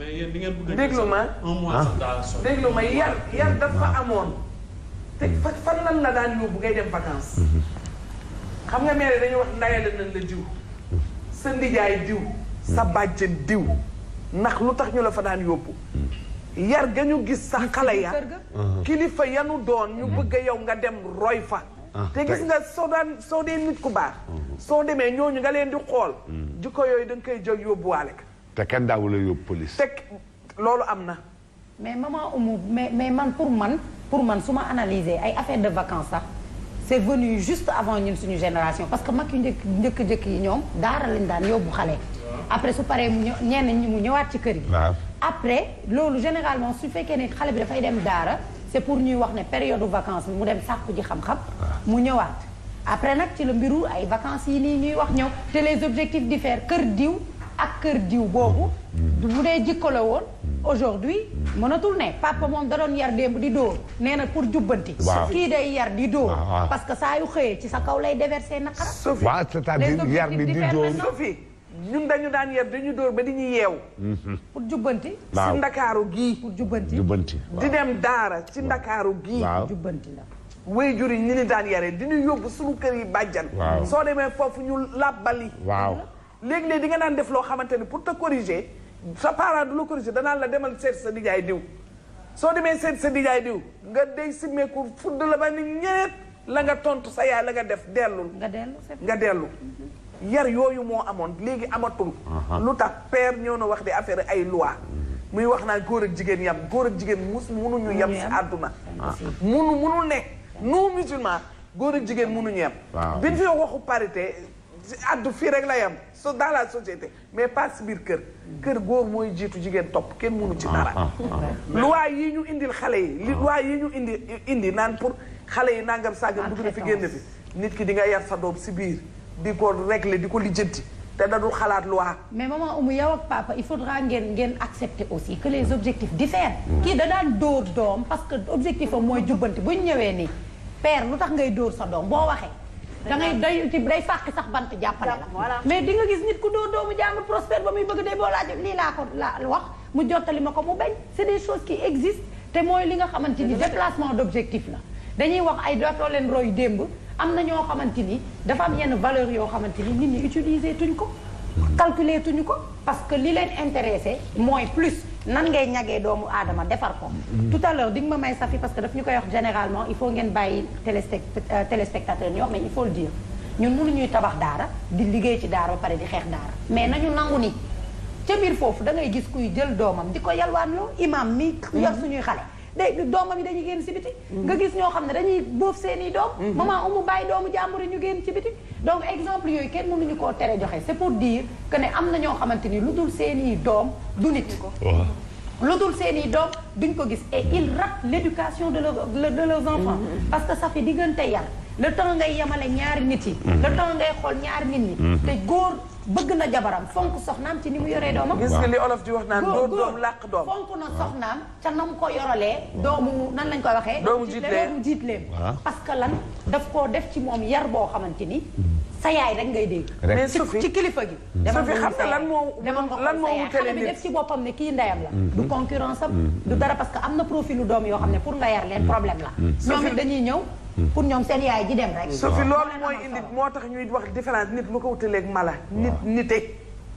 mais yéen li ngeen bëgg a déglu ma mois ah. déglu ma yar yar dafa ah. amoon. te hmm. fan lan la daan yóbbu ngay dem vacances. Hmm. xam nga mère dañuy wax ndayale nañ la diw. Hmm. sa ndijaay diw. sa bàjjen diw. ndax lu tax ñu la fa daan yóbbu. yar ga ñu gis sa xale ya ah. kilifa yanu doon ñu bëgg a yow nga dem roy fa. te gis nga soo daan soo dee nit ku baax. soo demee ñooñu nga leen di xool. jikko yooyu da koy jóg yóbbuwaale ka te kenn daawul la police. Tek loolu amna. mais maman Oumou mais mais man pour man pour man suma analyser ay affaire de vacances sax c' venu juste avant ñun suñu génération parce que mak ñeuk njëkk jëk yi ñom dara lañ daan yobu xalé. après su paree mu ñë ñi mu ñëwaat ci kër yi. après loolu généralement su fekkee ne xale bi fay dem dara c'est pour ñuy wax né période vacances mu dem sàkku ji xam-xam. mu ñëwaat. après nak ci le mbiru ay vacances yi ni ñuy wax ñew té les objectifs diffèrent kër diw. ak kër diw boobu bu dee jikko la woon aujourd'hui mënatul ne papa moom da doon yar démb di dóor nee na pour jubbanti kii day yar di dóor ah, ah. parce que saa yu xëyee ci sa kaw lay déverser naqara waaw c'est-à-dire bi di dóor Sophie ñun dañu daan yar dañu dóor ba di ñu yeew mm-hmm. pour jubbanti ci ndakaaru gii pour jubbanti jubbanti di dem daara si ndakaaru gi jubbanti la way yi ñu ni daan yare di ñu yóbbu suñu kër yi bàjjan soo demee foofu ñu làbbali waaw léeg-léeg di nga naan def loo xamante ne pour te corriger sa parent du la corriger danaan la demal seet sa nijaay diw soo demee seet sa nijaay diw nga dey simmeeku fudd la ba ni ñeet la nga tontu sa yaay la nga def dellul nga dellu yar yooyu moo amoon léegi amatul lu tax père ñoo na wax di affaire ay loi mhm. muy wax naa góor ak jigéen yam góor ak jigéen mus munuñu yam si àdduna ah. Ah. munu munul nekk non musulman góor ak jigéen munuñu yam bi ñu fi waxu parité addu fii rek la yam so dans la société mais pas si biir kër kër góor mooy jiitu jigéen topp kenn mënu ci lu ah, ah, ah. loi yi ñu indil xale yi li loi yi ñu indi indi naan pour xale yi nangam sàggam dugg na fi génn fi nit ki di nga yar sa doom si biir di ko régler di ko lijjanti te da dadul xalaat loi mais maman Oumou yow ak papa il faudra ngeen ngeen accepter aussi que les objectifs diffèrent mm. kii da daal dóor doom parce que objectif am mooy jubbanti buñ ñëwee nii père lu tax ngay dóor sa doom boo waxee da ngay day ci day fàq sax bant jàppale la mais di nga gis nit ku doo doomu jàmbur prospère ba muy bëgg dee boo laaj lii laa ko la wax mu jottali ma ko mu bañ c'est des choses qui existent te mooy li nga xamante ni déplacement d'objectif la dañuy wax ay dootoo leen roy démb am na ñoo dafa am yenn valeur yoo xamante nit ñi utiliser tuñ ko calculer tout parce que l'île est intéressé moins plus nan ngay plus doomu adama ko. tout à l'heure di ça may parce que daf généralement il faut ngeen euh, téléspectateur mais il faut le dire ñun ñuy tabax dara di liggéey ci di mais nañu nangu ni ca bir fofu da ngay gis kuy jël doomam mi yor dégg doomam yi dañu génn si biti mm-hmm. nga gis ñoo xam ne dañuy bóof seen i doom mm-hmm. maman umu bàyyi doomu jàmbur ñu génn ci biti donc exemple yooyu kenn ñu koo tere joxe c'est pour dire que ne am na ñoo xamante ni lu dul seen i doom du nit lu dul seen i doom duñ ko gis et il rate l'éducation de leurs de leurs enfants mm-hmm. parce que ça fait diggante yar le temps ngay yemale ñaari nit yi le temps ngay xool ñaari nit yi te góor bëgg na jabaram fonk soxnaam ci ni mu yoree doomam. gis nga li olof wax naan dóor doom làq doom fonk na soxnaam ca nam ko yorolee. doomu nan lañ koy waxee. doomu jiit leen parce que lan daf koo def ci moom yar boo xamante ni. Mm. sa yaay rek ngay dégg. mais ci kilifa gi. Mm. dafa xam ne lan moo lan moo lan nit def ci boppam ne kii ndeyam la. Mm. du concurrence am. du parce que am na profilu doom yoo xam ne pour nga yar leen problème la. ñoom it dañuy ñëw. pour ñoom seen yaay ji dem rek. Sophie loolu mooy indi moo tax ñuy wax différence nit lu ko wutaleeg mala. nit nite.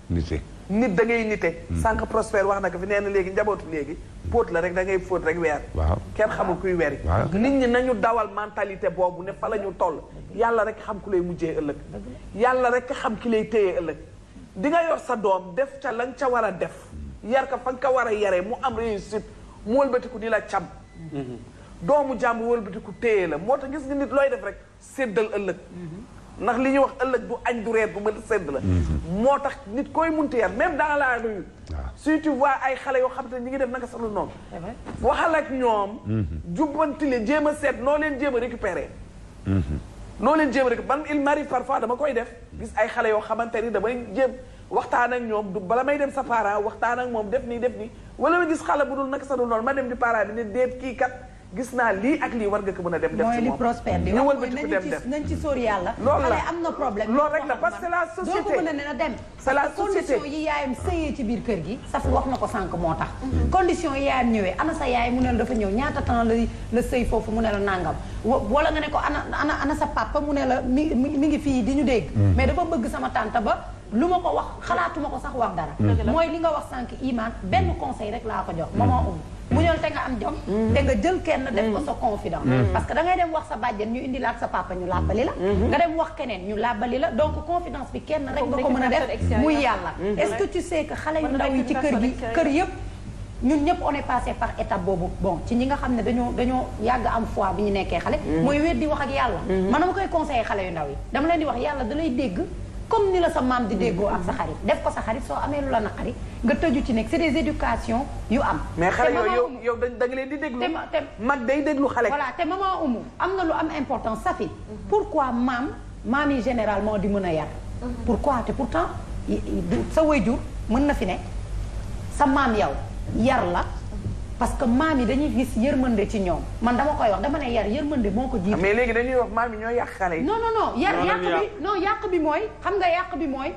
nite nit da ngay nite. Hmm. sànq prospère wax na ko fi nee na léegi njabootu léegi. póot la rek dangay ngay rek weer. waaw kenn xamul kuy weer nit ñi nañu dawal mentalité boobu ne fa la ñu toll. yàlla rek xam ku lay mujjee ëllëg. yàlla rek xam ki lay téye ëllëg. di nga yor sa doom def ca lañ ca war a def. Hmm. yar ka fa nga ko war a yaree mu am réussite mu wëlbatiku di la cam. Hmm. doomu jàmm jàmbur wëlbatiku téye la moo tax gis nga nit looy def rek séddal ëllëg ndax li ñuy wax ëllëg du añ du reet bu mën a sedd la moo tax nit koy munti yar même dans la rue si tu vois ay xale yoo xam te ñi ngi def naka salu noonu waxal ak ñoom jubbanti leen jéem a seet noo leen jéem a récupérer noo leen jéem a récupérer man il m'arrive parfois dama koy def gis ay xale yoo xamante ni damay jéem waxtaan ak ñoom du bala may dem safara waxtaan ak moom def nii def nii wala ma gis xale bu dul naka salu noonu ma dem di parent bi ne déet kii kat gis naa lii ak lii war nga ko mën a dem def ci moom mooy li prospère di wax nañ ci yàlla loolu am na problème loolu rek la parce que la société doo ko mën a ne na dem c'est la société condition yi yaayam sëyee ci biir kër gi saf wax na ko sànq moo tax condition yi yaayam ñëwee ana sa yaay mu ne la dafa ñëw ñaata temps la la sëy foofu mu ne la nàngam wala nga ne ko ana ana ana sa papa mu ne la mi mi ngi fii di ñu dégg hmm. mais dafa bëgg sama tànta ba lu ma ko wax xalaatuma ko sax wax dara hmm. mooy li nga wax sànq iman benn conseil rek laa ko jox hmm. maman um muñal te nga am jom te nga jël kenn def ko sa confident mm. parce que da ngay dem wax sa bàjjen ñu indi laat sa papa ñu làbbali la mm-hmm. nga dem wax keneen ñu làbbali la donc confidence bi kenn rek nga ko mën a def muy yàlla est-ce que tu sais que xale yu ndaw yi ci kër gi kër yëpp ñun ñëpp on est passé par étape boobu bon ci ñi nga xam ne dañoo dañoo yàgg am fois bi ñu nekkee xale mm-hmm. mooy wéet di wax ak yàlla mm-hmm. man dama koy conseillé xale yu ndaw yi dama leen di wax yàlla da lay dégg comme ni la sa mam di dégo ak sa xarit def ko sa xarit lu la nga c'est des éducations yu am. mais xale yo yow da nga di voilà té maman lu am mhm. pourquoi mam mami généralement di mhm. pourquoi té pourtant sa wayjur mën fi yar la parce que maam yi dañuy gis yërmande ci ñoom man dama koy wax dama ne yar yërmande moo ko jiitu. mais léegi dañuy wax maam yi ñoo yàq xale yi. non non non yar yàq bi non yàq bi mooy xam nga yàq bi mooy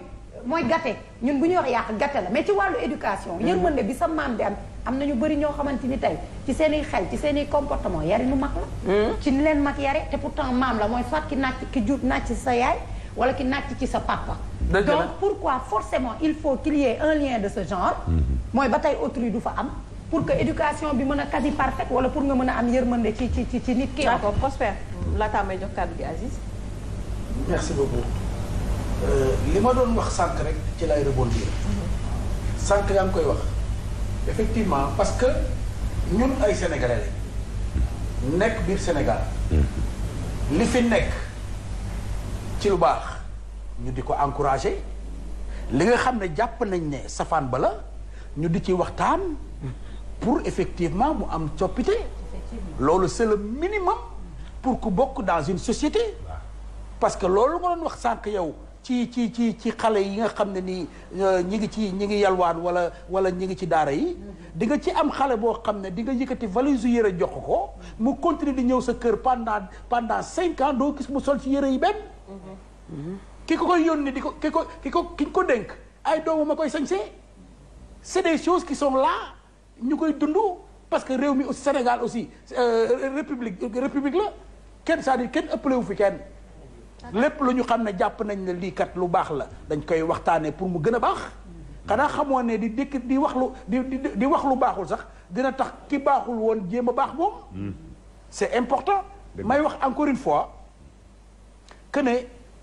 mooy gàtte ñun bu ñu wax yàq gàtte la mais ci wàllu éducation. Mm-hmm. yërmande bi sa maam bi am am na bëri ñoo xamante ni tey ci seen i xel ci seen i comportement yari nu mag la. Mm-hmm. ci ni leen mag yare te pourtant maam la mooy soit ki nàcc ki juut nàcc sa yaay wala ki nàcc ci sa papa. donc pourquoi forcément il faut qu'il y ait un lien de ce genre. Mm-hmm. mooy ba tey autrui du fa am pour que éducation bi mën a quasi parfaite wala pour nga mën a am yërmande ci ci ci ci nit ki. d'accord Prospère laataa may jox kàddu gi Aziz. merci beaucoup euh, li ma doon wax sànq rek ci lay rebondir. sànq yaa ngi koy wax. effectivement parce que ñun ay sénégalais nekk biir Sénégal. Mm-hmm. li fi nekk ci lu baax ñu di ko encourager li nga xam ne jàpp nañ ne safaan ba la ñu di ci waxtaan. pour effectivement mu am chopité. Lolo c'est le minimum pour que bokk dans une société parce que lolo nga wax sank yow ci ci ci ci xale yi nga xamné ni euh, ñi ngi ci ñi ngi yalwaan wala wala ñi ngi ci daara yi di nga ci am xalé bo xamné di nga yëkkati valise yére jox ko mu continuer di ñëw sa kër pendant pendant cinq ans do gis mu sol ci yére yi ben ki ko koy yónni kiko ko ki ko ki ko ko ay doomu ma koy sañsee c'est des choses qui sont là ñu koy dund parce que réew mi aussi Sénégal aussi euh, république république la kenn c'est-à-dire kenn ëppale wu fi kenn. lépp lu ñu xam ne jàpp nañ ne lii kat lu baax la dañ koy waxtaanee pour mu gën a baax. xanaa xamoo ne di dikk di wax lu di di wax lu baaxul sax dina tax ki baaxul woon jéem a baax moom. Hmm. c'est important. may wax encore une fois que ne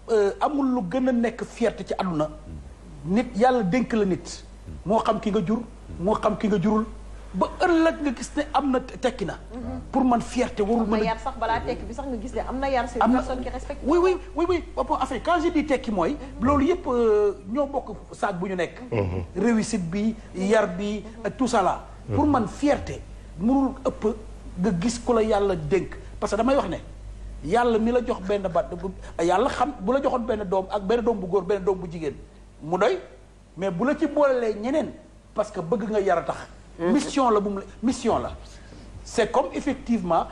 euh, amul lu gën a nekk fierté ci àdduna hmm. nit yàlla dénk la nit. Hmm. moo xam ki nga jur. moo xam ki nga jurul. ba ëllëg nga gis ne am na tekki na. Mhm. Mhm. pour man fierté warul mën a. am na yar sax balaa tekki bi sax nga gis ne am na yar. c'est une personne qui respecte. oui oui oui oui enfin quand je dis tekki mooy. Mhm. loolu yëpp euh, ñoo bokk saag bu ñu nekk. réussite bi yar bi tout ça là. pour man fierté mënul ëpp nga gis ku la yàlla dénk parce que damay wax ne. yàlla mi la jox benn bat yàlla xam bu la joxoon benn doom ak benn doom bu góor benn doom bu jigéen mu doy mais bu la ci boolee ñeneen parce que bëgg nga yar a tax. mission là, mission là c'est comme effectivement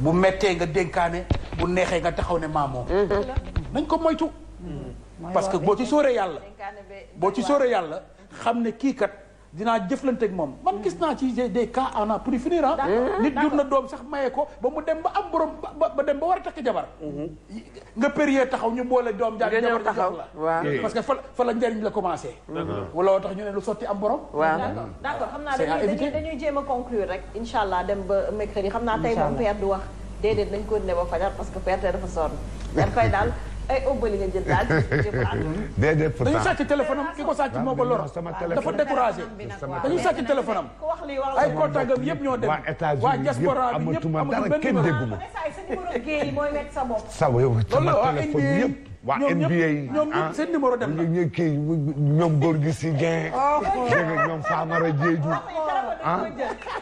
bu mettee nga dénkaane bu neexee nga taxaw ne maa moom nañ ko moytu mm. parce que boo ci sooree yàlla boo ci sooree yàlla xam ne kii kat dinaa jëflanteeg moom man gis naa ci des cas en a pour finir ah nit jur na doom sax maye ko ba mu dem ba am borom ba dem ba war a takk jabar mhm. nga per périer taxaw ñu boole doom jaar jabar taxaw la parce que fa fa a njëriñ la commencé mhm. wala woo tax ñu ne lu sotti am borom waaw mhm. d'accord xam naa dañuy dañuy jéem a conclure rek incha allah dem ba mercredi xam naa tey moom père du wax déedéet nañ ko ne ba fajar parce que père tey dafa sonn père fay daal ay eh, obali nga jël daal déedéet pourtant dañu sàcc téléphone am ki ko sàcc moo ko lor dafa découragé dañu sàcc téléphone am ay contactam yëpp ñoo dem waa diaspora bi ñëpp amatul benn numéro sa yow sama téléphone yëpp waa NBA yi ñoom ñëpp ah. seen numéro dem na ñoom kii ñoom góor gi si oh. Dieng ñoom Famara Diédhiou oh. ah oh.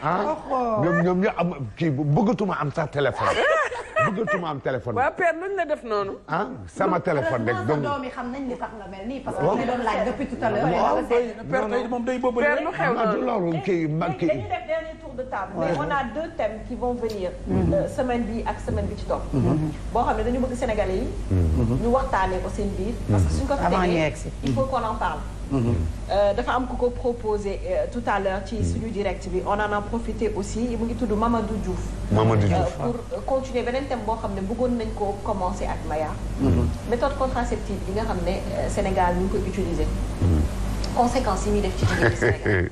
ah ñoom ñoom ñu am kii bëggatuma am sax téléphone bëggatuma am téléphone. waaw père luñ la def noonu. ah sama téléphone rek donc. doom yi xam nañ ni sax la mel nii parce que oh. ñu doon laaj depuis tout à l'heure. waaw père tey moom day bëbële. père lu xew ah, loolu eh, kii dañuy def dernier tour de table. mais on a deux thèmes qui vont venir. Mm-hmm. Euh, semaine bi ak semaine bi ci topp. Mm-hmm. boo xam ne dañu bëgg Sénégalais yi. Mm-hmm. ñu waxtaanee ko seen biir. parce que suñ ko tegee avant il faut qu'on en parle. Euh, dafa am proposé euh, tout à l'heure ci mm. direct on en a profité aussi mu ngi tudd Mamadou Diouf. Mamadou euh, Diouf pour continuer beneen thème boo xam ne commencer ak Maya. Mm-hmm. méthode contraceptive yi nga Sénégal ñu mm-hmm. conséquences yi def ci Sénégal. ne conséquence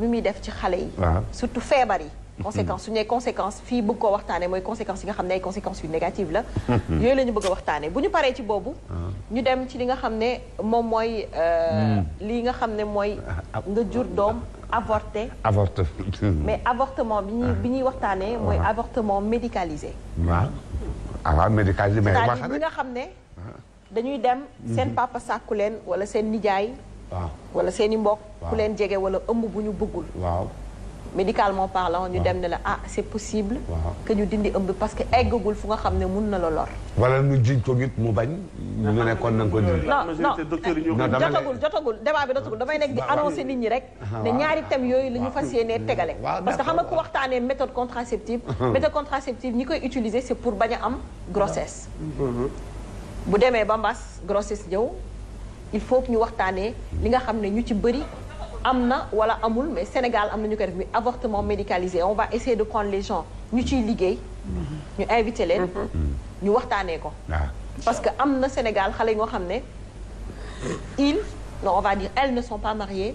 bi surtout conséquence su conséquence yi nga conséquences yu négatives la mhm. yooyu lañu bëgg a Vous paré ci bobu ah. ñu dem ci li nga xamné mom moy hmm. euh, li nga xamné moy ah, ah. nga avorté mais avortement avortement médicalisé médicalisé mais nga xamné dañuy dem seen mhm. papa wala seen nijaay wala seen mbokk ku len wala ëmb buñu bëggul waaw médicalement parlant ñu dem na la ah c'est possible que ñu dindi ëmb parce que eggagul fu nga xamné mën na la lor wala ñu jinj ko nit mu bañ ñu ne kon nañ ko dindi non non jotagul jotagul débat bi jotagul damay nekk di annoncer nit ñi rek né ñaari thèmes yoy la ñu fas mm. tégalé parce que xam nga ku waxtané méthode contraceptive mm. méthode contraceptive ñi koy utiliser c'est pour bañ am grossesse mm-hmm. Mm-hmm. bu démé bambas grossesse ñëw il faut que ñu waxtané li nga xamné ñu ci bëri amna wala amul mais Sénégal amna ñu ko avortement médicalisé on va essayer de prendre les gens ñu ci liguey ñu inviter les mm-hmm. ñu waxtané ko. Ah. parce que amna Sénégal xalé yi nga ils non on va dire elles ne sont pas mariées.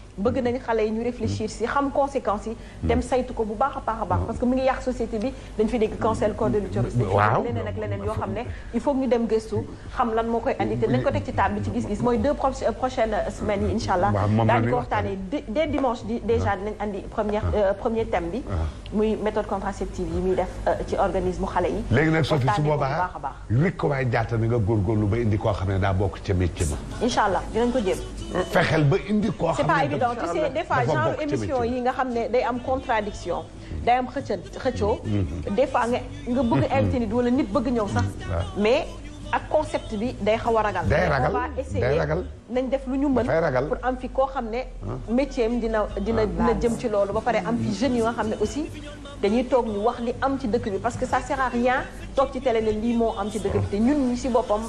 bëgg nañ xale yi ñu réfléchir si xam conséquences yi dem saytu ko bu baax a baax a baax parce que mu ngi yàq société bi dañ fi dégg conseil corps de l'utérus leneen ak leneen yoo xam ne il faut ñu dem gëstu xam lan moo koy andi te nañ ko teg ci table bi ci gis-gis mooy deux euh, prochaines euh, semaines yi insha allah daañu ko waxtaanee dès dimanche di déjà dinañ andi première ah. euh, premier thème bi ah. muy méthode contraceptive yi muy def ci organisme xale yi léegi nag sofi su boobaa rik ko waay jaata na nga góorgóorlu ba indi koo xam ne daa bokk ca métier ma incha allah dinañ ko jéem fexel ba indi koo xam ne donc tu sais des fois genre émission yi nga xam ne day am contradiction day am xëcca xëccoo mhm. des fois nga nga bëgg mhm. invité nit wala nit bëgg ñëw sax mais ak concept bi day xaw a ragal day ragal day ragal nañ def lu ñu mën pour am fi koo xam ne hein? métier dina dina ah, dina jëm ci loolu ba pare am fi jeunes yi nga xam ne aussi dañuy toog ñu wax li am ci dëkk bi parce que ça sert à rien toog ci télé ne lii moo am ci dëkk bi te ñun ñi si boppam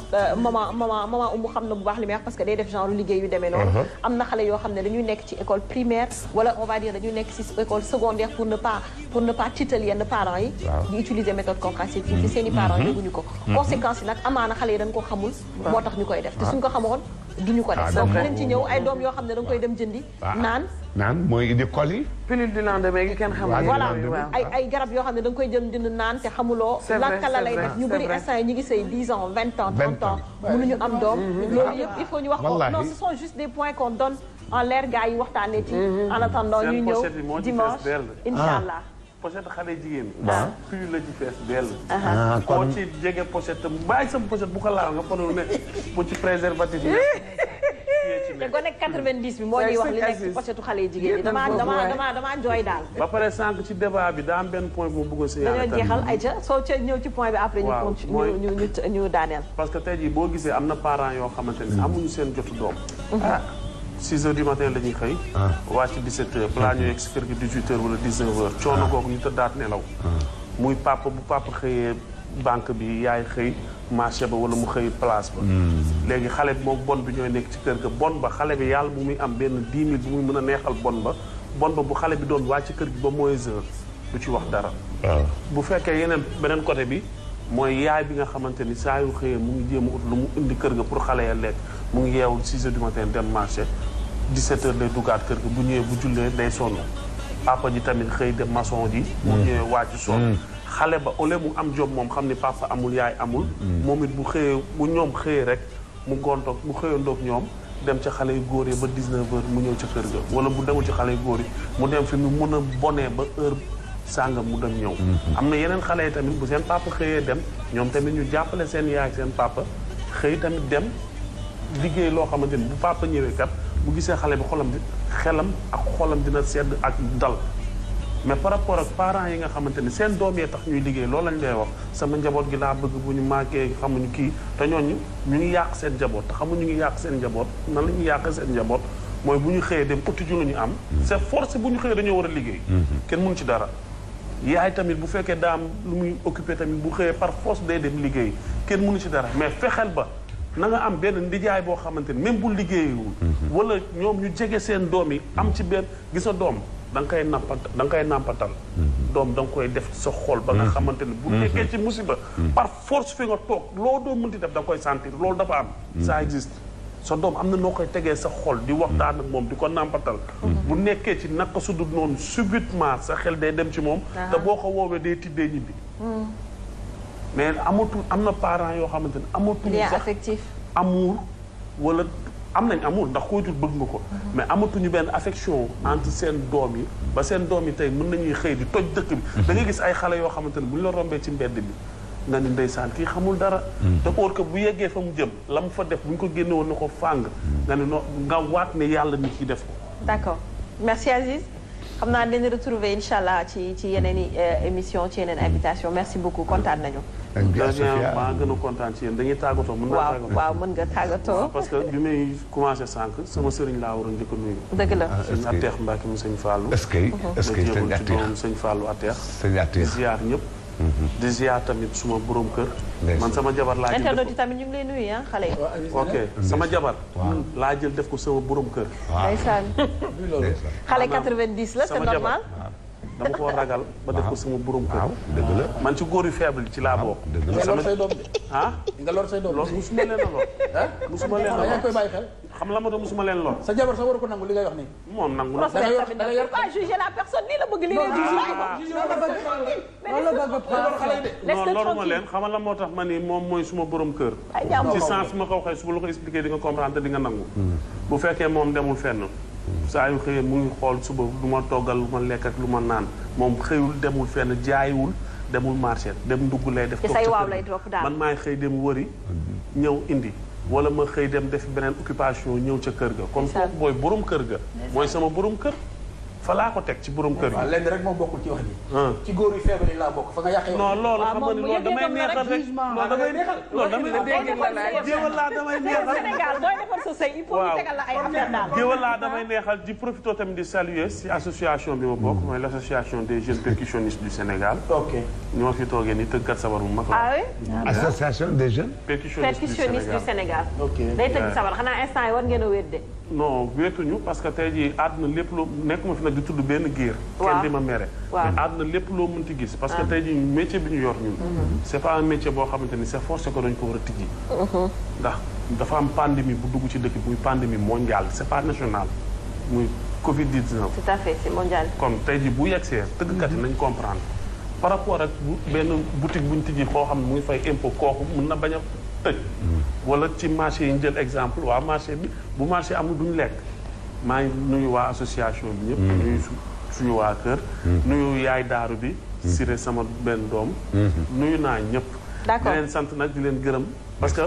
maman euh, maman maman umu xam na bu baax li may wax parce que day def genre liggéey yu demee noonu hein? am na xale yoo xam ne dañuy nekk ci école primaire wala on va dire dañuy nekk ci école secondaire pour ne pas pour ne pas tiital yenn parents yi di utiliser méthode contraceptive ci mmh. seen i parents mmh. yëguñu ko mmh. conséquences yi nag amaana xale yi dañ ko xamul moo tax ñu koy def te suñ ko xamoon duñu ko ko def ah, donc nañ ci ñëw ay doom yoo xam ne da nga koy dem jëndi naan naan mooy indi col yi pilule du lendemain gi kenn xamul voilà ay ay garab yoo xam ne da nga koy jël jënd naan te xamuloo lakka la lay def ñu bëri instant yi ñu ngi say 10 ans 20 ans 30 ans mënuñu am doom mm-hmm. loolu ah, yëpp il faut ñu wax ko non ce sont juste des points qu'on donne en l'air gars yi waxtaanee ci mm-hmm. en attendant ñuy ñëw dimanche incha ah. allah pochette xale jigéen. waaw fii la ci fees dell. Ah, ah, koo ci jege pochette bàyyi sama pochette bu ko laal nga xoolal ne bu ci préservatif yi. bi moo ñuy wax li nekk ci pochetu xale jigéen ñi damaa damaa damaa damaa jooy daal. ba pare sànq ci débat bi daa am benn point bu bëgg a. séeréer dañoo jeexal ay ca soo ca ñëw bi après. waaw mooy ñu ñu ñu daaneel. parce que tey jii boo gisee am na parents yoo xamante ni ne mm. amuñu seen jotu doom. Mm-hmm. Ah, 6 heures du matin la ñuy xëy. Ah. wàcc 17 heures balaa ah. ñu yegg si kër gi 18 heures wala 19 heures. coono ah. googu ñu tëddaat nelaw. muy papa bu papa xëyee banque bi yaay xëy marché ba wala mu xëy place ba. Hmm. léegi xale bi moom bon bi ñooy nekk ci kër ga bon ba xale bi yàlla bu muy am benn 10 000 bu muy mën a neexal bon ba bon ba bu xale bi doon wàcc kër gi ba moins heure du ci wax dara. bu fekkee yeneen beneen côté bi. mooy yaay bi nga xamante ni saa yu xëyee mu ngi jéem ut lu mu indi kër ga pour xale ya lekk mu ngi yeewul 6 heures du matin 17 heures lay duggaat kër ga bu ñëwee bu jullee day sonn papa ji tamit xëy dem mason ji bu mm. ñëwee wàcc sonn mm. xale ba au mu am jom moom xam ni papa amul yaay amul mm. moom it bu xëyee bu ñoom xëyee rek mu gontoog mu xëyandoog ñoom dem ca xale yu góor yi ba 19 heures mu ñëw ca kër ga wala bu demul ci xale yu góor yi mu dem fi mu mun a bonee ba heure sàngam mu dem ñëw mm-hmm. am na yeneen xale yi tamit bu seen papa xëyee dem ñoom tamit ñu jàppale seen yaay ak seen papa tamit dem liggéey loo xamante ni bu papa ñëwee kat bu gisee xale bi xolam di xelam ak xolam dina sedd ak dal mais par rapport ak parents yi nga xamante ni seen doom yee tax ñuy liggéey lool lañ lay wax sama njaboot gi laa bëgg bu ñu màggee xamuñu kii te ñooñu ñu ngi yàq seen njaboot te xamuñu ngi yàq seen njaboot nan la ñuy yàq seen njaboot mooy bu ñu xëyee dem uti ju lu ñu am mm-hmm. c'est force bu ñu xëyee dañoo war a liggéey mm-hmm. kenn mënu ci dara yaay tamit bu fekkee daam lu muy occupé tamit bu xëyee par force day dem liggéey kenn mënu ci dara mais fexeel ba na nga am benn ndijaay boo xamante ni même bu liggéeyewul mhm. wala ñoom ñu jege seen doom yi am ci benn gisa doom da nga koy nampa da nga koy nàmpatal mhm. doom da koy def sa xol ba nga mhm. xamante ni bu nekkee ci musiba par force fi nga toog loo doo mënti def da koy sentir loolu dafa am ça existe sa doom am na noo koy tegee sa xol di waxtaan ak moom di ko nàmpatal bu nekkee ci naka su du noonu subitement sa xel day dem ci moom ah. te boo ko woowee day tiddee ñibbi mais amour, amna parents yo xamante ne amatul sax amour wala amnañ amour ndax koo jur bëgg nga ko mais amatuñu ben affection entre sen doom yi ba sen doom yi tey mën nañuy xey di toj dëkk bi mhm. da nga gis ay xalé yo xamante buñ la rombé ci mbedd bi nga ni ndeysaan kii xamul dara te mhm. óor que bu yeggee fa mu jëm la mu fa def buñ ko génne woon na ko fàng mhm. nga no nga waat ne yàlla ni ci def ko d'accord merci Aziz xam naa leen retrouver incha allah ci ci yeneen i euh, émission ci yeneen invitation merci beaucoup kontaan nañu maa gën a kontaan ci yéen dañuy tàggatoo mën naa tàggatoo parce que bi may commencé sànq sama sëriñ laa waroon njëkk a nuyu. dëgg la ah, sëñ Ateex Mbacke mu sëñ Fallou. est-ce que mhm. est-ce que sëñ Ateex sëñ di ziar ñëpp. Mhm. di ziar tamit suma boroom kër. man sama jabar laa jël def ko tamit ñu ah, sama jabar. laa jël def ko sama borom kër. waaw ndeysaan. xale 90 la c'est normal. dama ko ragal ba def ko sama borom kër dëgg la man ci góor yu faible ci laa bokk dëgg la nga lor say doom ah nga lor say doom loolu musuma leen lor ah musuma leen lor yaa ngi koy bàyyi xel xam la ma doon musuma leen lor sa jabar sa waru ko nangu li ngay wax nii moom nangu na da yor da yor pas juger la personne ni la bëgg li lay juger la bëgg non la bëgg pas non loruma leen xamal la moo tax ma ni moom mooy suma borom kër ci sens ma ko waxee su ma la ko expliquer di nga comprendre di nga nangu bu fekkee moom demul fenn saa yu xëyee mu ngi xool suba lu ma toggal lu ma lekk lu ma naan moom xëyul demul fenn jaayiwul demul marché dem ndugg lay def. toog ca kër man maay xëy dem wëri ñëw indi. wala ma xëy dem def beneen occupation ñëw ca kër ga. kon kooku mooy borom kër ga. mooy sama borom kër. fa laa ko teg ci borom kër gi. lenn rek moom bokkul ci wax ji. Ah. ci góor yu feebar yi laa bokk fa nga yàqee. non loolu ah, xam nga ni loolu neexal rek loolu damay neexal. loolu damay jéewal laa damay neexal. Sénégal booy defar sa la ay affaire daal. jéewal laa damay neexal di profité tamit di saluer si association bi ma mooy l' association des jeunes percussionnistes du Sénégal. ok ñu ma fi toogee ni tëggat sabar bu mag la. Ah association des jeunes. percussionnistes du Sénégal percussionnistes du Sénégal. ok non wéetuñu parce que tey jii àdduna lépp loo nekkuma fi nag di tudd benn géer kenn di ma mere mais lépp loo mënti gis parce que ah. tey jii métier bi ñu yor ñun mhm. c' pas un boo xamante ni c' est forcé que dañ ko war a tijji mhm. ndax dafa am pandémie bu dugg ci dëkk buy pandémie mondiale c' est pas national muy covid 19 tout à fait c' mondial kon tey jii bu yegsee mhm. tëggkat yi nañ comprendre par rapport ak benn boutique bu ñu tijji koo xam ne mu ngi fay impôt kooku mën na bañ tëj wala ci marché yi ñu jël exemple waa marché bi bu marché amul duñu lekk maa ngi nuyu waa association bi ñëpp mm-hmm. nuyu suñu waa kër mm-hmm. nuyu yaay daaru bi mm-hmm. siré sama benn doom nuyu naa ñëpp di leen sant nag di leen gërëm parce que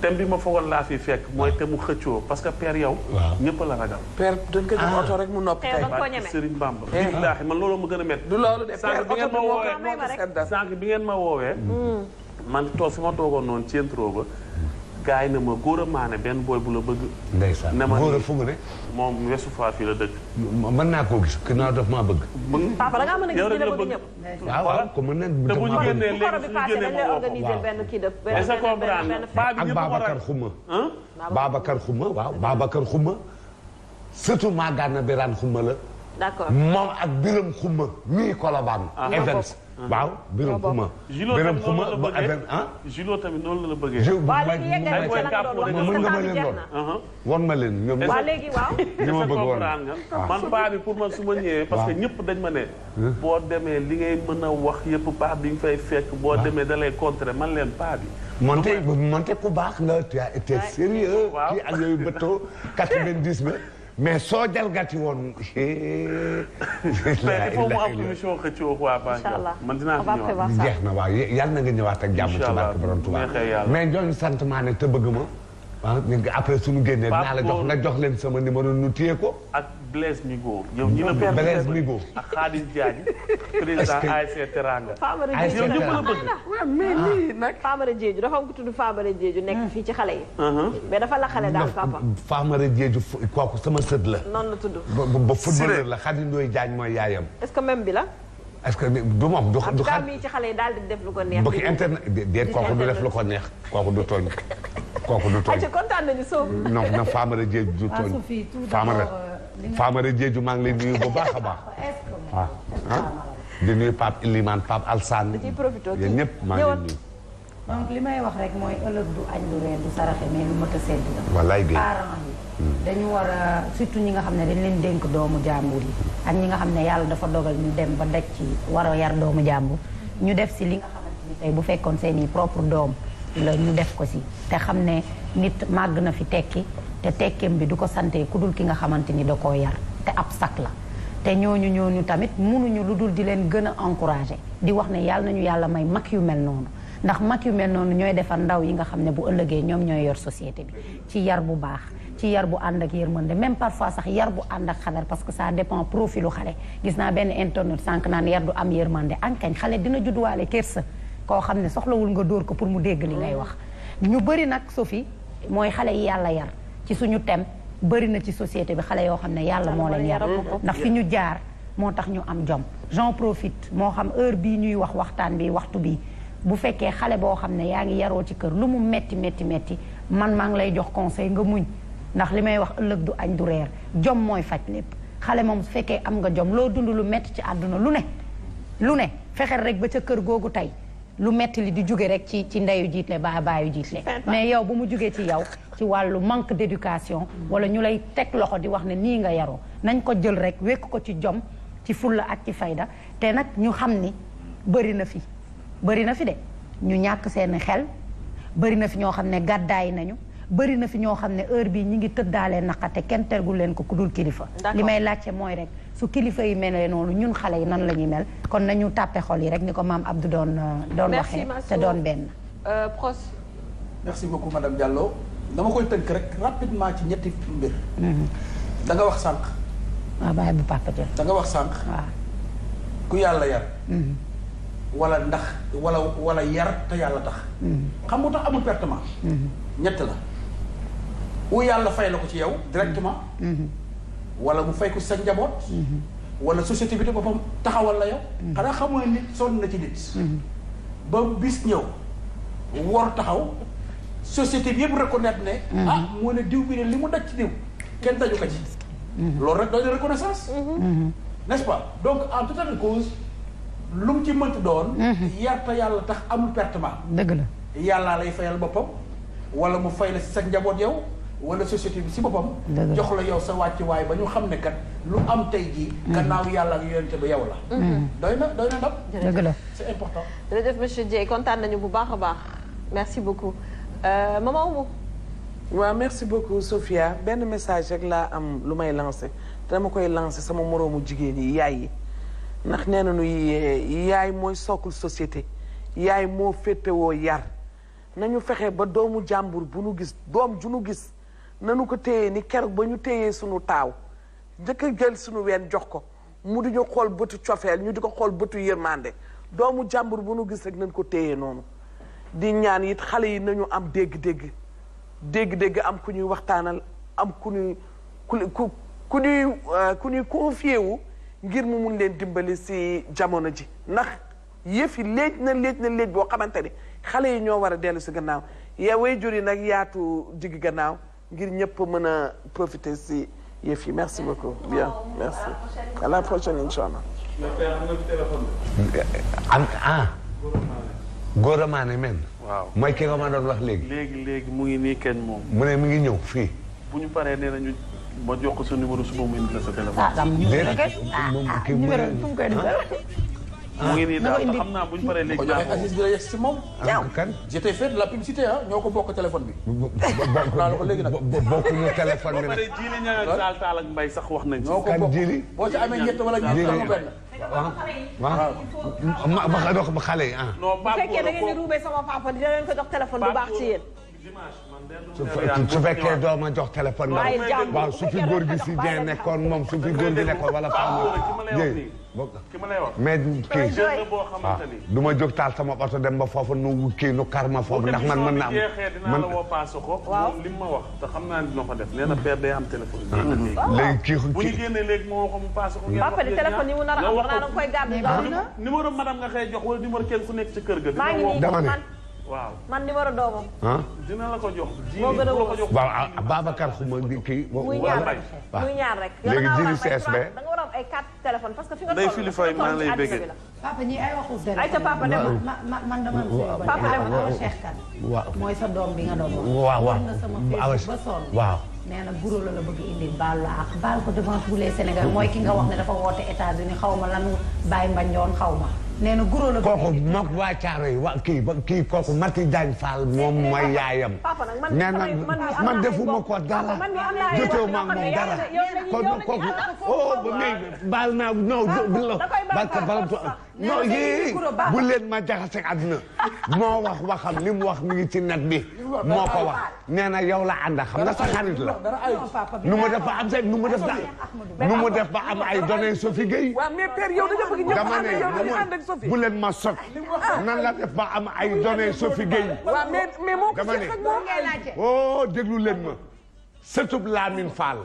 thème bi ma fa laa fi fekk mooy te mu xëccoo parce que per yow ñëpp la ragal père dañ ko ah. mu nopp tey Serigne Bamba eh. billaahi man loolu a métti du loolu de sànq bi ngeen ma woowee sànq bi ngeen ma woowee man toog fi ma toogoon noonu centro ba gars yi ne ma góor a benn booy bu la bëgg. ndeysaan góor a fu ne. moom wesu faa fii la dëkk. mën naa koo gis ginnaaw daf bëgg. papa a bëgg ñëpp. Ah, waaw waaw ko mën na te bu ñu génnee léegi suñu génnee ma woo ko waaw. est-ce que maa gànna Birane Xuma la. d'accord ak Biram Xuma mii Colobane. ah Evans. Uh-huh. waaw biram xuma. biram xuma ba affaire ah. julo tamit noonu la la bëggee. ju ma mën nga ma leen doon. Uh-huh. wan ma leen ñoom. waa léegi waaw. ñu ma bëgg woon ah. man paa bi pour man su ma ñëwee. parce que ñëpp dañ ma ne. boo demee li ngay mën a wax yëpp paa bi nga fay fekk. boo demee da lay contrer man leen paa bi. monté monté ku baax nga tu as été sérieux. waaw kii ak yooyu bëttoo 90 ba. mais soo jalgati woon. mais il faut mu am émission xëccoo waa Banjul. man dinaa fi ñëwaat jeex na waaw yal na nga ñëwaat ak jàmm ci barke borom Tuubaa mais ñooñu sant maa ne te bëgg ma. ah après suñu génnee dinaa la jox nga jox leen sama numéro nu téye ko. ak Blaise Migo. yow ñu la bëgg Blaise Migo. ak Khadim Diagne. président ASC Teranga. ASC Teranga ah. dafa am ku tudd Famara nekk fii ci xale yi. Uh-huh. mais dafa la xale daal papa. Famara Diédhiou kooku sama sët la. noonu la tudd. ba footballeur la Khady Ndoye Diagne mooy yaayam. est-ce la. est que du moom du du xam ci xale yi daal def lu ko neex. kooku du def lu kooku du tooñ kooku du tooñ. ayca kontaan nañu Sow. non non du tooñ. Ah, Famara euh, Famara Diédhiou maa ngi lay nuyu bu baax a baax. est-ce que ah, ah di nuyu Pape Ilimane Pape Alsane. donc li may wax rek mooy ëllëg du añ du reer du saraxe mais lu mat a séddu la. wallaay de parents yi. Hmm. dañu war a surtout ñi nga xam ne dañ leen dénk doomu jàmbur yi. ak ñi nga xam ne dafa dogal ñu dem ba daj ci war yar doomu jàmbur. ñu def si li nga xamante ni tey bu fekkoon seen i propre doom la ñu def ko si. te xam nit màgg na fi tekki te tekkeem bi du ko santee ku ki nga xamante da koo yar te ab sac la. te ñooñu ñooñu tamit mënuñu lu di leen gën a encouragé di wax ne yàlla nañu yàlla may mag yu mel noonu. ndax mag yu mel noonu ñooy defar ndaw yi nga xam ne bu ëllëgee ñoom ñooy yor société bi ci yar bu baax ci yar bu ànd ak yërmande même parfois sax yar bu ànd ak xadar parce que sa dépend profilu xale gis naa benn internet sànq naan yar du am yërmande ankañ xale dina judduwaale sa koo xam ne soxlawul nga dóor ko pour mu dégg li ngay wax ñu bëri nag Sophie mooy xale yi yàlla yar ci suñu tem bëri na ci société bi xale yoo xam ne yàlla moo leen yar ndax fi ñu jaar moo tax ñu am jom moo xam heure bii ñuy wax waxtaan bi waxtu bi bu fekkee xale boo xam ne yaa ngi yaroo ci kër lu mu metti metti metti man maa ngi lay jox conseil nga muñ ndax li may wax ëllëg du añ du reer jom mooy faj lépp xale moom su fekkee am nga jom loo dund lu metti ci àdduna lu ne lu ne fexeel rek ba ca kër googu tey lu metti li di jóge rek ci ci ndeyu jiitle baa baayu jiitle mais yow bu mu jógee ci yow ci wàllu manque d'éducation wala ñu lay teg loxo di wax ne nii nga yaroo nañ ko jël rek wékk ko ci jom ci fulla ak ci fayda te nag ñu xam ni bëri na fi bëri na fi de ñu ñàkk seen xel bëri na fi ñoo xam ne gàddaay nañu bëri na fi ñoo xam ne heure bii ñu ngi tëddaalee naqate kenn tergul leen ko ku dul kilifa li may laajte mooy rek su kilifa yi melee noonu ñun xale yi nan la ñuy mel kon nañu tàppe xol yi rek ni ko maam Abdou doon euh, doon waxee te doon benn euh, pros merci beaucoup madame Diallo dama koy tënk rek rapidement ci ñetti mbir mhm. da nga wax sànq waaw ah, bàyyi bu papa jël da wax sànq waaw ku yàlla yar mhm. wala ndax wala wala yar te yàlla tax hmm. xam nga tax amul pertement hmm. ñett la u yàlla fay la ko ci yow directement hmm. wala mu fay ko sa njaboot wala société bi te boppam taxawal la yow xanaa xamul ne nit sonn na ci nit ba bis ñëw war taxaw société bi yëpp reconnaître ne ah mu ne diw bi ne li mu daj ci diw kenn daju ko ci loolu rek doy na reconnaissance nest pas donc en tout état de lu ci mënti doon. Mhm. yar te yàlla tax amul pertement. dëgg la yàllaa lay fayal boppam. wala mu fay la si sa njaboot yow. wala société bi si boppam. jox la yow sa wàccuwaay ba ñu xam ne kat lu am tey jii. Mhm. gannaaw yàlla ak yonente ba yow la. Mhm. doy na doy na ndam. dëgg la c'est important. jërëjëf monsieur Dieng kontaan nañu bu baax a baax. merci beaucoup euh, maman Oumou. waaw merci beaucoup Sophia benn message rek laa am lu may lancé dama koy lancé sama moroomu jigéen yi yaay yi. ndax nee nañu yaay mooy sookul société yaay moo féetewoo yar nañu fexe ba doomu jàmbur bu nu gis doom ju nu gis nanu ko téye ni keroog ba ñu téyee sunu taaw njëkk a jël sunu ween jox ko mu di ñu xool bëtu cofeel ñu di ko xool bëtu yërmande doomu jàmbur bu nu gis rek nañ ko téye noonu di ñaan it xale yi nañu am dégg-dégg dégg-dégg am ku ñuy waxtaanal am ku ñuy ku ku ku ñuy euh, ku ñuy confié wu ngir mu mun leen dimbali si jamono ji ndax yëf yi léej na léeg na léeg boo xamante ni xale yi ñoo war a dellu si gannaaw yaa way jur yi nag yaatu digg gannaaw ngir ñëpp mën a profiter si yëf yi merci beaucoup bien merci à la prochaine incha allah. am ah. Gora men. waaw mooy ki nga ma doon wax léegi. léegi léegi mu ngi nii kenn moom. mu ne mi ngi ñëw fii. bu ñu ma jox ko sa numéro suba mu indi la sa téléphone. ah, ah numéro bi fu mu koy dugal. Ah, mu ngi nii daal xam naa bu ñu paree léegi. mais Aziz bi la yes si moom. Ah, kan j' étais fait de la publicité ah ñoo ko bokk téléphone bi. bokk naa la ko léegi nag bokkuñu téléphone bi nag. boo paree jiili ñëwee taal taal ak mbay sax wax nañ ci. ñoo ko bokk boo ci amee ñett wala ñeent amul benn. waaw waaw ma ma xale yi ah. bu fekkee da ngeen di ruubee sama papa dina leen ko jox téléphone bu baax ci yéen. su fekkee doo ma jox téléphone la waaw su fi góor gi si jeen nekkoon moom su fi góor gi nekkoon wala femme mais kii waaw du ma jóg taal sama oto dem ba foofu nu kii nu kar ma foofu ndax man mën na am man waaw li ma wax te xam naa dina ko def nee na père day am téléphone. Ah. léegi kii bu ñu génnee léegi moo ko mu paase ko. papa di téléphone yi mu nar a am xanaa da nga koy gàddu. numéro madame nga xëy jox wala numéro kenn ku nekk ci kër ga. maa ngi nii man waaw man numéro doomam. moo gën a wóor waaw ah, Babacar muy léegi jiri parce que fi nga toll nii ay waxu dëgg. mooy sa doom bi nga waaw waaw sama la la bëgg indi baal la ak baal ko devant tous les mooy ki nga wax ne dafa woote États-Unis xaw ma lan Baye Mbandione nee na goro la kooku mook waa caaro yi waa kii ba kii kooku Mati Diagne Fall moom mooy yaayam. nee man defuma ko dara jotee ma moom dara kon kooku oh mais baal non yii bu leen ma jaxase àdduna moo wax waxam li mu wax mi ngi ci net bi moo ko wax nee na yow la ànda xam na sa xarit la nu mu def ba am sa nu mu def ba nu mu def ba am ay données Sophie Gueye dama ne bu leen ma sot nan la def ba am ay données Sophie Gueye dama ne oh déglu leen ma sëtub Lamine Fall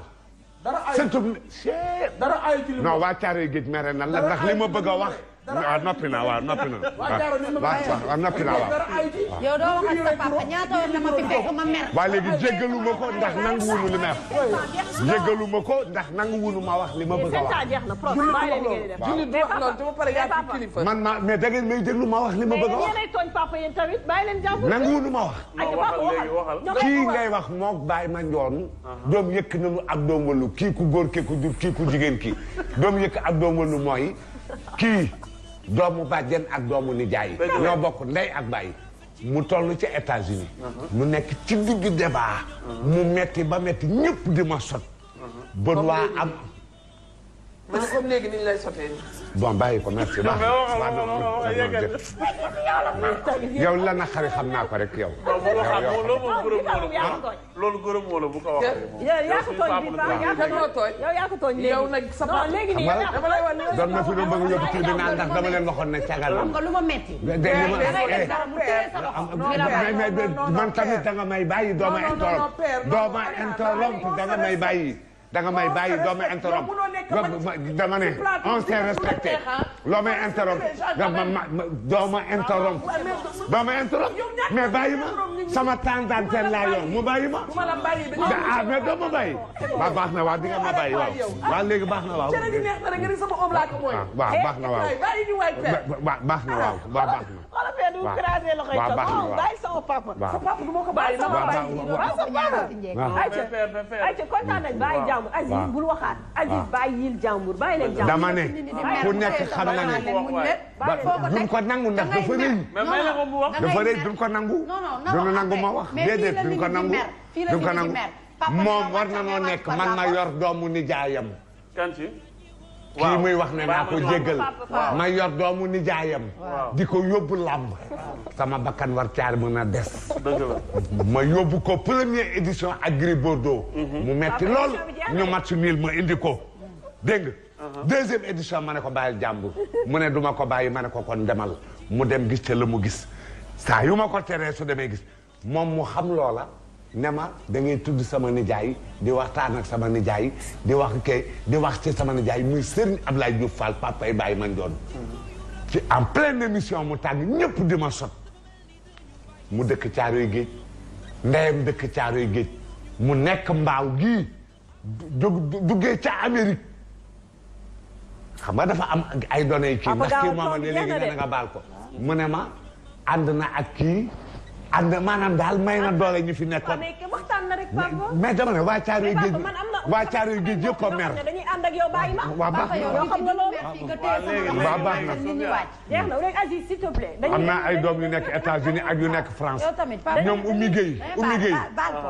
dara ay sëtub dara ay non waa Caare Géej mere na la ndax li ma bëgg a wax waaw noppi naa waaw wax ak ma fi ndax nangu wuñu li ma wax. jéggalu ma wax li ma bëgg a wax. waaw man ma mais da ngeen may wax li ma bëgg wax. nangu ma wax. kii ngay wax moog bàyyi ma njoon. doom yëkk nañu ak doom wàllu kii ku jigéen kii doom yëkk ak doom wàllu doomu bàjjen ak doomu nijaay ñoo bokk ndey ak bàyyi mu toll ci États-Unis uh-huh. mu nekk ci digg débat uh-huh. mu metti ba metti ñëpp di ma uh-huh. bon waa am من خملي جنيه لسه فين بون باي كوميرسي بقى بعد ما يا يا ولا نخري خمنا كرك يا يا يا يا يا da nga may bàyyi doo may interrompre dama ne on s'est respecté loo may interrompre dama ma doo ma interrompre doo ma interrompre ah, mais bàyyi ma sama temps d'antenne laa yor mu bàyyi ma ah mais doo ma bàyyi waaw baax na waaw di nga ma bàyyi waaw waaw léegi baax na waaw ah, waaw baax na eh, waaw waaw baax na waaw waaw ah. baax na xoolal fee du crasé loxo yi non oh, bàyyi sama ko bàyyi sama na ne duñ ko nangu ndax dafa rëy dafa rëy duñ nangu ma wax déedéet nangu duñ na noo nekk man ma yor doomu nijaayam kan kii mooy wax ne naa ko jéggal ma yor doomu nijaayam di ko yóbbu làmb sama bakkan war caar mu na des ma yóbbu ko première édition Agri Bordeaux mhm. mu metti lool ñu match nul ma indi ko dégg nga uh-huh. deuxième édition ma ne ko bàyyil jàmbur mu ne duma ko bàyyi ma ne ko kon demal mu dem gis te la mu gis saa yu ma ko teree su demee gis moom mu xam loola ne ma da tudd sama nijaay di waxtaan ak sama nijaay di wax kay di wax ci sama nijaay muy Serigne Ablaye Diouf Fall papa yi bàyyi man doon ci en pleine émission mu tàng ñépp di ma sot mu dëkk Caaroy Géej ndeyam dëkk Caaroy Géej mu nekk mbaaw gi duggee ca Amérique xam nga dafa am ay données kii ndax kii mooma ne léegi ne na nga ko mu ne ma ànd na ak kii ànd maanaam daal may na doole ñu fi nekkoon. waxtaan na rek Papa. mais dama ne waa Caaroy géej waa Caaroy géej yëpp a mer. dañuy ànd ak yow bàyyi ma. waaw baax na rek Aziz s'il te plaît. am naa ay doom yu nekk États-Unis ak yu nekk France. ñoom Oumy Gueye Oumy Gueye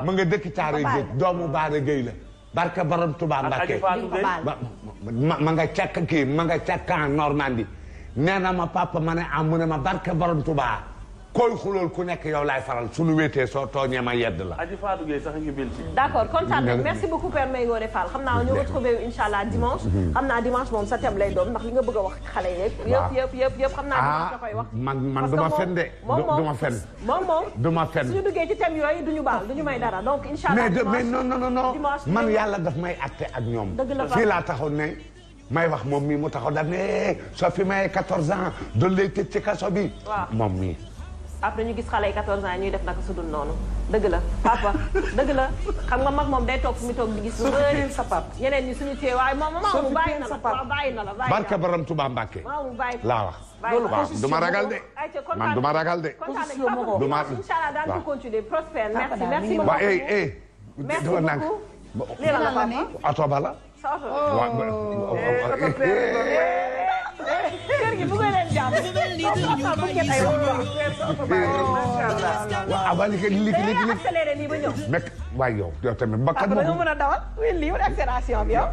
mu nga dëkk Caaroy géej doomu Baara Gueye la. barka Borom Touba Mbacké ma nga càkk kii ma nga càkk en Normandie nee na ma papa ma ne am ah, mu ne ma barka Borom Touba koy xulool ku nekk yow laay faral suñu wéetee soo tooñee ma yedd la. Adji Fatou Gueye sax ngi Belgique. d'accord kontaan nañ merci beaucoup Père Mbaye Ngoné Fall xam naa ñu retrouvé yu incha allah dimanche. Mm-hmm. xam naa dimanche moom sa thème lay doon ndax li nga bëgg a wax xale yëpp. waaw yëpp yëpp yëpp xam naa dimanche la koy wax. Ah, man man du ma fen de. moom moom moom moom du ma fen. suñu duggee ci thème yooyu duñu baal duñu may dara donc incha allah dimanche mais non non non man yàlla daf may àtte ak ñoom. dëgg la fii laa taxaw ne. may wax moom mii mu taxaw daan ne eh, soo fi maye 14 ans doon lay tëj ci kaso bi moom mii après ñu gis xale yi 14 ans ñuy def naka su dul noonu dëgg la papa dëgg la xam nga mag moom day toog fu mu toog di gis. lu bëri sa pap ñeneen ñi suñu téye waaye moom maamu bàyyi na la waaw bàyyi na la bàyyi na la barka Borom Touba Mbacke. maamu bàyyi laa wax. loolu position duma ragal de. man duma ragal de. position moo ko duma incha allah daal di continuer prospère merci merci beaucoup. waaw eh eh. merci beaucoup lii la la papa oto ba la. sa oto. Oh. Eh, eh. waaw waaw léegi léegi léegi léegi. waaye yow yow tamit. mbakka boobu ah kon da nga mën a dawal. wala lii wala accélération bi yow.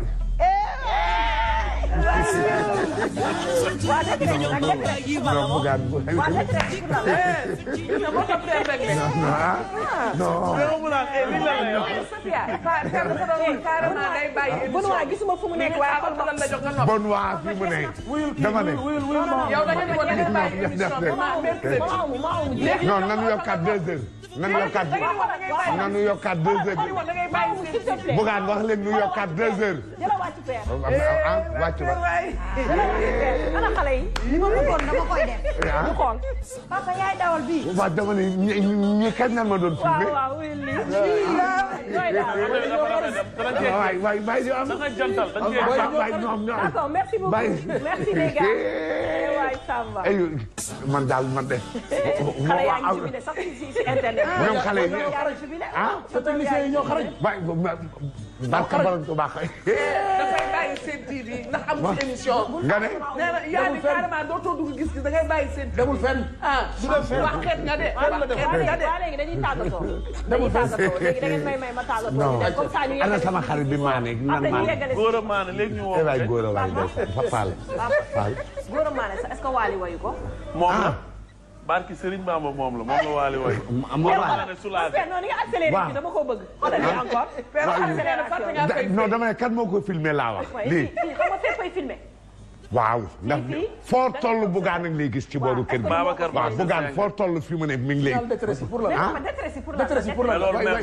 Benoît gisuma fu mu nekk waaye xol ma la jox nga Benoît fi mu nekk dama ne yow da ngeen ko def bàyyi émission non nan yokkaat deux heures nan yokk at nan yokk at deux heures bugaan wax leen nu yokk at deux heures. ah wàcc ba. ana xale yi. li ma bëggoon dama koy def. du xool. papa yaay dawal bii. waaw dama ne ñi kañ nan ma doon filmé. waaw waaw waay waay waay di am. waay ñoom ñoom. d'accord merci beaucoup. merci les gars. waay Samba. Eh, man daal man de. xale yaa ngi ci bi de sax ci internet. ñoom ah, xale yi ah. sa technicien yi ñoo xarañ. waay barka borom bu baax. dafay bàyyi seen tiir yi ndax amul si émission. nga ne nee na yaa ni carrément dootoo dugg gis-gis da ngay bàyyi seen. demul fenn ah du dem fenn wax xeet nga de. waaw léegi dañuy tàggatoo. demul fenn léegi da ngeen may may ma tàggatoo. comme ça ñu ana sama xarit bi maane. nan maane góor a maane léegi ñu woo. Eh waay góor a waay de Fapal. Fapal góor a maane est-ce que waali wayu ko. moom la. Ah. barki Serigne Bamba moom la moom la waali woy moom la ne soulagé ni dama ko bëgg xoolal encore non damay kan moo ko filmé laa wax lii xam nga fépp koy waaw ndax foo toll bugaan nag lay gis ci booru kër gi. waaw bugaan foo toll fi mu ne mi ngi lay. détresse pour la ah détresse pour la détresse pour la. loolu mais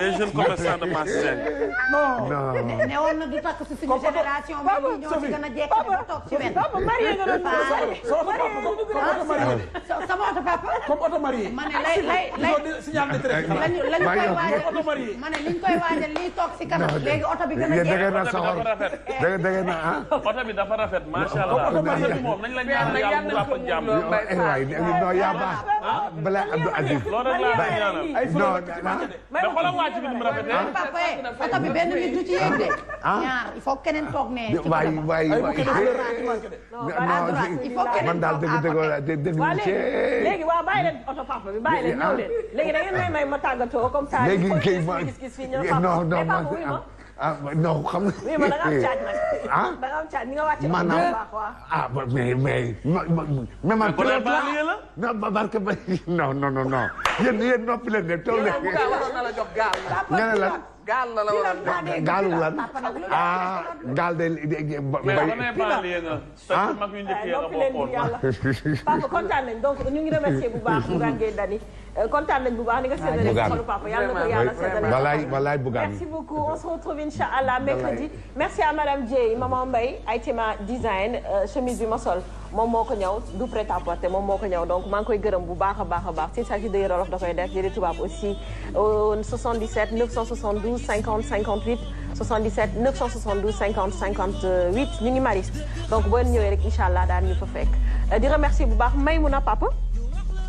les jeunes commerçants de masse non newoon na du takk si suñu génération bi ñoo ci gën a jekk ba toog ci wet. sama oto ah, papa. comme oto marié. ma ne lay lay lay. signal détresse. lañu koy waajal ma ne liñ koy waajal lii toog si kanam. léegi oto bi gën a dëgër na sa xol dëgër dëgër na ah. oto bi dafa rafet macha allah. oto bi moom nañ la ñaanal yàlla mu rafet jàmm. waay non yaa baax. bala Abdou Aziz. loolu rek laa ñaanal. non ah. mais xoolal waa ci bi mu rafetee. ah oto bi benn nit du ci yéeg de. ñaar il faut keneen toog ne. waay waay waay. non man daal dëgg dëgg la dëgg la ci. léegi waaw bàyyi leen oto papa bi bàyyi leen ñëw leen léegi da ngeen may may ma tàggatoo comme ça. léegi kii ma non non ah non xam nga. oui man da nga am caaj nag. ah da nga am caaj ni nga wàcc. maanaam ah mais mais. mais man pilote la non barke ba non non non non yéen yéen noppi leen de taw leen. nga ne la. gaal la la war a gaalu lan ah gaal de bay ah eh, noppi leen bi yàlla papa kontaan nañ donc ñu ngi remercier bu baax Bougane Gueye Dany content euh, nañ bu baax ni nga séddale ci xolu papa yalla na ko yàlla walay walay bu merci beaucoup on se retrouve inshallah mercredi merci à madame Dieye maman Bay, Aïtima design euh, chemise du ma mom moko moo du prêt à porter mom moko ko donc maa ngi koy gërëm bu baaxa baaxa baax a baax ci de yére da koy def yére tubaab aussi 77 972 50 58 77 972 50 58 ñi ngi donc bo leen rek inshallah allah ñu fa fekk euh, di remercier bu baax Maymouna papa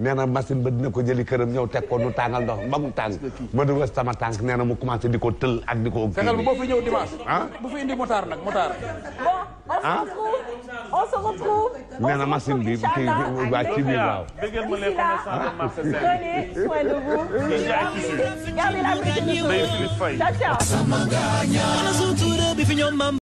nee na machine ba dina ko jëli këram ñëw teg ko nu tàngal ndox ba mu tàng ma dugal sama tànk nee na mu commencé di ko tël ak ni ko fexeel bu boo fi ñëw dimanche ah bu fi indi motard nag motard ah on se retrouve nee na machine bi kii waa ci biir waaw déggal ma les commerçants de marché prenez soin de vous gardez la paix ciao ciao